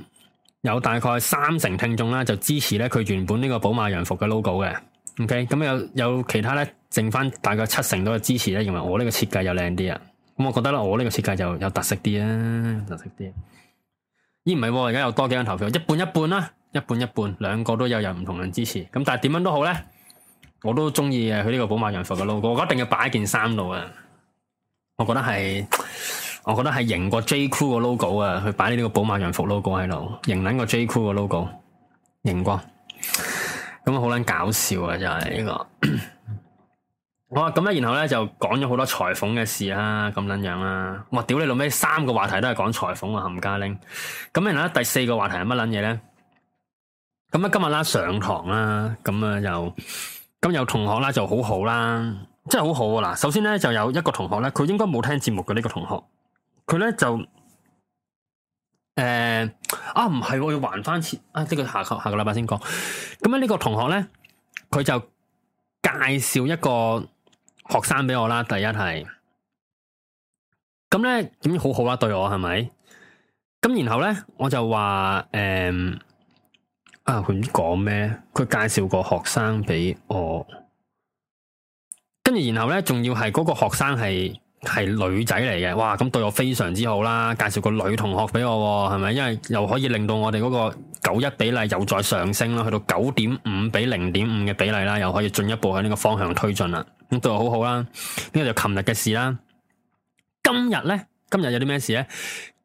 Speaker 1: 有大概三成聽眾咧就支持咧佢原本呢個寶馬洋服嘅 logo 嘅，OK，咁有有其他咧，剩翻大概七成都係支持咧，認為我呢個設計又靚啲啊，咁、嗯嗯嗯嗯嗯、我覺得咧，我呢個設計就有，有特色啲啊，特色啲，咦唔係，而、嗯、家、呃、有多幾張投票，一半一半啦，一半一半，兩個都有人唔同人支持，咁、嗯、但係點樣都好咧，我都中意啊佢呢個寶馬洋服嘅 logo，我一定要擺件衫度啊，我覺得係。我覺得係贏過 J cool 個 logo 啊，去擺你呢個寶馬洋服 logo 喺度，贏捻過 J cool 個 logo，贏過，咁啊好捻搞笑啊！就係、是、呢、這個， 好呢啊，咁咧然後咧就講咗好多裁縫嘅事啦，咁捻樣啦、啊，哇！屌你老尾三個話題都係講裁縫啊，冚家拎，咁然後咧第四個話題係乜捻嘢咧？咁啊今日啦上堂啦，咁啊又，咁有同學啦就好好啦，真係好好啊！嗱，首先咧就有一個同學咧，佢應該冇聽節目嘅呢、這個同學。佢咧就誒、呃、啊唔係、啊，要還翻錢啊！呢、這個下個下個禮拜先講。咁樣呢個同學咧，佢就介紹一個學生俾我啦。第一係咁咧，點好好啦？對我係咪？咁然後咧，我就話誒、嗯、啊，佢唔知講咩？佢介紹個學生俾我，跟住然後咧，仲要係嗰個學生係。係女仔嚟嘅，哇！咁對我非常之好啦，介紹個女同學俾我，係咪？因為又可以令到我哋嗰個九一比例又再上升啦，去到九點五比零點五嘅比例啦，又可以進一步喺呢個方向推進啦。咁對我好好啦。呢個就琴日嘅事啦。今日咧，今日有啲咩事咧？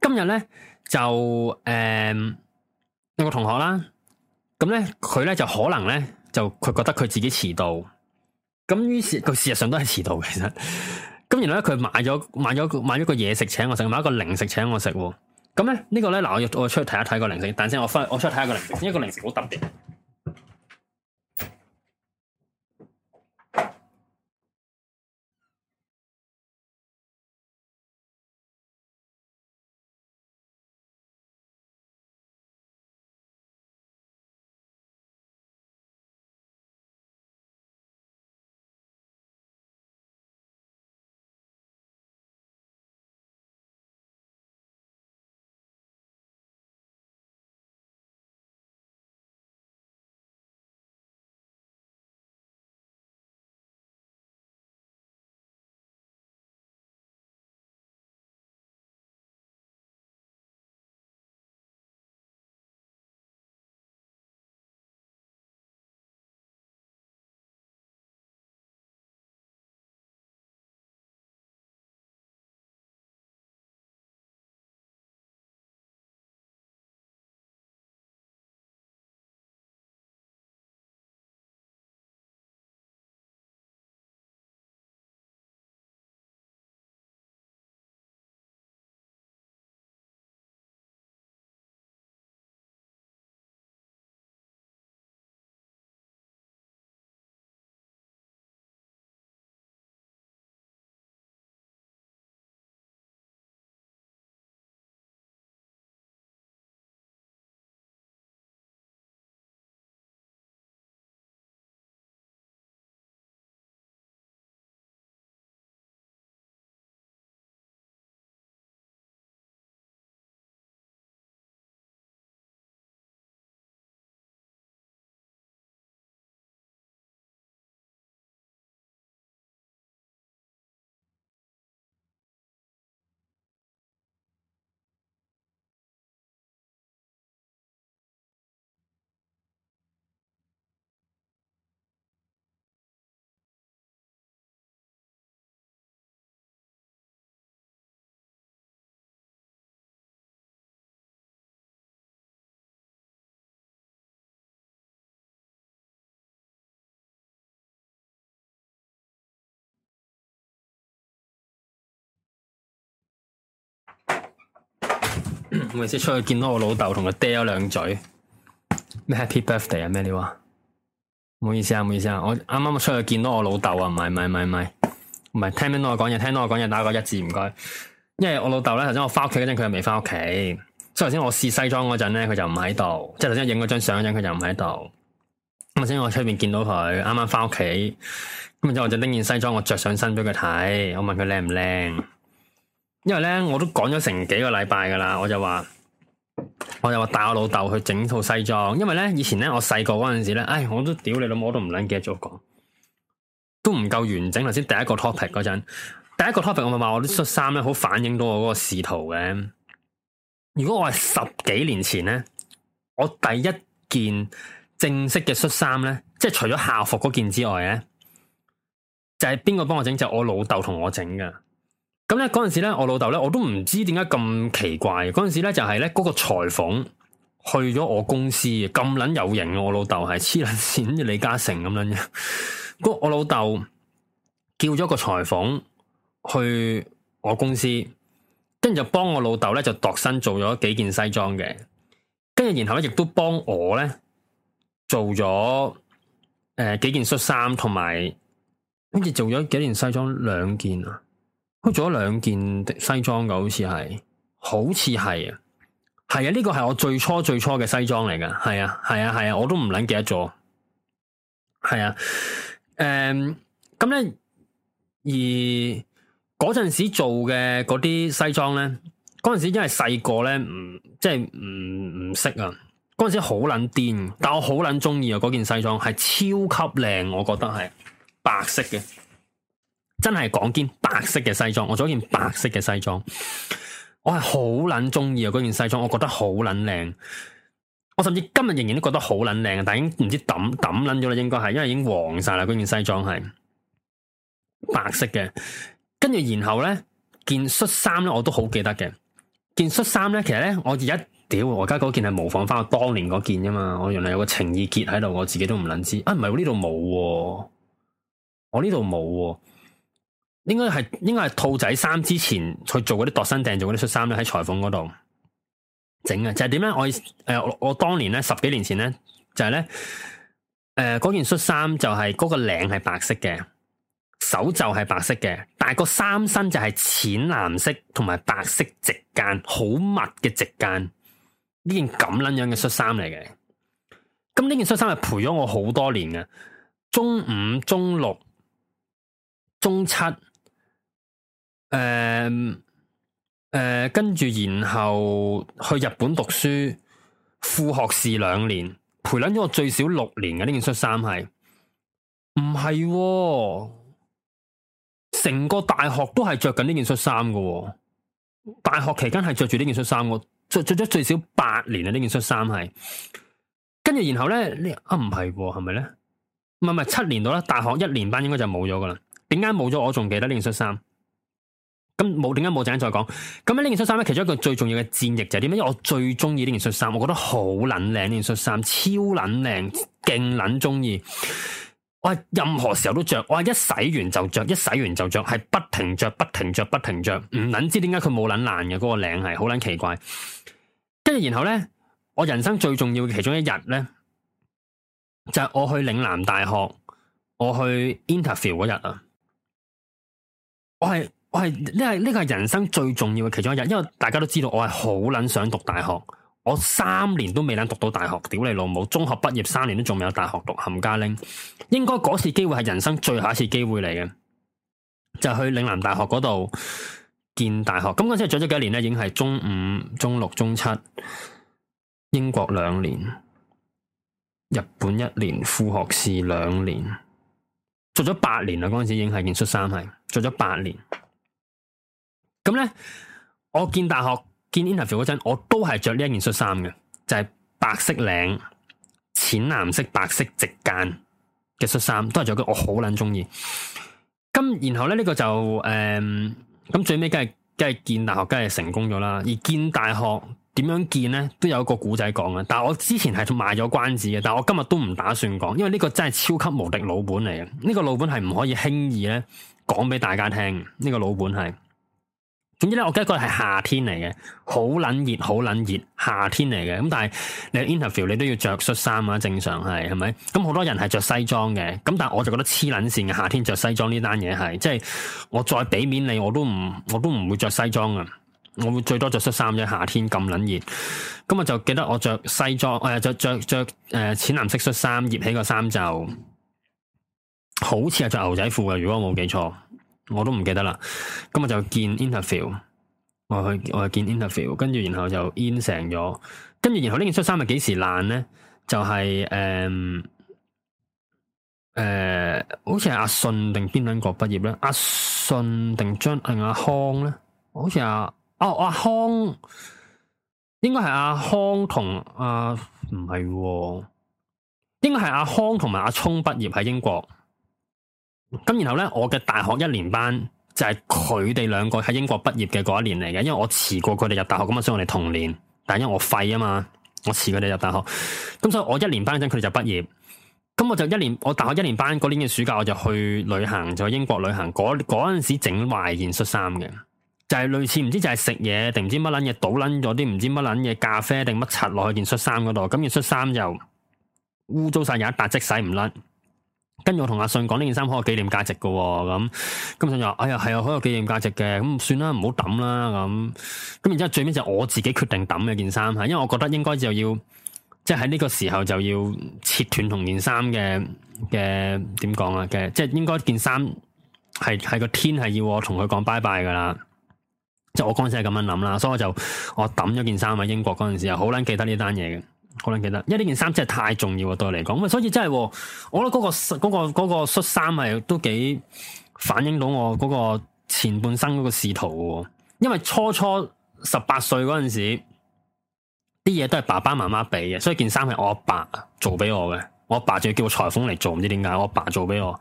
Speaker 1: 今日咧就誒、呃、有個同學啦。咁咧佢咧就可能咧就佢覺得佢自己遲到。咁於是佢事實上都係遲到嘅，其實。咁然後咧，佢買咗買咗個買咗個嘢食請我食，買一個零食請我食喎。咁咧呢、呢個咧，嗱我，我出去睇一睇個零食。等先我翻，我出去睇下個零食，因為個零食好特別。
Speaker 2: 咁我先出去見到我老豆同佢嗲咗兩嘴。Happy Birthday 啊？
Speaker 1: 咩料啊？唔好意思啊，唔好意思啊，我啱啱出去見到我老豆啊，唔係唔係唔係唔係，唔係聽唔聽到我講嘢？聽到我講嘢打個一字唔該。因為我老豆咧，頭先我翻屋企嗰陣佢又未翻屋企，即係頭先我試西裝嗰陣咧佢就唔喺度，即係頭先影咗張相嗰陣佢就唔喺度。頭先我出面見到佢啱啱翻屋企，咁啊之後我就拎件西裝我着上身俾佢睇，我問佢靚唔靚？因為咧，我都講咗成幾個禮拜噶啦，我就話，我就話帶我老豆去整套西裝。因為咧，以前咧，我細個嗰陣時咧，唉、哎，我都屌你老母，都唔捻記得咗講，都唔夠完整。頭先第一個 topic 嗰陣，第一個 topic 我咪話，我啲恤衫咧，好反映到我嗰個仕途嘅。如果我係十幾年前咧，我第一件正式嘅恤衫咧，即係除咗校服嗰件之外咧，就係邊個幫我整？就係、我老豆同我整噶。咁咧嗰陣時咧，我老豆咧，我都唔知點解咁奇怪。嗰陣時咧就係咧，嗰個裁縫去咗我公司，咁捻有型。我老豆係黐捻線嘅，李嘉誠咁樣嘅。嗰 我老豆叫咗個裁縫去我公司，跟住就幫我老豆咧就度身做咗幾件西裝嘅，跟住然後咧亦都幫我咧做咗誒、呃、幾件恤衫，同埋跟住做咗幾件西裝兩件啊。佢做咗兩件西裝噶，好似係，好似係啊，係啊，呢個係我最初最初嘅西裝嚟噶，係啊，係啊，係啊，我都唔捻記得咗，係啊，誒、嗯，咁咧，而嗰陣時做嘅嗰啲西裝咧，嗰陣時因為細個咧，唔即係唔唔識啊，嗰陣時好捻癲，但我好捻中意啊，嗰件西裝係超級靚，我覺得係白色嘅。真係講件白色嘅西裝，我有一件白色嘅西裝，我係好捻中意啊！嗰件西裝，我覺得好捻靚，我甚至今日仍然都覺得好捻靚，但係已經唔知抌抌捻咗啦，應該係因為已經黃晒啦。嗰件西裝係白色嘅，跟住然後咧，件恤衫咧，我都好記得嘅。件恤衫咧，其實咧，我而家屌，我而家嗰件係模仿翻我當年嗰件啫嘛。我原來有個情意結喺度，我自己都唔捻知啊！唔係喎，呢度冇，我呢度冇。我應該係，應該係兔仔衫之前去做嗰啲度身訂做嗰啲恤衫咧，喺裁縫嗰度整嘅。就係點咧？我誒，我當年咧十幾年前咧，就係咧誒嗰件恤衫就係嗰個領係白色嘅，手袖就係白色嘅，但係個衫身就係淺藍色同埋白色直間，好密嘅直間。呢件咁捻樣嘅恤衫嚟嘅。咁呢件恤衫係陪咗我好多年嘅，中五、中六、中七。誒誒，跟住，嗯呃、然後去日本讀書，副學士兩年，陪捻咗我最少六年嘅呢件恤衫係唔係？成、哦、個大學都係着緊呢件恤衫嘅，大學期間係着住呢件恤衫嘅，着着咗最少八年嘅呢件恤衫係跟住然後咧，啊哦、是是呢啊，唔係喎，係咪咧？唔係，唔係七年到啦，大學一年班應該就冇咗噶啦。點解冇咗？我仲記得呢件恤衫。咁冇點解冇陣間再講？咁呢件恤衫咧，其中一個最重要嘅戰役就係點？因為我最中意呢件恤衫，我覺得好撚靚，呢件恤衫超撚靚，勁撚中意。我任何時候都着，我一洗完就着，一洗完就着，係不停着，不停着，不停着。唔撚知點解佢冇撚爛嘅嗰個領係，好撚奇怪。跟住然後咧，我人生最重要嘅其中一日咧，就係我去嶺南大學，我去 interview 嗰日啊，我係。我係呢個，呢個係人生最重要嘅其中一日，因為大家都知道我係好捻想讀大學，我三年都未捻讀到大學，屌你老母，中學畢業三年都仲未有大學讀，冚家拎，應該嗰次機會係人生最後一次機會嚟嘅，就去嶺南大學嗰度見大學。咁嗰陣時做咗幾年呢？已經係中五、中六、中七，英國兩年，日本一年，副學士兩年，做咗八年啦。嗰陣時已經係件恤衫，係做咗八年。咁咧，我見大學見 interview 嗰陣，我都係着呢一件恤衫嘅，就係、是、白色領、淺藍色、白色直間嘅恤衫，都係着佢我好捻中意。咁然後咧，呢、這個就誒，咁、嗯、最尾梗係梗係見大學，梗係成功咗啦。而見大學點樣見咧，都有一個古仔講嘅。但係我之前係賣咗關子嘅，但係我今日都唔打算講，因為呢個真係超級無敵老本嚟嘅。呢、這個老本係唔可以輕易咧講俾大家聽。呢、這個老本係。總之咧，我記得嗰日係夏天嚟嘅，好撚熱，好撚熱，夏天嚟嘅。咁但係你 interview 你都要着恤衫啊，正常係係咪？咁好多人係着西裝嘅，咁但係我就覺得黐捻線嘅夏天着西裝呢單嘢係，即係我再俾面你，我都唔我都唔會着西裝啊，我會最多着恤衫啫。夏天咁撚熱，咁我就記得我着西裝，誒着着着誒淺藍色恤衫，掖起個衫袖，好似係着牛仔褲嘅，如果我冇記錯。我都唔記得啦，咁我就見 interview，我去我去見 interview，跟住然後就 in 成咗，跟住然後呢件恤衫係幾時爛咧？就係誒誒，好似係阿信定邊兩個畢業咧？阿信定張阿康咧？好似阿哦阿康，應該係阿康同阿唔係，應該係阿康同埋阿聰畢業喺英國。咁然後咧，我嘅大學一年班就係佢哋兩個喺英國畢業嘅嗰一年嚟嘅，因為我遲過佢哋入大學，咁啊，所以我哋同年，但因為我廢啊嘛，我遲佢哋入大學，咁所以我一年班嗰陣佢哋就畢業，咁我就一年，我大學一年班嗰年嘅暑假我就去旅行，就去英國旅行，嗰嗰陣時整壞件恤衫嘅，就係類似唔知就係食嘢定唔知乜撚嘢倒撚咗啲唔知乜撚嘢咖啡定乜柒落去件恤衫嗰度，咁件恤衫就污糟晒，有一笪即洗唔甩。跟住我同阿信講，呢件衫好有紀念價值嘅、哦，咁咁阿信就話：哎呀，係啊，好有紀念價值嘅，咁算啦，唔好抌啦。咁咁然之後最尾就我自己決定抌呢件衫，因為我覺得應該就要即係喺呢個時候就要切斷同件衫嘅嘅點講啊嘅，即係應該件衫係係個天係要我同佢講拜拜噶啦。即係我嗰陣時係咁樣諗啦，所以我就我抌咗件衫啊。英國嗰陣時好捻記得呢單嘢嘅。可能記得，因為呢件衫真係太重要啊，對我嚟講。咁所以真係，我覺得、嗰個嗰、嗰個、嗰個恤衫係都幾反映到我嗰個前半生嗰個仕途嘅。因為初初十八歲嗰陣時，啲嘢都係爸爸媽媽俾嘅，所以件衫係我阿爸做俾我嘅。我阿爸仲要叫裁縫嚟做，唔知點解我阿爸做俾我。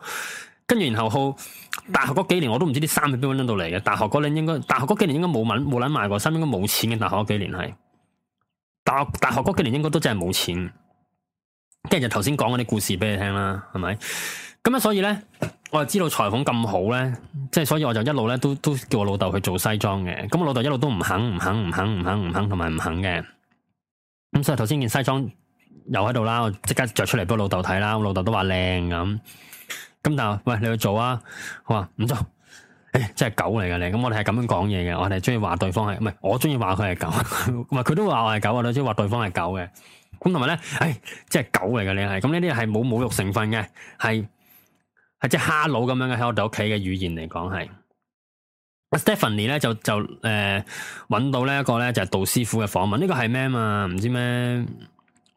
Speaker 1: 跟住然後好大學嗰幾年，我都唔知啲衫係邊度搵到嚟嘅。大學嗰年應該，大學嗰幾年應該冇捻冇捻買過衫，應該冇錢嘅。大學嗰幾年係。大學大學嗰幾年應該都真係冇錢，跟住就頭先講嗰啲故事俾你聽啦，係咪？咁啊，所以咧，我就知道裁縫咁好咧，即係所以我就一路咧都都叫我老豆去做西裝嘅。咁我老豆一路都唔肯，唔肯，唔肯，唔肯，唔肯，同埋唔肯嘅。咁所以頭先件西裝又喺度啦，我即刻着出嚟俾我老豆睇啦，我老豆都話靚咁。咁但係，喂，你去做啊？話唔做。誒，即係、欸、狗嚟嘅你，咁我哋係咁樣講嘢嘅，我哋中意話對方係唔係，我中意話佢係狗，唔係佢都話我係狗啊，我都中意話對方係狗嘅。咁同埋咧，誒、即、欸、係狗嚟嘅你係，咁呢啲係冇侮辱成分嘅，係係即係蝦佬咁樣嘅，喺我哋屋企嘅語言嚟講係。 Stephanie 咧就就誒搵、呃、到呢一個咧就係杜師傅嘅訪問，呢個係咩嘛？唔知咩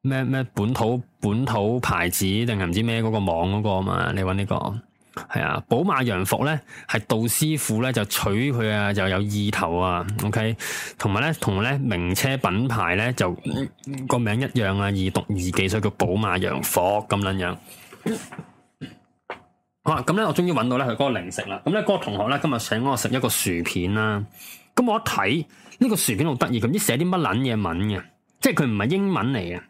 Speaker 1: 咩咩本土本土牌子定係唔知咩嗰、那個網嗰個嘛？你搵呢、這個。係啊，寶馬洋服咧，係杜師傅咧就取佢啊，就有意頭啊，OK，同埋咧同咧名車品牌咧就個、嗯嗯、名一樣啊，易讀易記，所以叫寶馬洋服咁樣樣。好啦，咁咧我終於揾到咧佢嗰個零食啦。咁咧嗰個同學咧今日請我食一個薯片啦。咁我一睇呢，呢個薯片好得意，佢唔知寫啲乜撚嘢文嘅，即係佢唔係英文嚟嘅。.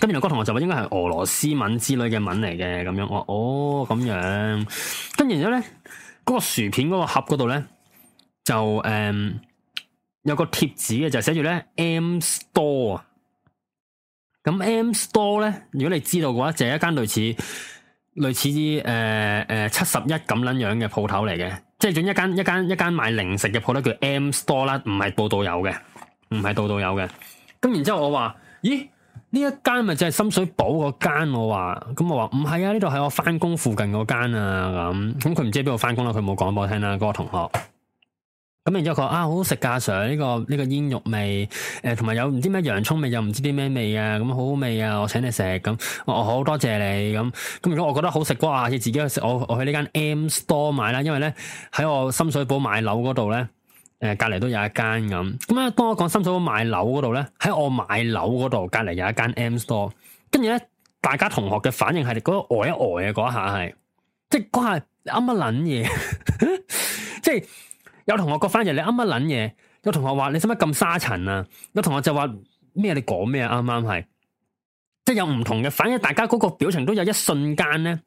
Speaker 1: 跟住嗰個同學就話應該係俄羅斯文之類嘅文嚟嘅咁樣，我哦咁樣，跟然之後咧，嗰、那個薯片嗰個盒嗰度咧就誒、嗯、有個貼紙嘅，就是、寫住咧 M Store 啊。咁 M Store 咧，如果你知道嘅話，就係、是、一間類似類似於誒誒七十一咁樣樣嘅鋪頭嚟嘅，即係總之一間一間一間，一間賣零食嘅鋪頭叫 M Store 啦，唔係度度有嘅，唔係度度有嘅。咁然之後我話，咦？呢一間咪就係深水埗嗰間，我話，咁我話唔係啊，呢度係我翻工附近嗰間啊，咁，咁佢唔知喺邊度翻工啦，佢冇講俾我聽啦，嗰個同學。咁然之後佢話啊，好好食架 Sir，呢個呢個煙肉味，誒同埋有唔知咩洋葱味又唔知啲咩味啊，咁好好味啊，我請你食，咁我好多謝你，咁，咁如果我覺得好食嘅話，你自己去食，我我去呢間 M Store 買啦，因為咧喺我深水埗買樓嗰度咧。誒隔離都有一間咁，咁、嗯、啊當我講深水埗買樓嗰度咧，喺我買樓嗰度隔離有一間 M store，跟住咧大家同學嘅反應係嗰呆一呆嘅嗰一下係，即係嗰下啱啱撚嘢。 即係有同學個反應就係你啱啱撚嘢，有同學你話你使乜咁沙塵啊，有同學就話咩你講咩啊啱啱係。即係有唔同嘅反應，大家嗰個表情都有一瞬間咧，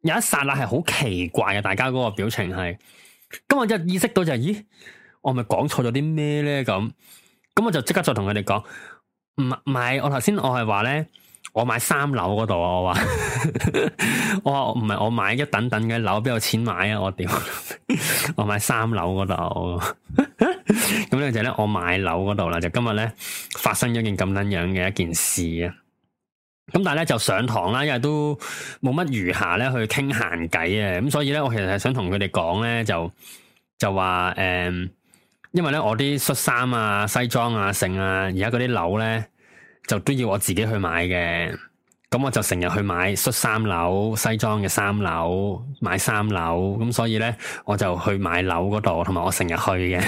Speaker 1: 有一剎那係好奇怪嘅，大家嗰個表情係，咁我就意識到就係、咦～我咪講錯咗啲咩咧？咁咁我就即刻再同佢哋講，唔唔係我頭先我係話咧，我買三樓嗰度啊！我話 我話唔係我買一等等嘅樓，邊有錢買啊！我屌， 我買三樓嗰度。咁 呢就咧，我買樓嗰度啦，就今日咧發生咗件咁撚樣嘅一件事啊！咁但係咧就上堂啦，因為都冇乜餘下咧去傾閒偈啊！咁所以咧，我其實係想同佢哋講咧，就就話誒。嗯因為咧，我啲恤衫啊、西裝啊、剩啊，而家嗰啲樓咧，就都要我自己去買嘅。咁我就成日去買恤衫樓、西裝嘅衫樓、買衫樓。咁所以咧，我就去買樓嗰度，同埋我成日去嘅。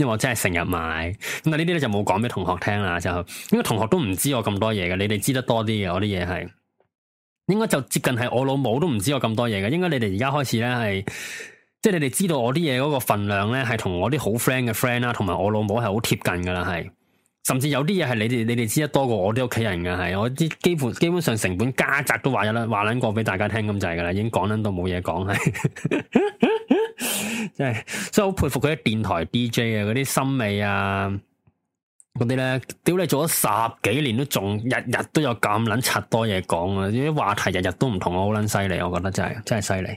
Speaker 1: 因為我真係成日買。咁啊呢啲咧就冇講俾同學聽啦。就，應該同學都唔知我咁多嘢嘅。你哋知得多啲嘅，我啲嘢係，應該就接近係我老母都唔知我咁多嘢嘅。應該你哋而家開始咧係。即係你哋知道我啲嘢嗰個份量咧，係同我啲好 friend 嘅 friend 啦，同埋我老母係好貼近噶啦，係甚至有啲嘢係你哋你哋知得多過我啲屋企人噶係，我啲幾乎基本上成本加集都話咗啦，話卵過俾大家聽咁就係噶啦，已經講卵到冇嘢講係。 真係真係好佩服佢啲電台 DJ 啊，嗰啲心味啊，嗰啲咧屌你做咗十幾年都仲日日都有咁卵柒多嘢講啊，啲話題日日都唔同，我好卵犀利，我覺得真係真係犀利。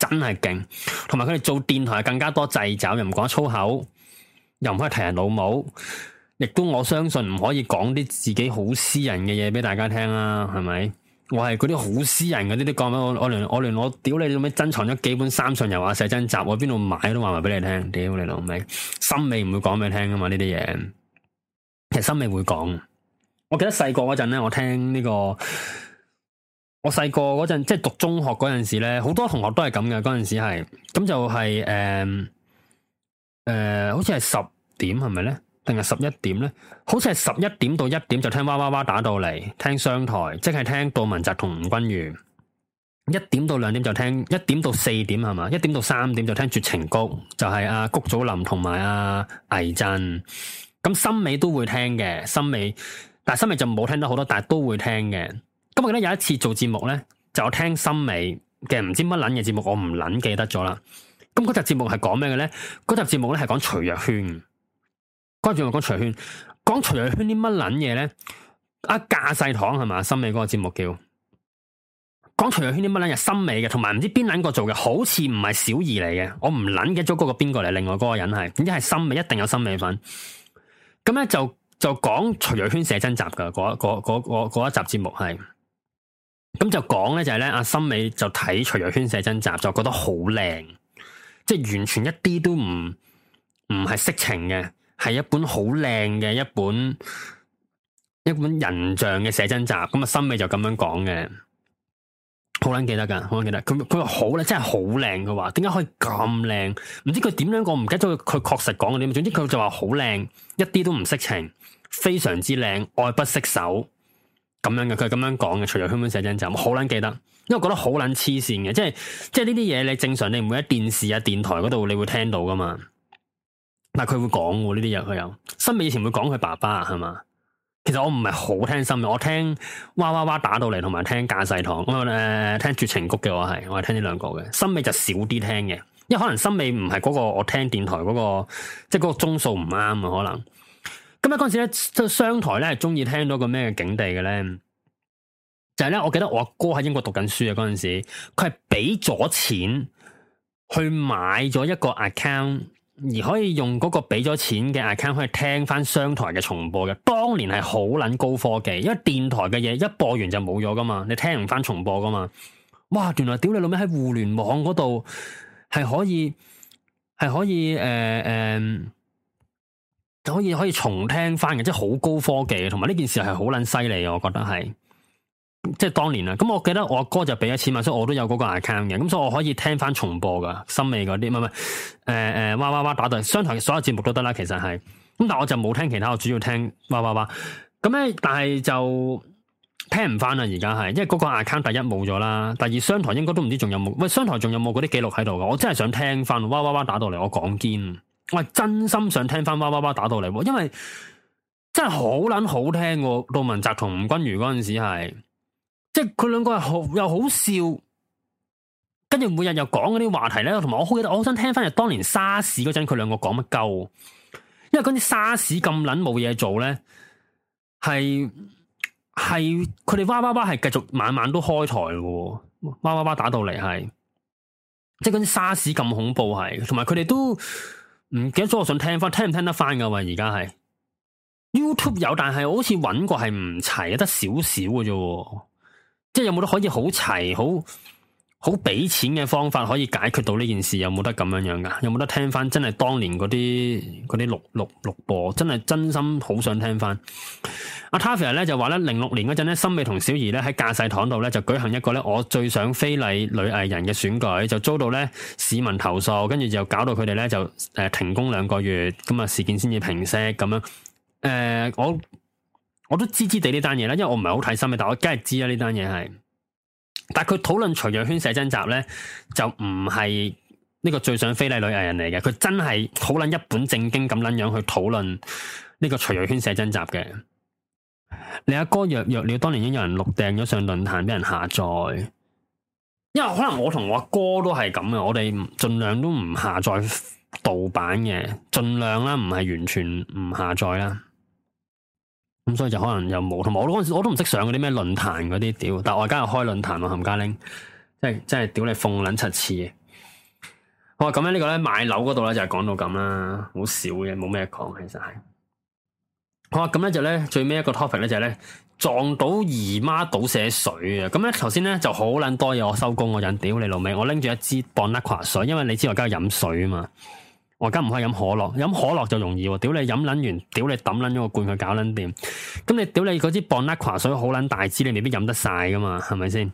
Speaker 1: 真係勁，同埋佢哋做電台更加多掣肘，又唔講粗口，又唔可以提人老母，亦都我相信唔可以講啲自己好私人嘅嘢俾大家聽啦、啊，係咪？我係嗰啲好私人嘅，呢啲都講俾我，我連我連我屌你老味珍藏咗幾本三上悠亞寫真集，我邊度買都話埋俾你聽，屌你老味，森美唔會講俾你聽噶嘛呢啲嘢，其實森美會講。我記得細個嗰陣咧，我聽呢個。我細個嗰陣，即係讀中學嗰陣時咧，好多同學都係咁嘅。嗰陣時係咁就係誒誒，好似係十點係咪咧？定係十一點咧？好似係十一點到一點就聽哇哇哇打到嚟，聽商台，即係聽杜汶澤同吳君如。一點到兩點就聽，一點到四點係嘛？一點到三點就聽絕情谷，就係、是、阿、啊、谷祖林同埋阿倪震。咁森美都會聽嘅，森美，但係森美就冇聽得好多，但係都會聽嘅。今日咧，有一次做節目咧，就我聽森美嘅唔知乜捻嘅節目，我唔捻記得咗啦。咁嗰集節目係講咩嘅咧？嗰集節目咧係講徐若瑄。嗰集節目講徐若瑄，講徐若瑄啲乜捻嘢咧？啊，架勢堂係嘛？森美嗰個節目叫講徐若瑄啲乜捻嘢？森美嘅，同埋唔知邊捻個做嘅，好似唔係小儀嚟嘅。我唔捻記咗嗰個邊個嚟，另外嗰個人係，總之係森美，一定有森美份。咁咧就就講徐若瑄寫真集噶，嗰一集節目係。咁就講咧，就係咧，阿森美就睇徐若瑄寫真集，就覺得好靚，即係完全一啲都唔唔係色情嘅，係一本好靚嘅一本一本人像嘅寫真集。咁啊，森美就咁樣講嘅，好撚記得噶，好撚記得。佢佢話好咧，真係好靚。佢話點解可以咁靚？唔知佢點樣講，唔記得咗。佢確實講嘅點，總之佢就話好靚，一啲都唔色情，非常之靚，愛不釋手。咁樣嘅，佢係咁樣講嘅。除咗香港寫真集就好捻記得，因為我覺得好捻黐線嘅，即係即係呢啲嘢，你正常你唔會喺電視啊、電台嗰度，你會聽到噶嘛。但係佢會講嘅呢啲嘢，佢有。森美以前會講佢爸爸係嘛。其實我唔係好聽森美，我聽哇哇哇打到嚟，同埋聽架勢堂，我、呃、誒聽絕情谷嘅話係，我係聽呢兩個嘅。森美就少啲聽嘅，因為可能森美唔係嗰個我聽電台嗰、嗰個，即係嗰個鐘數唔啱啊，可能。咁啊！嗰陣時咧，商台咧係中意聽到個咩嘅境地嘅咧，就係、是、咧，我記得我阿哥喺英國讀緊書啊。嗰陣時，佢係俾咗錢去買咗一個 account，而可以用嗰個俾咗錢嘅 account 可以聽翻商台嘅重播嘅。當年係好撚高科技，因為電台嘅嘢，一播完就冇咗噶嘛，你聽唔翻重播噶嘛。哇！原來屌你老味喺互聯網嗰度係可以係可以誒誒。呃呃可以可以重聽翻嘅，即係好高科技同埋呢件事係好捻犀利啊！我覺得係，即係當年啊。咁我記得我哥哥就俾咗錢嘛，所以我都有嗰個 account 嘅。咁所以我可以聽翻重播噶森美嗰啲、乜乜，唔係，誒誒，哇哇哇打到嚟，商台所有節目都得啦。其實係，咁但係我就冇聽其他，我主要聽哇哇哇。咁咧，但係就聽唔翻啦。而家係，因為嗰個 account 第一冇咗啦，第二商台應該都唔知仲有冇。喂，商台仲有冇嗰啲記錄喺度噶？我真係想聽翻哇哇哇打到嚟，我講堅。我係真心想聽翻娃娃哇打到嚟，因為真係好撚好聽。杜汶澤同吳君如嗰陣時係，即係佢兩個人好又好笑，跟住每日又講嗰啲話題咧，同埋我好記得，我好想聽翻又當年沙士嗰陣佢兩個講乜鳩，因為嗰啲沙士咁撚冇嘢做咧，係係佢哋娃娃哇係繼續晚晚都開台嘅，娃娃哇,哇打到嚟係，即係嗰啲沙士咁恐怖係，同埋佢哋都。唔記得咗，我想聽翻，聽唔聽得翻噶喎。而家係 YouTube 有，但係我好似揾過係唔齊，得少少嘅啫，即係有冇得可以好齊好？好俾錢嘅方法可以解決到呢件事，有冇得咁樣樣噶？有冇得聽翻真係當年嗰啲嗰啲錄錄錄播，真係真心好想聽翻。阿 Taffy 咧就話咧，零六年嗰陣咧，森美同小儀咧喺架勢堂度咧就舉行一個咧，我最想非禮女藝人嘅選舉，就遭到咧市民投訴，跟住就搞到佢哋咧就誒、呃、停工兩個月，咁啊事件先至平息咁樣。誒、呃，我我都知知地呢單嘢啦，因為我唔係好睇森美，但我梗係知啦呢單嘢係。但係佢討論徐若瑄寫真集咧，就唔係呢個最想非禮女藝人嚟嘅，佢真係好捻一本正經咁捻樣去討論呢個徐若瑄寫真集嘅。你阿哥，哥若若了，當年已經有人錄訂咗上論壇俾人下載，因為可能我同我阿哥都係咁嘅，我哋盡量都唔下載盜版嘅，盡量啦，唔係完全唔下載啦。咁、嗯、所以就可能又冇，同埋我陣時我，我都唔識上嗰啲咩論壇嗰啲屌，但係我而家又開論壇喎，冚家拎，即係即係屌你鳳卵七次嘅。好啦咁咧呢個咧買樓嗰度咧就係講到咁啦，好、這個、少嘅，冇咩講其實係。好啦咁咧就咧最尾一個 topic 咧就係、是、咧撞到姨媽倒瀉水啊！咁咧頭先咧就好撚多嘢，我收工我飲，屌你老味！我拎住一支 Bonaqua 水，因為你知道我而家飲水嘛。我而家唔可以飲可樂，飲可樂就容易喎、啊。屌你飲撚完，屌你抌撚咗個罐去搞撚掂。咁你屌你嗰支 Bonaqua 礦泉水好撚大支，你未必飲得晒噶嘛，係咪先？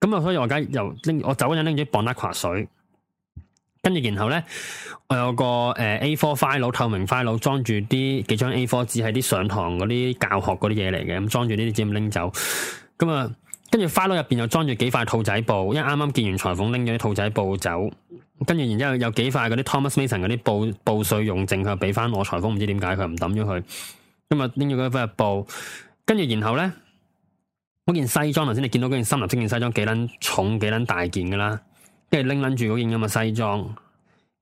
Speaker 1: 咁啊，所以我而家又拎我走嗰陣拎住支 Bonaqua 礦泉水，跟住然後咧，我有個誒、呃、A4 file 透明 file 裝住啲幾張 A4 紙喺啲上堂嗰啲教學嗰啲嘢嚟嘅，咁裝住呢啲紙咁拎走。咁啊，跟住 file 入邊又裝住幾塊兔仔布，因為啱啱見完裁縫拎咗啲兔仔布走。跟住，然之後有幾塊嗰啲 Thomas Mason 嗰啲布布碎用剩，佢又俾翻我裁縫，唔知點解佢又唔抌咗佢。咁啊拎住嗰塊布，跟住然後咧，嗰件西裝頭先你見到嗰件森林色件西裝幾撚重幾撚大件噶啦，跟住拎撚住嗰件咁嘅西裝，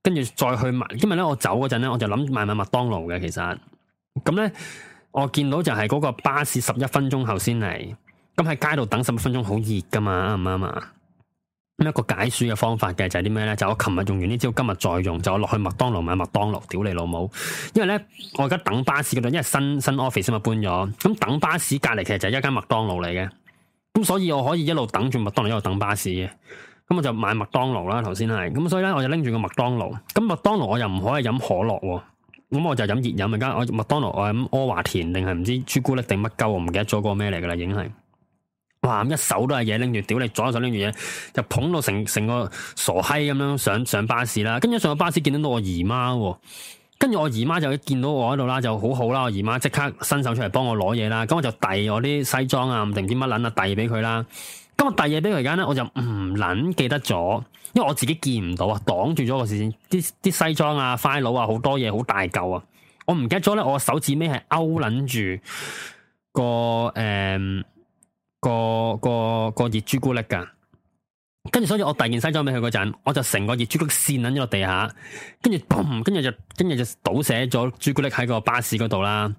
Speaker 1: 跟住再去買。今日咧我走嗰陣咧，我就諗買買麥當勞嘅其實。咁咧我見到就係嗰個巴士十一分鐘後先嚟，咁喺街度等十一分鐘好熱噶嘛，啱唔啱啊？一個解暑嘅方法嘅就係啲咩咧？就是、我琴日用完呢招，今日再用，就是、我落去麥當勞買麥當勞，屌你老母！因為咧，我而家等巴士嗰度，因為新新 office 先啊，搬咗，咁等巴士隔籬其實就係一間麥當勞嚟嘅，咁所以我可以一路等住麥當勞一路等巴士嘅，咁我就買麥當勞啦，頭先係，咁所以咧我就拎住個麥當勞，咁麥當勞我又唔可以飲可樂，啊，咁我就飲熱飲，而家我麥當勞我飲阿華田定係唔知朱古力定乜鳩，我唔記得咗個咩嚟噶啦，已經係。哇！一手都係嘢拎住，屌你左手拎住嘢，就捧到成成個傻閪咁樣上上，上巴士啦。跟住上個巴士見到到我姨媽，跟住我姨媽就一見到我喺度啦，就好好啦。我姨媽即刻伸手出嚟幫我攞嘢啦。咁我就遞我啲西裝啊，定唔知乜捻啊，遞俾佢啦。咁我遞嘢俾佢而家咧，我就唔捻記得咗，因為我自己見唔到啊，擋住咗個視線，啲啲西裝啊、快佬啊，好多嘢好大嚿啊，我唔記得咗咧，我手指尾係勾捻住個誒。嗯個個個熱朱古力噶，跟住所以，我第二件西裝俾佢嗰陣，我就成個熱朱古力線撚咗落地下，跟住嘭，跟住就跟住就倒瀉咗朱古力喺個巴士嗰度啦。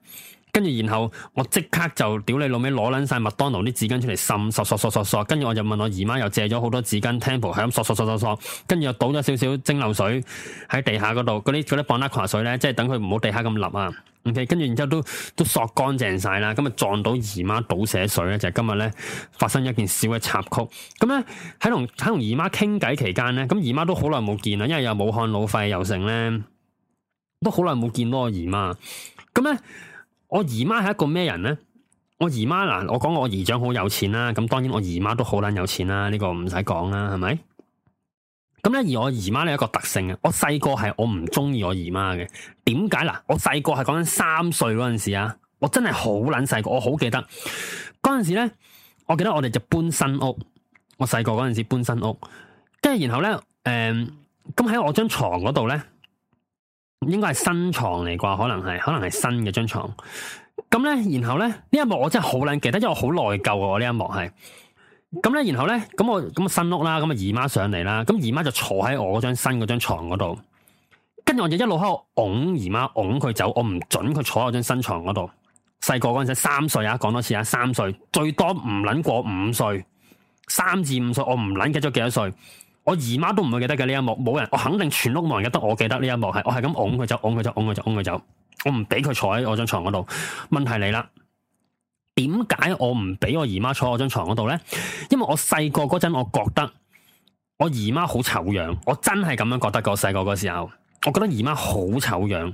Speaker 1: 跟住，然後我即刻就屌你老味攞撚晒麥當勞啲紙巾出嚟滲，索索索索索。跟住我就問我姨媽，又借咗好多紙巾，Temple 係咁索索索索索。跟住又倒咗少少蒸餾水喺地下嗰度，嗰啲啲放得乾水咧，即係等佢唔好地下咁立啊。OK，跟住然之後都都索乾淨晒啦。咁啊撞到姨媽倒瀉水咧，就係今日咧發生一件小嘅插曲。咁咧喺同喺同姨媽傾偈期間咧，咁姨媽都好耐冇見啦，因為又武漢老肺又成咧，都好耐冇見到我姨媽。咁咧。我姨媽係一個咩人呢？我姨媽嗱，我講我姨丈好有錢啦，咁當然我姨媽都好捻有錢啦，呢個唔使講啦，係咪？咁咧而我姨媽咧一個特性嘅，我細個係我唔中意我姨媽嘅，點解嗱？我細個係講緊三歲嗰陣時啊，我真係好捻細個，我好記得嗰陣時呢，我記得我哋就搬新屋，我細個嗰陣時搬新屋，跟住然後呢，誒、呃，咁喺我張床嗰度呢。應該係新床嚟啩，可能係，可能係新嘅張床。咁咧，然後咧呢一幕我真係好捻記得，因為我好內疚啊！我呢一幕係咁咧，然後咧咁我咁新屋啦，咁姨媽上嚟啦，咁姨媽就坐喺我嗰張新嗰張床嗰度。跟住我就一路喺度拱姨媽，拱佢走，我唔準佢坐喺我張新床嗰度。細個嗰陣時三歲啊，講多次啊，三歲最多唔捻過五歲，三至五歲，我唔捻記得幾多歲。我姨媽都唔會記得嘅呢一幕，冇人，我肯定全屋冇人，而家得我記得呢一幕係，我係咁拱佢走，拱佢走，拱佢走，拱佢走，走，我唔俾佢坐喺我張床嗰度。問題你啦，點解我唔俾我姨媽坐我張床嗰度呢？因為我細個嗰陣，我覺得我姨媽好醜樣，我真係咁樣覺得。個細個嗰時候，我覺得姨媽好醜樣，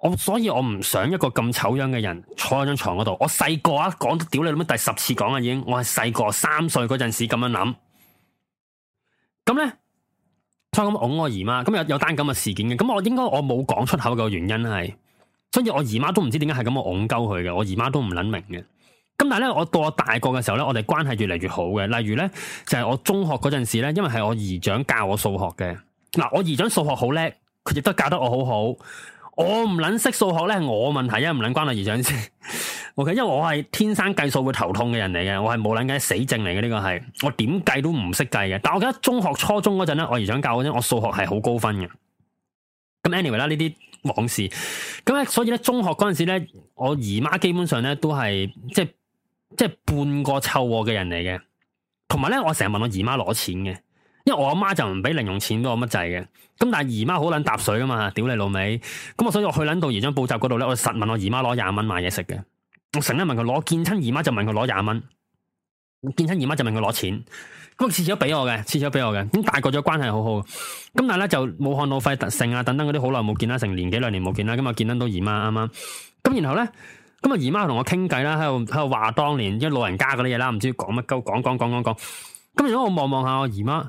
Speaker 1: 我所以我唔想一個咁醜樣嘅人坐喺張床嗰度。我細個啊，講，屌你老母第十次講啊，已經，我係細個三歲嗰陣時咁樣諗。咁咧，所以咁我我姨媽咁有有單咁嘅事件嘅，咁我應該我冇講出口嘅原因係，所以我姨媽都唔知點解係咁樣戇鳩佢嘅，我姨媽都唔捻明嘅。咁但係咧，我到我大個嘅時候咧，我哋關係越嚟越好嘅。例如咧，就係、是、我中學嗰陣時咧，因為係我姨丈教我數學嘅，嗱，我姨丈數學好叻，佢亦都教得我好好，我唔捻識數學咧係我問題，因為唔捻關我姨丈先。因為我係天生計數會頭痛嘅人嚟嘅，我係冇諗緊死症嚟嘅呢個係，我點計都唔識計嘅。但我記得中學、初中嗰陣咧，我姨丈教我啫，我數學係好高分嘅。咁 anyway 啦，呢啲往事。咁咧，所以咧中學嗰陣時咧，我姨媽基本上咧都係即係即係半個湊我嘅人嚟嘅。同埋咧，我成日問我姨媽攞錢嘅，因為我阿媽就唔俾零用錢俾我乜滯嘅。咁但係姨媽好捻搭水噶嘛，屌你老味。咁我所以我去捻到姨丈補習嗰度咧，我實問我姨媽攞廿蚊買嘢食嘅。我成日問佢攞，見親姨媽就問佢攞廿蚊，見親姨媽就問佢攞錢，咁啊次次都俾我嘅，次次都俾我嘅，咁大個咗關係好好，咁但係咧就冇看到費特盛啊等等嗰啲好耐冇見啦，成年幾兩年冇見啦，咁啊見得到姨媽啱啱。咁然後咧，咁啊姨媽同我傾偈啦，喺度喺度話當年啲老人家嗰啲嘢啦，唔知講乜鳩講講講講講，咁然後我望望下我姨媽。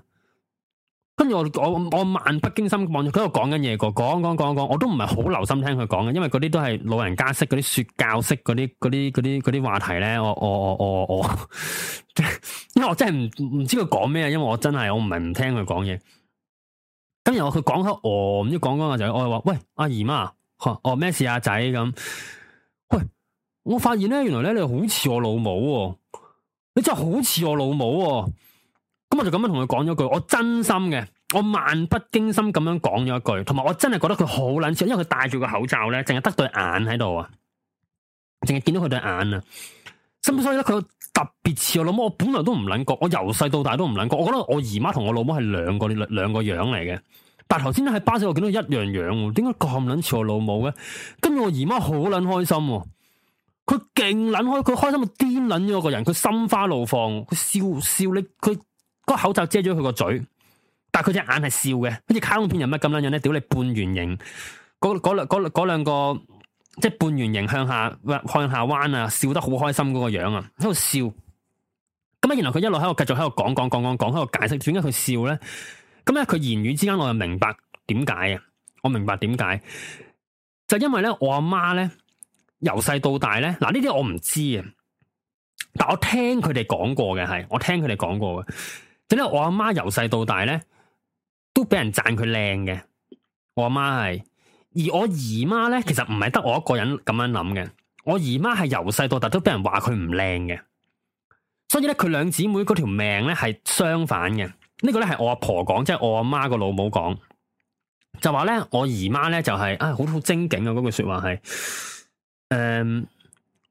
Speaker 1: 跟住我，我我漫不經心望住佢度講緊嘢個，講講講講，我都唔係好留心聽佢講嘅，因為嗰啲都係老人家式嗰啲說教式嗰啲嗰啲嗰啲啲話題咧，我我我我 我，因為我真係唔唔知佢講咩，因為我真係我唔係唔聽佢講嘢。跟住佢講開，哦，唔知講講下就，我就話喂，阿姨媽，哦，咩事阿仔咁？喂，我發現咧，原來咧你好似我老母喎，哦，你真係好似我老母喎，哦。咁我就咁樣同佢講咗句，我真心嘅，我萬不驚心咁樣講咗一句，同埋我真係覺得佢好卵似，因為佢戴住個口罩咧，淨係得對眼喺度啊，淨係見到佢對眼啊，咁、嗯、所以咧佢特別似我老母，我本來都唔卵覺，我由細到大都唔卵覺，我覺得我姨媽同我老母係兩個兩兩個樣嚟嘅，但係頭先喺巴士度見到一樣樣，點解咁卵似我老母嘅？跟住我姨媽好卵開心，佢勁卵開，佢開心到癲卵咗個人，佢心花怒放，佢笑笑你佢。個口罩遮咗佢個嘴，但係佢隻眼係笑嘅，好似卡通片人物咁樣樣咧。屌你半圓形，嗰嗰兩兩個即係半圓形向下屈，向下彎啊，笑得好開心嗰個樣啊，喺度笑。咁啊，原來佢一路喺度繼續喺度講講講講講喺度解釋，點解佢笑咧？咁咧佢言語之間我又明白點解啊？我明白點解，就因為咧我阿媽咧由細到大咧嗱，呢啲我唔知啊，但我聽佢哋講過嘅係，我聽佢哋講過嘅。點解我阿媽由細到大咧都俾人讚佢靚嘅？我阿媽係，而我姨媽咧，其實唔係得我一個人咁樣諗嘅。我姨媽係由細到大都俾人話佢唔靚嘅。所以咧，佢兩姊妹嗰條命咧係相反嘅。呢個咧係我阿婆講，即係我阿媽個老母講，就話咧我姨媽咧就係啊好好精警啊。嗰句說話係，誒、嗯，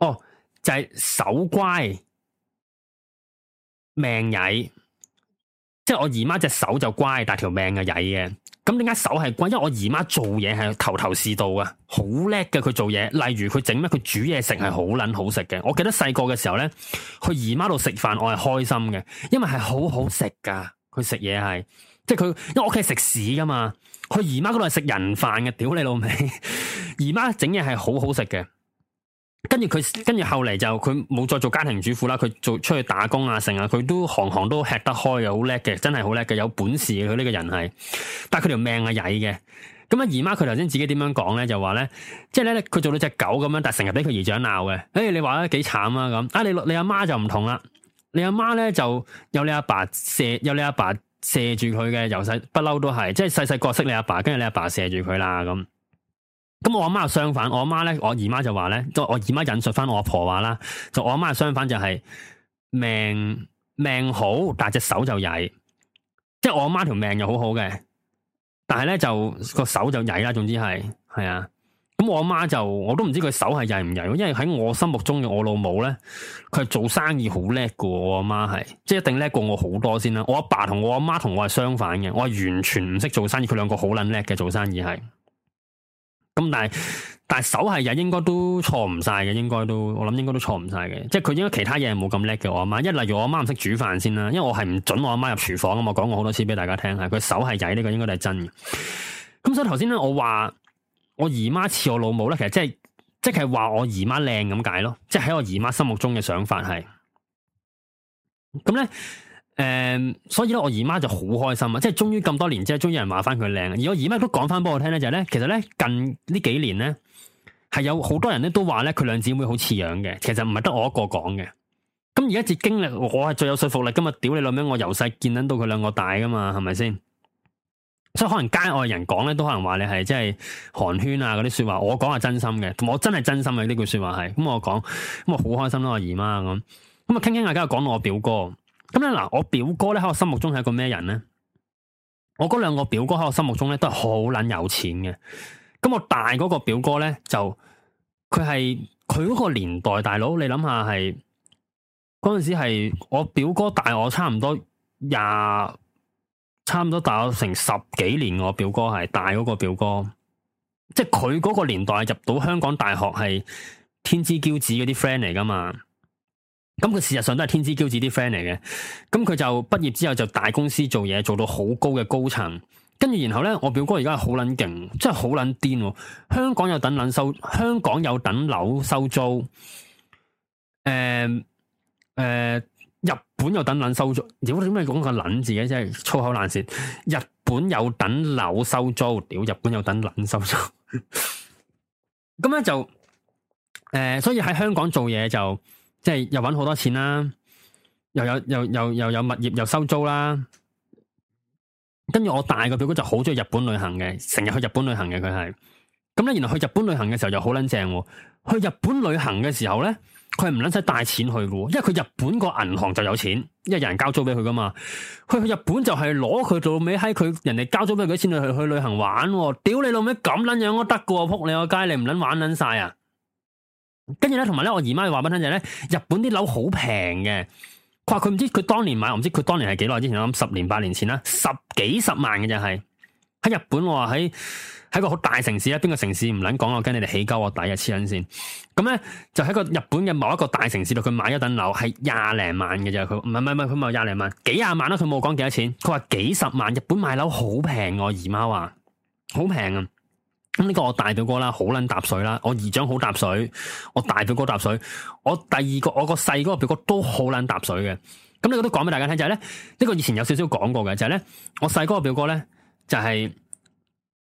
Speaker 1: 哦，就係、是、手乖命曳。即係我姨媽隻手就乖，大係條命嘅。曳嘅。咁點解手係乖？因為我姨媽做嘢係頭頭是道啊，好叻嘅佢做嘢。例如佢整咩，佢煮嘢食係好捻好食嘅。我記得細個嘅時候咧，去姨媽度食飯，我係開心嘅，因為係好好食噶。佢食嘢係，即係佢，因為我屋企係食屎噶嘛。佢姨媽嗰度係食人飯嘅，屌你老味！姨媽整嘢係好好食嘅。跟住佢，跟住後嚟就佢冇再做家庭主婦啦，佢做出去打工啊，成日佢都行行都吃得開嘅，好叻嘅，真係好叻嘅，有本事嘅佢呢個人係，但係佢條命係曳嘅。咁阿姨媽佢頭先自己點樣講咧，就話咧，即係咧佢做咗隻狗咁樣，但係成日俾佢姨丈鬧嘅。誒、欸，你話得幾慘啊咁啊？你你阿媽就唔同啦，你阿媽咧就有你阿爸、爸射，有你阿爸、爸射住佢嘅，由細不嬲都係，即係細細個識你阿爸、爸，跟住你阿爸、爸射住佢啦咁。咁我阿媽就相反，我阿媽咧，我姨媽就話咧，就我姨媽引述翻我阿婆話啦，就我阿媽係相反就係命命好，但係隻手就曳，即係我阿媽條命又好好嘅，但係咧就個手就曳啦。總之係係啊，咁我阿媽就我都唔知佢手係曳唔曳，因為喺我心目中嘅我老母咧，佢係做生意好叻嘅，我阿媽係，即係一定叻過我好多先啦。我阿爸同我阿媽同我係相反嘅，我係完全唔識做生意，佢兩個好撚叻嘅做生意係。咁但係，但係手係仔應該都錯唔晒嘅，應該都，我諗應該都錯唔晒嘅，即係佢應該其他嘢係冇咁叻嘅我阿媽，一例如我阿媽唔識煮飯先啦，因為我係唔准我阿媽入廚房啊嘛，我講過好多次俾大家聽係，佢手係仔呢個應該都係真嘅。咁所以頭先咧，我話我姨媽似我老母咧，其實即係即係話我姨媽靚咁解咯，即係喺我姨媽心目中嘅想法係，咁咧。誒、嗯，所以咧，我姨媽就好開心啊，即、就、係、是、終於咁多年之後，即係終於有人話翻佢靚。而我姨媽都講翻俾我聽咧，就係咧，其實咧近呢幾年咧，係有好多人咧都話咧佢兩姊妹好似樣嘅。其實唔係得我一個講嘅。咁而家只經歷，我係最有說服力。今日屌你兩兄，我由細見到到佢兩個大噶嘛，係咪先？所以可能街外人講咧，都可能話你係即係寒暄啊嗰啲說話。我講係真心嘅，同我真係真心嘅呢句說話係。咁我講，咁我好開心啦，啊，我姨媽咁。咁啊，傾傾下，而家講到我表哥。咁咧嗱，我表哥咧喺我心目中係一個咩人咧？我嗰兩個表哥喺我心目中咧都係好捻有錢嘅。咁我大嗰個表哥咧就佢係佢嗰個年代大佬，你諗下係嗰陣時係我表哥大我差唔多廿，差唔多大我成十幾年，我表哥係大嗰個表哥，即係佢嗰個年代入到香港大學係天之驕子嗰啲 friend 嚟噶嘛。咁佢事實上都係天之驕子啲 friend 嚟嘅，咁佢就畢業之後就大公司做嘢，做到好高嘅高層。跟住然後咧，我表哥而家係好捻勁，真係好捻癲。香港有等捻收，香港有等樓收，收租。誒、呃、誒，日本有等捻收租。屌點解講個捻字嘅，真係粗口爛舌。日本有等樓收租，屌、呃、日本有等捻收租。咁咧就誒，所以喺香港做嘢就。即係又揾好多錢啦，又有又又又有物業又收租啦，跟住，我大個表哥就好中意日本旅行嘅，成日去日本旅行嘅佢係，咁咧，原來去日本旅行嘅時候又好撚正，去日本旅行嘅時候呢，佢唔撚使帶錢去嘅，因為佢日本個銀行就有錢，因為有人交租俾佢噶嘛，去日本就係攞佢做尾喺佢人哋交租俾佢嘅錢去去旅行玩，屌你老味咁撚樣都得嘅喎，撲你個街你唔撚玩撚晒啊！跟住咧，同埋咧，我姨媽又話俾我聽就係咧，日本啲樓好平嘅。佢話佢唔知佢當年買，唔知佢當年係幾耐之前，我諗十年八年前啦，十幾十萬嘅就係喺日本，喺喺個好大城市啦，邊個城市唔撚講啊，我跟你哋起鳩我底啊，黐撚線。咁咧就喺個日本嘅某一個大城市度，佢買一等樓係廿零萬嘅啫，佢唔係唔係唔係佢冇廿零萬，幾廿萬啦，佢冇講幾多錢，佢話幾十萬。日本買樓好平，我姨媽話好平啊。咁呢個我大表哥啦，好撚搭水啦，我姨丈好搭水，我大表哥搭水，我第二個我個細嗰個表哥都好撚搭水嘅。咁呢個都講俾大家聽就係咧，呢個以前有少少講過嘅就係、是、咧，我細個表哥咧就係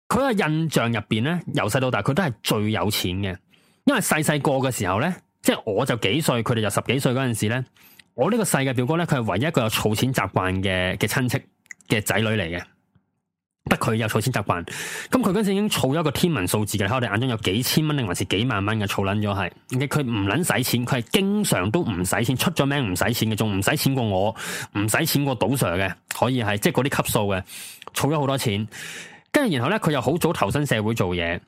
Speaker 1: 佢個印象入邊咧，由細到大佢都係最有錢嘅。因為細細個嘅時候咧，即、就、係、是、我就幾歲，佢哋就十幾歲嗰陣時咧，我呢個細嘅表哥咧，佢係唯一一個有儲錢習慣嘅嘅親戚嘅仔女嚟嘅。得佢有儲錢習慣，咁佢嗰陣已經儲咗個天文數字嘅，喺我哋眼中有幾千蚊定還是幾萬蚊嘅，儲捻咗係，佢唔捻使錢，佢係經常都唔使錢，出咗名唔使錢嘅，仲唔使錢過我，唔使錢過賭 Sir 嘅，可以係即係嗰啲級數嘅，儲咗好多錢。跟住然後咧，佢又好早投身社會做嘢，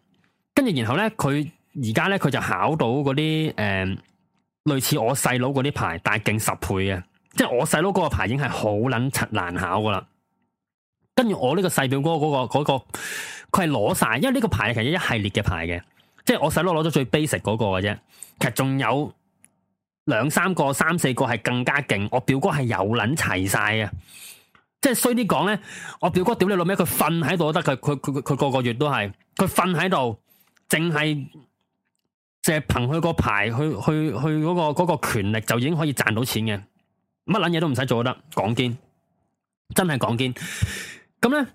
Speaker 1: 跟住然後咧，佢而家咧，佢就考到嗰啲誒類似我細佬嗰啲牌，但係勁十倍嘅，即係我細佬嗰個牌已經係好捻難考噶啦跟住我呢個細表哥嗰個嗰個，佢係攞晒，因為呢個牌其實一系列嘅牌嘅，即係我細佬攞咗最 basic 嗰個嘅啫。其實仲有兩三個、三四個係更加勁。我表哥係有捻齊晒嘅，即係衰啲講咧，我表哥屌你老咩？佢瞓喺度都得，佢佢佢佢個個月都係，佢瞓喺度，淨係淨係憑佢個牌去去去嗰個嗰個權力就已經可以賺到錢嘅，乜捻嘢都唔使做得，講堅，真係講堅。咁咧、嗯，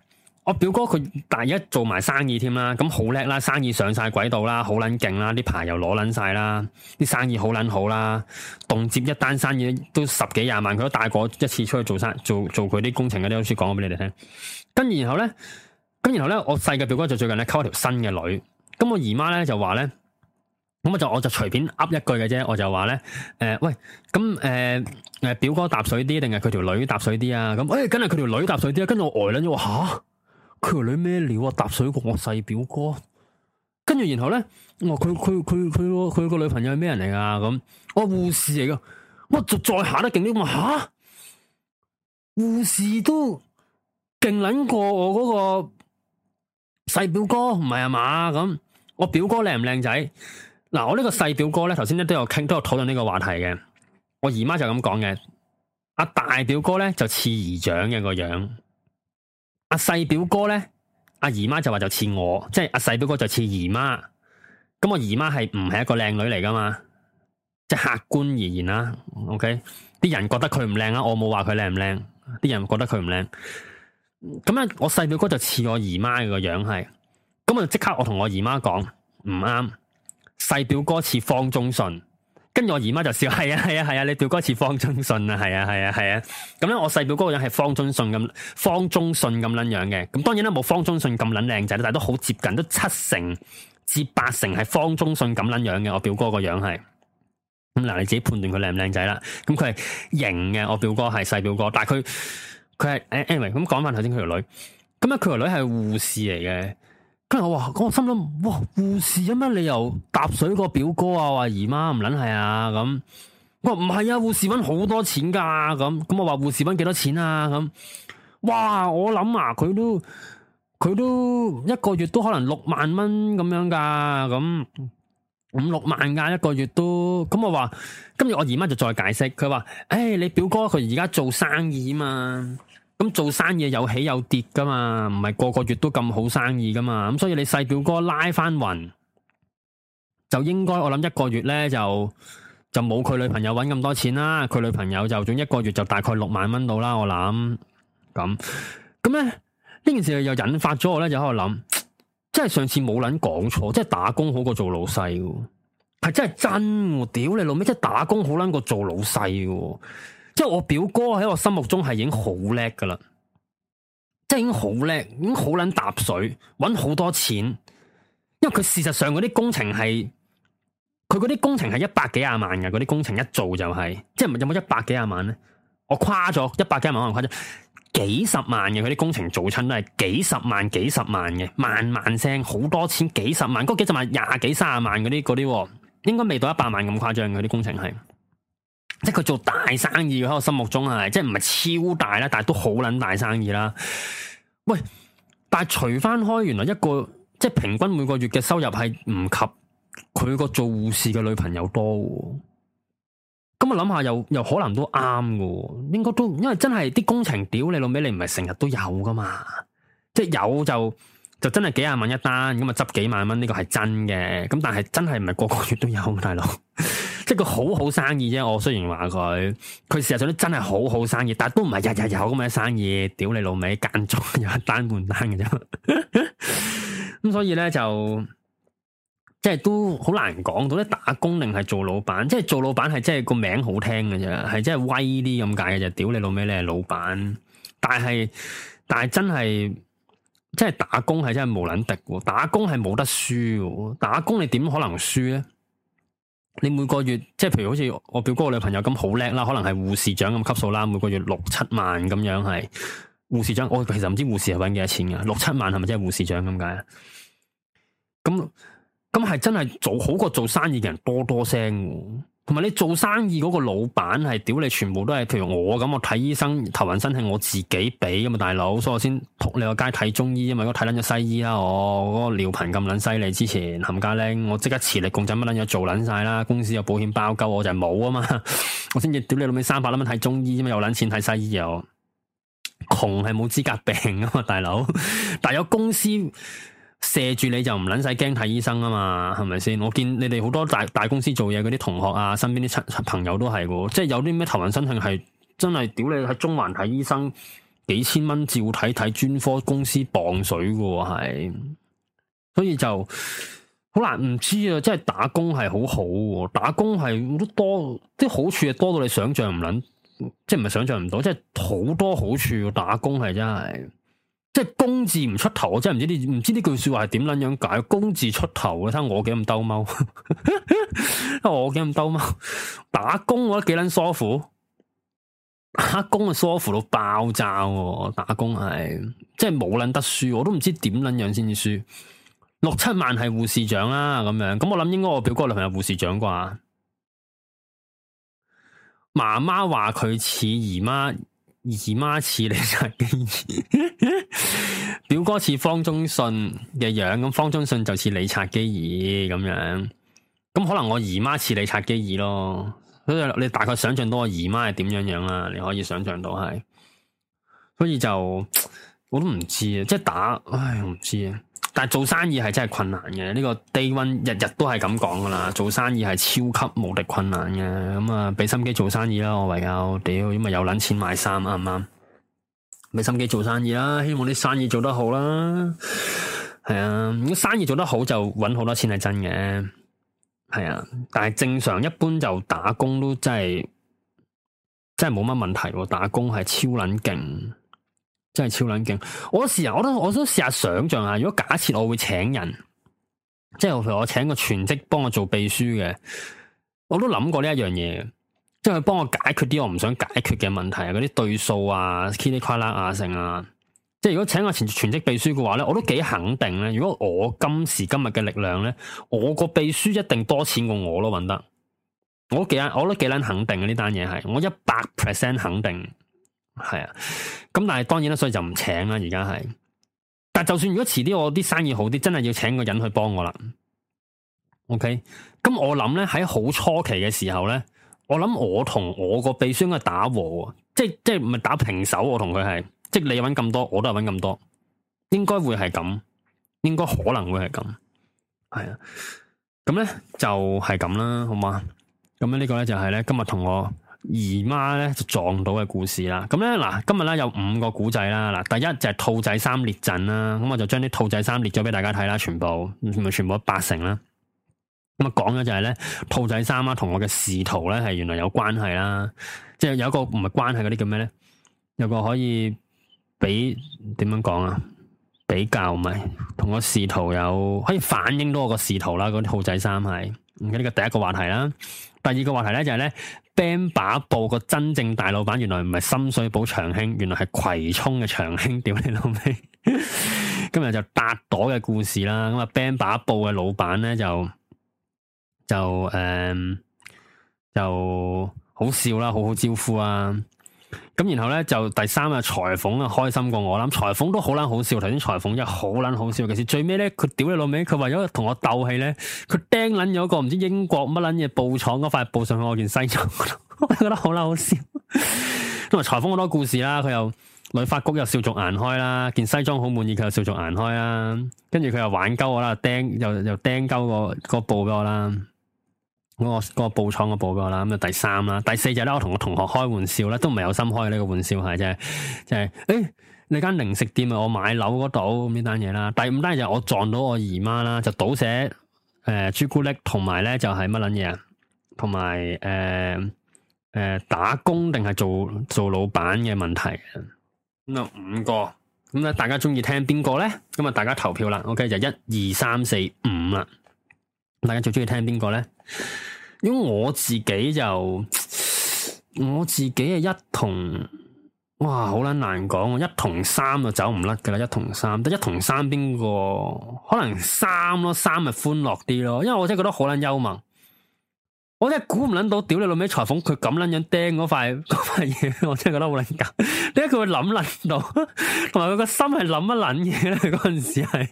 Speaker 1: 我表哥佢大一做埋生意添啦，咁好叻啦，生意上晒軌道啦，好撚勁啦，呢排又攞撚晒啦，啲生意好撚好啦，動接一單生意都十幾廿萬，佢都帶過一次出去做生做做佢啲工程嗰啲，我先講咗俾你哋聽。咁然後咧，咁然後咧，我細嘅表哥就最近咧溝一條新嘅女，咁我姨媽咧就話咧。咁我就我就隨便噏一句嘅啫，我就話咧，誒、欸、喂，咁誒誒表哥搭水啲定係佢條女搭水啲啊？咁、欸、誒，梗係佢條女搭水啲。跟住我呆捻咗話吓，佢條女咩料啊？搭水過我細表哥。跟住然後咧，我佢佢佢佢佢個女朋友係咩人嚟㗎？咁我護士嚟噶，我就再嚇得勁啲，我吓
Speaker 2: 護士都
Speaker 1: 勁捻過我嗰個細表哥，唔係啊嘛？咁我表哥靚唔靚仔？嗱，我呢個細表哥咧，頭先咧都有傾，都有討論呢個話題嘅。我姨媽就咁講嘅，阿大表哥咧就似姨丈嘅個樣，阿細表哥咧，阿姨媽就話就似我，即係阿細表哥就似姨媽。咁我姨媽係唔係一個靚女嚟噶嘛？即係客觀而言啦，OK，啲人覺得佢唔靚啦，我冇話佢靚唔靚，啲人覺得佢唔靚。咁啊，我細表哥就似我姨媽嘅個樣係，咁啊即刻我同我姨媽講唔啱。細表哥似方中信，跟住我姨媽就笑：係啊，係啊，係啊，你表哥似方中信啊，係啊，係啊，係啊。咁咧，我細表哥個樣係方中信咁，方中信咁捻樣嘅。咁當然啦，冇方中信咁捻靚仔，但係都好接近，都七成至八成係方中信咁捻樣嘅。我表哥個樣係，咁嗱，你自己判斷佢靚唔靚仔啦。咁佢係型嘅，我表哥係細表哥，但係佢佢係誒，anyway，咁講翻頭先佢條女。咁啊，佢條女係護士嚟嘅。跟住我話我，我心諗，哇，護士有咩理由搭水個表哥啊？話姨媽唔撚係啊咁。我唔係啊，護士揾好多錢噶咁。咁我話護士揾幾多錢啊？咁、啊、哇，我諗啊，佢都佢都一個月都可能六萬蚊咁樣噶咁，五六萬㗎，一個月都咁。我話今日我姨媽就再解釋，佢話誒，你表哥佢而家做生意啊嘛。咁做生意有起有跌噶嘛，唔係個個月都咁好生意噶嘛，咁所以你細表哥拉翻勻就應該我諗一個月咧就就冇佢女朋友搵咁多錢啦，佢女朋友就總一個月就大概六萬蚊度啦，我諗咁咁咧呢件事又引發咗我咧，就喺度諗，即係上次冇捻講錯，即係打工好過做老細，係真係真喎、啊、屌你老味，即係打工好捻過做老細。即係我表哥喺我心目中係已經好叻㗎喇，即係已經好叻，已經好撚踏水，搵好多錢。因為佢事實上嗰啲工程係，佢嗰啲工程係一百幾廿萬嘅，嗰啲工程一做就係、是，即係有冇一百幾廿萬咧？我誇咗一百幾廿萬可能誇，我誇張幾十萬嘅嗰啲工程做親都係幾十萬、幾十萬嘅，萬萬聲好多錢，幾十萬嗰、嗰個、幾十萬廿幾三十萬、卅萬嗰啲嗰啲，應該未到一百萬咁誇張嘅啲工程係。即係佢做大生意喺我心目中係，即係唔係超大啦，但係都好捻大生意啦。喂，但係除翻開原來一個，即係平均每個月嘅收入係唔及佢個做護士嘅女朋友多嘅。咁我諗下又又可能都啱嘅，應該都因為真係啲工程屌你老味，你唔係成日都有噶嘛，即係有就。就真係幾廿蚊一單，咁啊執幾萬蚊呢個係真嘅，咁但係真係唔係個個月都有，大佬 即係佢好好生意啫。我雖然話佢，佢事實上都真係好好生意，但係都唔係日日有咁嘅生意。屌你老味間中有一單換單嘅啫。咁 所以咧就即係都好難講到咧，打工定係做老闆？即係做老闆係真係個名好聽嘅啫，係真係威啲咁解嘅就屌你老味你係老闆，但係但係真係。即係打工係真係無撚敵，打工係冇得輸嘅。打工你點可能輸咧？你每個月即係譬如好似我表哥個女朋友咁好叻啦，可能係護士長咁級數啦，每個月六七萬咁樣係護士長。我其實唔知護士係搵幾多錢嘅，六七萬係咪即係護士長咁解啊？咁咁係真係做好過做生意嘅人多多聲。.同埋你做生意嗰個老闆係屌你全部都係譬如我咁，我睇醫生頭暈身氣，我自己俾㗎嘛，大佬，所以我先仆你個街睇中醫嘛，如果睇捻咗西醫啦、啊，我，我個尿頻咁捻犀利，之前冚家拎，我即刻磁力共振乜捻嘢做捻晒啦，公司有保險包救，我就冇啊嘛，我先至屌你老味三百粒蚊睇中醫啫嘛，又捻錢睇西醫又窮係冇資格病啊嘛，大佬，但係有公司。射住你就唔撚使驚睇醫生啊嘛，係咪先？我見你哋好多大大公司做嘢嗰啲同學啊，身邊啲朋友都係噶，即係有啲咩頭暈身㷫係真係屌你喺中環睇醫生幾千蚊照睇睇專科，公司磅水噶係，所以就好難唔知啊！即係打工係好好，啊，打工係都多啲好處，多到你想象唔撚，即係唔係想象唔到，即係好多好處，啊。打工係真係。即係工字唔出頭，我真係唔知你唔知呢句說話係點捻樣解？工字出頭咧，睇下我幾咁兜踎， 我幾咁兜踎，打工我得幾捻梳乎，打工啊梳乎到爆炸、啊，打工係即係冇捻得輸，我都唔知點捻樣先至輸。六七萬係護士長啦、啊，咁樣咁我諗應該我表哥女朋友護士長啩。媽媽話佢似姨媽。姨媽似李察基
Speaker 2: 爾 ，
Speaker 1: 表哥似方中信嘅樣，咁方中信就似李察基爾咁樣，咁可能我姨媽似李察基爾咯，所以你大概想象到我姨媽係點樣樣啦，你可以想象到係，所以就我都唔知啊，即係打，唉，唔知啊。但係做生意係真係困難嘅，呢個 Day One 日日都係咁講噶啦。做生意係超級無敵困難嘅，咁啊畀心機做生意啦，我唯有屌，因為有捻錢買衫啱唔啱？畀心機做生意啦，希望啲生意做得好啦。係啊，如果生意做得好就揾好多錢係真嘅。係啊，但係正常一般就打工都真係真係冇乜問題喎，打工係超捻勁。真係超撚勁！我時候，我都試我想試下想象下，如果假設我會請人，即係我請個全職幫我做秘書嘅，我都諗過呢一樣嘢，即係佢幫我解決啲我唔想解決嘅問題啊，嗰啲對數啊、calculator 啊成啊，即係如果請個全全職秘書嘅話咧，我都幾肯定咧。如果我今時今日嘅力量咧，我個秘書一定多錢過我咯，搵得。我幾我都幾撚肯定嘅呢單嘢係，我一百 percent 肯定。係啊，咁但係當然啦，所以就唔請啦。而家係，但就算如果遲啲我啲生意好啲，真係要請個人去幫我啦。OK，咁我諗咧喺好初期嘅時候咧，我諗我同我個秘書應該打和，即係即係唔係打平手。我同佢係，即係你搵咁多，我都係搵咁多，應該會係咁，應該可能會係咁，係啊。咁咧就係咁啦，好嘛？咁咧呢個咧就係咧今日同我姨媽咧就撞到嘅故事啦，咁咧嗱，今日咧有五個古仔啦，嗱，第一就係、是、兔仔裇衫列陣啦，咁、嗯、我就將啲兔仔裇衫列咗俾大家睇啦，全部咪全部八成啦，咁啊講嘅就係、是、咧兔仔裇衫啊同我嘅仕途咧係原來有關係啦，即係有一個唔係關係嗰啲叫咩咧？有個可以比點樣講啊？比較咪同個仕途有可以反映到我個仕途啦，嗰啲兔仔裇衫係咁，呢個第一個話題啦，第二個話題咧就係咧。賓霸布個真正大老闆，原來唔係深水埗長興，原來係葵涌嘅長興。屌你老味，今日就八朵嘅故事啦。咁啊賓霸布嘅老闆咧就就誒、呃、就好笑啦，好好招呼啊！咁然後咧就第三就裁縫啊開心過我啦，裁縫都好捻好笑，頭先裁縫又好捻好笑嘅事，最尾咧佢屌你老味，佢為咗同我鬥氣咧，佢釘捻咗個唔知英國乜捻嘢布廠嗰塊布上去我件西裝， 我覺得好捻好笑。咁啊裁縫好多故事啦，佢又女發局又笑逐顏開啦，件西裝好滿意佢又笑逐顏開啦，跟住佢又玩鳩我啦，釘又又釘鳩個個布俾我啦。嗰、那個嗰、那個報廠個報告啦，咁就第三啦，第四就咧我同我同學開玩笑啦，都唔係有心開呢個玩笑係啫，就係、是、誒、欸、你間零食店啊，我買樓嗰度呢單嘢啦，第五單就我撞到我姨媽啦，就倒瀉誒朱古力同埋咧就係乜撚嘢，同埋誒誒打工定係做做老闆嘅問題，咁啊五個，咁咧大家中意聽邊個咧？咁啊大家投票啦，OK 就一二三四五啦。大家最中意聽邊個咧？因為我自己就我自己係一同哇，好捻難講。一同三就走唔甩噶啦，一同三。得一同三邊個可能三咯，三咪歡樂啲咯。因為我真係覺得好捻幽默。我真係估唔捻到，屌你老味裁縫，佢咁捻樣釘嗰塊塊嘢，我真係覺得好捻搞。點解佢會諗捻到？同埋佢個心係諗一捻嘢，嗰陣時係。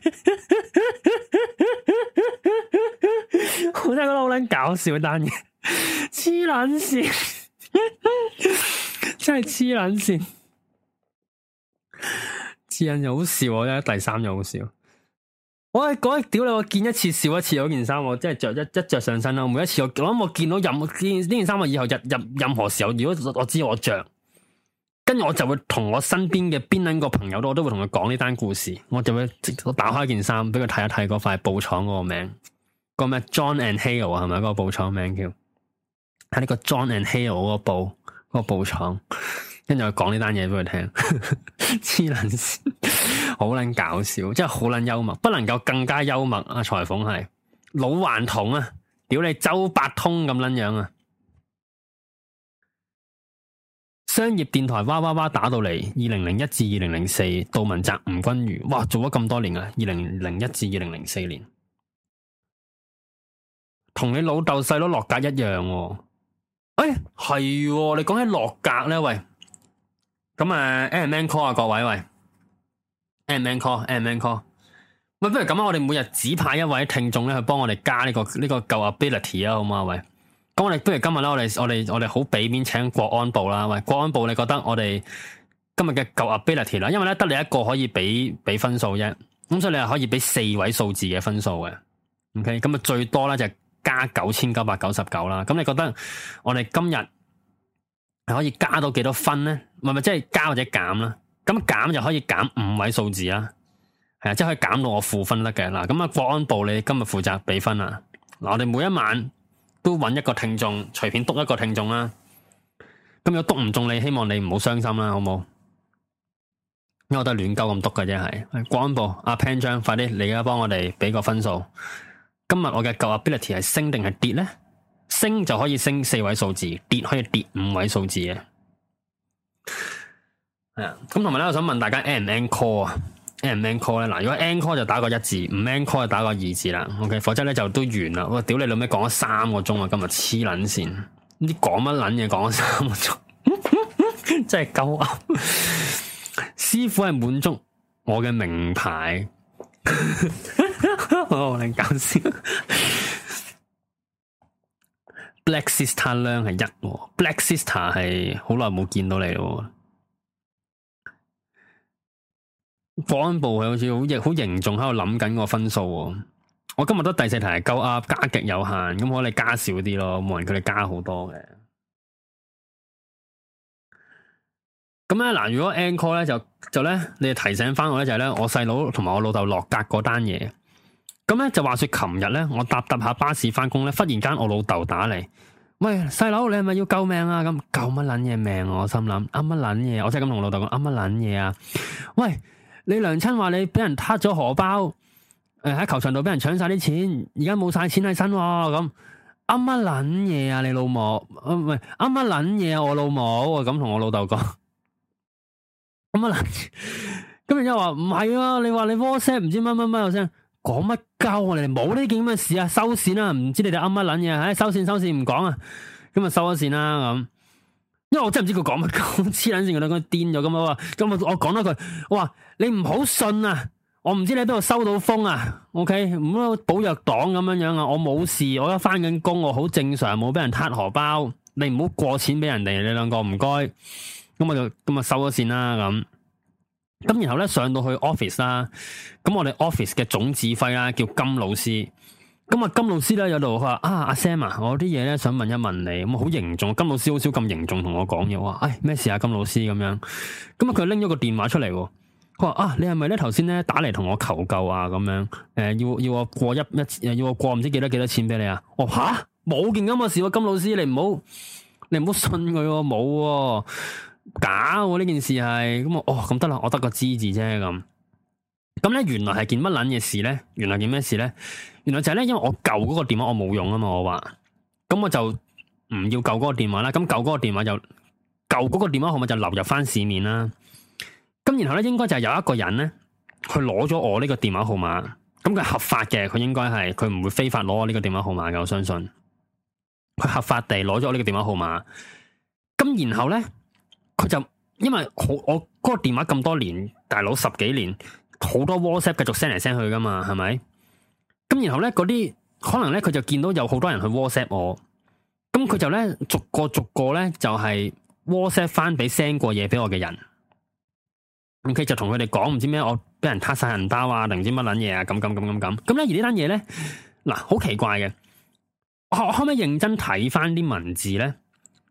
Speaker 1: 我真係覺得好捻搞笑，單嘢
Speaker 2: 黐捻線，真係黐捻線，
Speaker 1: 黐捻又好笑，我咧第三又好笑。
Speaker 2: 我係講
Speaker 1: 屌你，我見一次笑一次嗰件衫，我真係着一一着上身啦。每一次我諗我，我見到任呢件衫，我以後日任任何時候，如果我知我着，跟住我就會同我身邊嘅邊捻個朋友都，我都會同佢講呢單故事。我就會打開件衫，俾佢睇一睇嗰塊布廠嗰個名。個咩 John and Hale 啊，係咪嗰個布廠名叫？喺呢個 John and Hale 嗰、嗰個布，嗰個布廠，跟住又講呢單嘢畀佢聽，痴撚線， 好撚搞笑，即係好撚幽默，不能夠更加幽默啊！裁縫係老頑童啊，屌你周伯通咁撚樣啊！商業電台哇哇哇打到嚟，二零零一至二零零四，4, 杜汶澤、吳君如，哇，做咗咁多年啊，二零零一至二零零四年。同你老豆細佬落格一樣喎、哦，誒、哎、係、哦，你講起落格咧，喂，咁啊 N，M a N Call 啊，各位喂 N，M a N Call，M N Call，, N N call 喂，不如咁啊，我哋每日指派一位聽眾咧去幫我哋加呢、這個呢、這個舊 ability 啊，好唔好，喂，咁我哋不如今日啦，我哋我哋我哋好俾面請國安部啦，喂，國安部你覺得我哋今日嘅舊 ability 啦，因為咧得你一個可以俾俾分數啫，咁所以你係可以俾四位數字嘅分數嘅，ok，咁啊最多咧就係。加九千九百九十九啦，咁你覺得我哋今日係可以加到幾多分呢？唔係唔係，即係加或者減啦。咁減就可以減五位數字啦，係啊，即係可以減到我負分得嘅嗱。咁啊，國安部你今日負責俾分啦。嗱，我哋每一晚都揾一個聽眾，隨便篤一個聽眾啦。咁如果篤唔中你，希望你唔好傷心啦，好冇？因為我都係亂鳩咁篤嘅啫，係。國安部阿 Pan 張，快啲你而家幫我哋俾個分數。今日我嘅舊 Ability 係升定係跌咧？升就可以升四位數字，跌可以跌五位數字嘅。係啊，咁同埋咧，我想問大家，end 唔 end call 啊？end 唔 end call 咧？嗱，如果 end call 就打個一字，唔 end call 就打個二字啦。OK，否則咧就都完啦。我屌你老味，講咗三個鐘啊！今日黐撚線，呢啲講乜撚嘢，講咗三個鐘， 真係鳩噏！師傅係滿足我嘅名牌。 你搞， 笑，Black Sister 娘係一個，Black Sister 係好耐冇見到你咯。保安部係好似好好凝重喺度諗緊個分數。我今日得第四題係夠呀，加極有限，咁我哋加少啲咯，冇人佢哋加好多嘅。咁咧嗱，如果 Encore 咧就就咧，你哋提醒返我咧就咧、係，我細佬同埋我老豆落格嗰單嘢。咁咧就話說日呢，琴日咧我搭搭下巴士翻工咧，忽然間我老豆打嚟，喂細佬，你係咪要救命啊？咁救乜撚嘢命？啊？我心諗啱乜撚嘢？我真係咁同我老豆講啱乜撚嘢啊？喂，你娘親話你俾人撻咗荷包，誒喺球場度俾人搶晒啲錢，而家冇晒錢喺身喎，啊，咁啱乜撚嘢啊？你老母唔係啱乜撚嘢啊？我老母咁同我老豆講，啱乜撚？咁 然後話唔係啊？你話你 WhatsApp 唔知乜乜乜個聲？講乜鳩啊，你哋冇呢件咁嘅事啊，收線啦、啊，唔知你哋啱乜卵嘢，唉、欸，收線收線唔講啊，咁啊收咗線啦咁，因為我真係唔知佢講乜鳩黐卵線，佢哋兩個癲咗咁啊，咁啊我講咗句，我話你唔好信啊，我唔知你喺邊度收到風啊，OK，唔好保約黨咁樣樣啊，我冇事，我而家翻緊工，我好正常，冇俾人撻荷包，你唔好過錢俾人哋，你兩個唔該，咁啊咁啊收咗線啦咁。咁然後咧，上到去 Office 啦、啊，咁我哋 Office 嘅總指揮啦，叫金老師，咁啊金老師咧有度佢話啊阿 Sam 啊，我啲嘢咧，想問一問你，咁啊，好凝重，金老師好少咁凝重同我講嘢，話唉，咩、哎、事啊金老師咁樣，咁啊佢拎咗個電話出嚟，佢話啊你係咪咧頭先咧打嚟同我求救啊咁樣，誒、呃、要要我過一一誒，要我過唔知幾多幾多錢俾你啊，我吓，冇件咁嘅事啊金老師你唔好你唔好信佢、啊，冇、啊。假呢件事係咁我哦，咁得啦，我得個知字啫咁。咁咧原來係件乜捻嘅事咧？原來件咩事咧？原來就係咧，因為我舊嗰個電話我冇用啊嘛，我話咁我就唔要舊嗰個電話啦。咁舊嗰個電話就舊嗰個電話號碼就流入翻市面啦。咁然後咧，應該就係有一個人咧，佢攞咗我呢個電話號碼，咁佢合法嘅，佢應該係佢唔會非法攞我呢個電話號碼嘅，我相信佢合法地攞咗我呢個電話號碼。咁然後咧。佢就因為好我嗰個電話咁多年，大佬十幾年，好多 WhatsApp 繼續 send 嚟 send 去噶嘛，係咪？咁然後咧，嗰啲可能咧，佢就見到有好多人去 WhatsApp 我，咁佢就咧逐個逐個咧就係、是、WhatsApp 翻俾 send 過嘢俾我嘅人，咁佢就同佢哋講唔知咩，我俾人撻晒人包啊，定唔知乜捻嘢啊，咁咁咁咁咁。咁咧而呢單嘢咧，嗱好奇怪嘅，我可唔可以認真睇翻啲文字咧。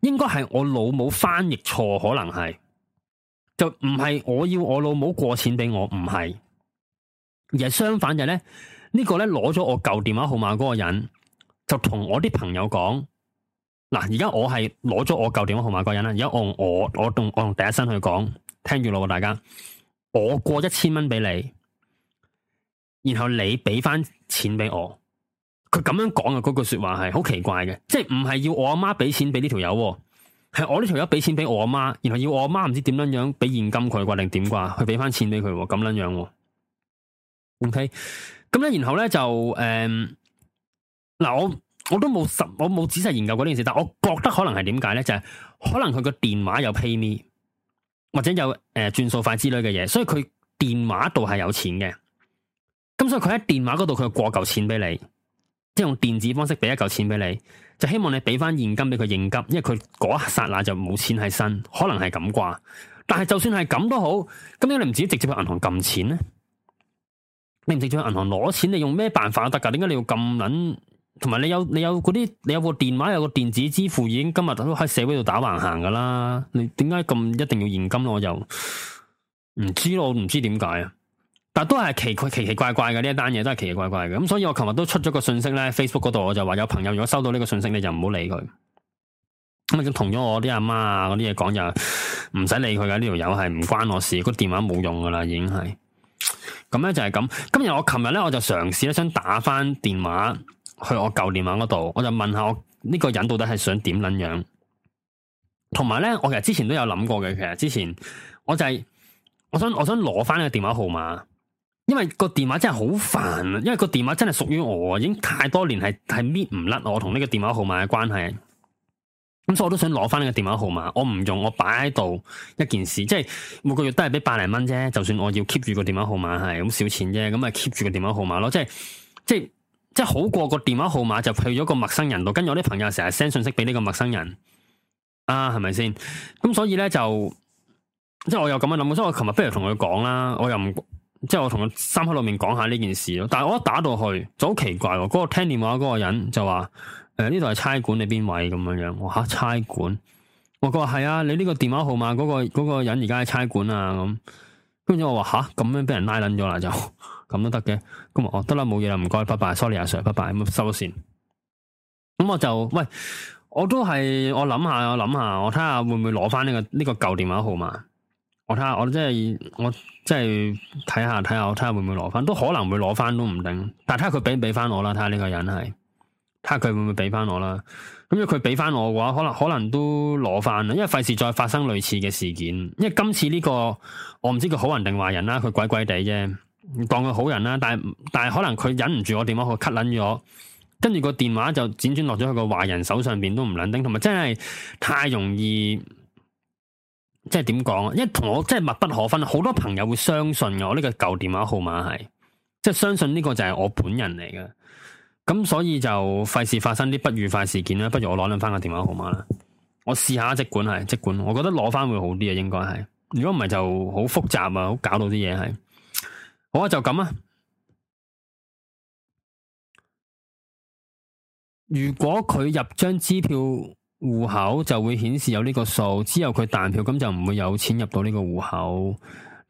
Speaker 1: 應該係我老母翻譯錯，可能係就唔係我要我老母過錢俾我，唔係而係相反，就係咧呢個咧攞咗我舊電話號碼嗰個人就同我啲朋友講嗱，而家我係攞咗我舊電話號碼嗰人啦，而家我我我用我用第一身去講，聽住咯，大家，我過一千蚊俾你，然後你俾翻錢俾我。佢咁樣講嘅嗰句說話係好奇怪嘅，即係唔係要我阿媽俾錢俾呢條友，係我呢條友俾錢俾我阿媽，然後要我阿媽唔知點樣樣俾現金佢啩，定點啩，去俾翻錢俾佢咁樣樣。OK，咁咧，然後咧就誒，嗱、呃、我我都冇實，我冇仔細研究過呢件事，但我覺得可能係點解咧，就係、是、可能佢個電話有 PayMe 或者有誒、呃、轉數快之類嘅嘢，所以佢電話度係有錢嘅，咁所以佢喺電話嗰度佢過嚿錢俾你。即係用電子方式俾一嚿錢俾你，就希望你俾翻現金俾佢應急，因為佢嗰一剎那就冇錢喺身，可能係咁啩。但係就算係咁都好，咁點解你唔直接直接去銀行撳錢咧？你唔直接去銀行攞錢，你用咩辦法得噶？點解你要咁捻？同埋你有你有嗰啲，你有個電話，有個電子支付，已經今日都喺社會度打橫行噶啦。你點解咁一定要現金咯？我就唔知咯，我唔知點解啊。但都係奇奇奇怪怪嘅呢一單嘢，都係奇奇怪怪嘅。咁、嗯、所以我琴日都出咗個信息咧，Facebook 嗰度我就話有朋友如果收到呢個信息，你就唔好理佢。咁啊，就同咗我啲阿媽啊嗰啲嘢講，就唔使理佢嘅，呢條友係唔關我事，個電話冇用噶啦，已經係。咁咧就係、是、咁。今日我琴日咧我就嘗試咧想打翻電話去我舊電話嗰度，我就問下我呢個人到底係想點捻樣，樣。同埋咧，我其實之前都有諗過嘅。其實之前我就係、是、我想我想攞翻個電話號碼。因為個電話真係好煩啊！因為個電話真係屬於我，已經太多年係係搣唔甩我同呢個電話號碼嘅關係。咁所以我都想攞翻呢個電話號碼，我唔用我擺喺度一件事，即係每個月都係俾百零蚊啫。就算我要 keep 住個電話號碼係咁少錢啫，咁咪 keep 住個電話號碼咯。即係即係即係好過個電話號碼就去咗個陌生人度，跟住我啲朋友成日 send 信息俾呢個陌生人啊，係咪先？咁所以咧就即係我又咁樣諗，所以我琴日不如同佢講啦，我又唔。即係我同佢三口裏面講下呢件事咯，但係我一打到去就好奇怪，嗰個聽電話嗰個人就話：誒呢度係差館，你邊位咁樣樣？我吓差館，我佢話係啊，你呢個電話號碼嗰個嗰個人而家係差館啊咁。跟住我話吓咁樣俾人拉撚咗啦，就咁都得嘅。咁啊，哦，得啦，冇嘢啦，唔該，拜拜，sorry 阿 Sir，拜拜，咁收咗線。咁我就喂，我都係我諗下，我諗下，我睇下會唔會攞翻呢個呢個舊電話號碼。我睇下，我真係我真係睇下睇下，我睇下會唔會攞翻，都可能會攞翻都唔定。但睇下佢俾唔俾翻我啦，睇下呢個人係，睇下佢會唔會俾翻我啦。咁如果佢俾翻我嘅話，可能可能都攞翻啦。因為費事再發生類似嘅事件。因為今次呢個，我唔知佢好人定壞人啦，佢鬼鬼地啫，當佢好人啦。但係但係可能佢忍唔住我電話，佢 cut 卵咗，跟住個電話就輾轉落咗佢個壞人手上邊，都唔卵丁。同埋真係太容易。即係點講？因為同我即係密不可分，好多朋友會相信我呢個舊電話號碼係，即係相信呢個就係我本人嚟嘅。咁所以就費事發生啲不愉快事件啦。不如我攞兩翻個電話號碼啦，我試下即管係，即管我覺得攞翻會好啲啊。應該係，如果唔係就好複雜啊，好搞到啲嘢係。好啊，就咁啊。如果佢入張支票？戶口就會顯示有呢個數，之後佢彈票咁就唔會有錢入到呢個戶口。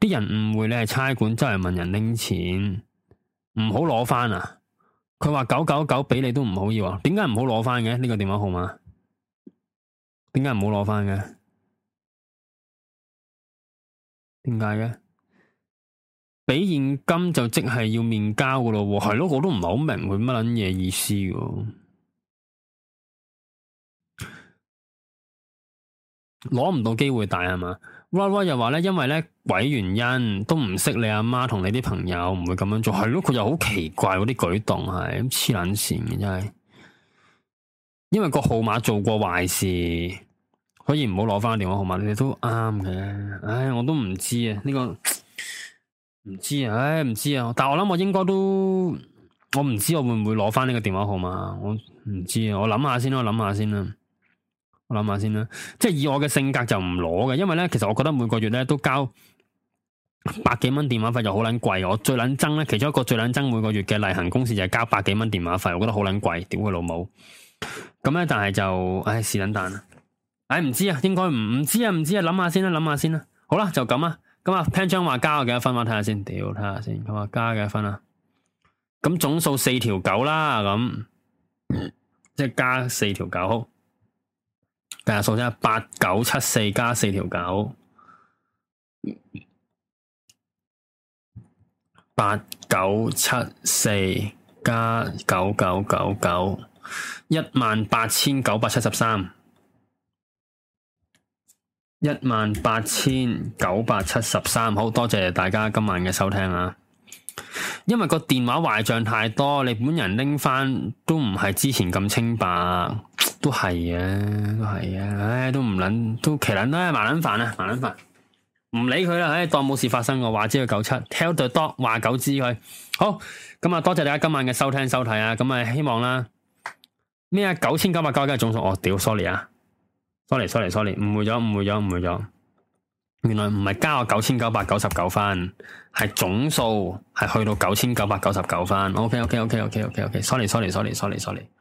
Speaker 1: 啲人誤會你係差館，真係問人拎錢，唔好攞返啊！
Speaker 2: 佢話九九九俾你都唔好要啊！點解唔好攞返嘅呢個電話號碼？點解唔好攞返嘅？點解嘅？畀現金就即係要面交噶咯？係咯？我都唔係好
Speaker 1: 明佢乜撚嘢意思噶。攞唔到機會大係嘛？哇哇又話咧，因為咧鬼原因都唔識你阿媽同你啲朋友，唔會咁樣做係咯。佢又好奇怪嗰啲舉動，係黐捻線嘅真係。因為個號碼做過壞事，可以唔好攞翻電話號碼，你都啱嘅。唉，我都唔知啊，呢個唔知啊，唉唔知啊。但係我諗我應該都，我唔知我會唔會攞翻呢個電話號碼，我唔知啊。我諗下先，我諗下先啦。我諗下先啦，即係以我嘅性格就唔攞嘅，因為咧，其實我覺得每個月咧都交百幾蚊電話費就好捻貴。我最捻憎咧，其中一個最捻憎每個月嘅例行公事就係交百幾蚊電話費，我覺得好捻貴，屌佢老母！咁咧，但係就唉，是捻但啊！唉，唔知啊，應該唔唔知啊，唔知啊，諗下先啦，諗下先啦。好啦，就咁啊。咁啊，聽張話加幾多分啊？睇下先，屌，睇下先。咁啊，加幾多分啊？咁總數四條九啦，咁即係加四條九。9, 計下數啫，八九七四加四條九，八九七四加九九九九，一萬八千九百七十三，一萬八千九百七十三，99 99，好多謝大家今晚嘅收聽啊！因為個電話壞賬太多，你本人拎返都唔係之前咁清白啊。都係啊，都係啊，唉，都唔捻，都奇捻啦，麻撚煩啊，麻撚煩，唔理佢啦，唉，當冇事發生嘅話，知佢九七，tell the dog 話九知佢，好，咁啊，多謝大家今晚嘅收聽收睇啊，咁啊，希望啦，咩啊，九千九百九十九，嘅總數，我屌，sorry 啊 sorry，sorry，sorry，sorry，誤會咗，誤會咗，誤會咗，原來唔係加我九千九百九十九分，係總數係去到九千九百九十九分，ok，ok，ok，ok，ok，ok，sorry，sorry，sorry，sorry，sorry。Okay, okay, okay, okay, okay, sorry, sorry, sorry, sorry,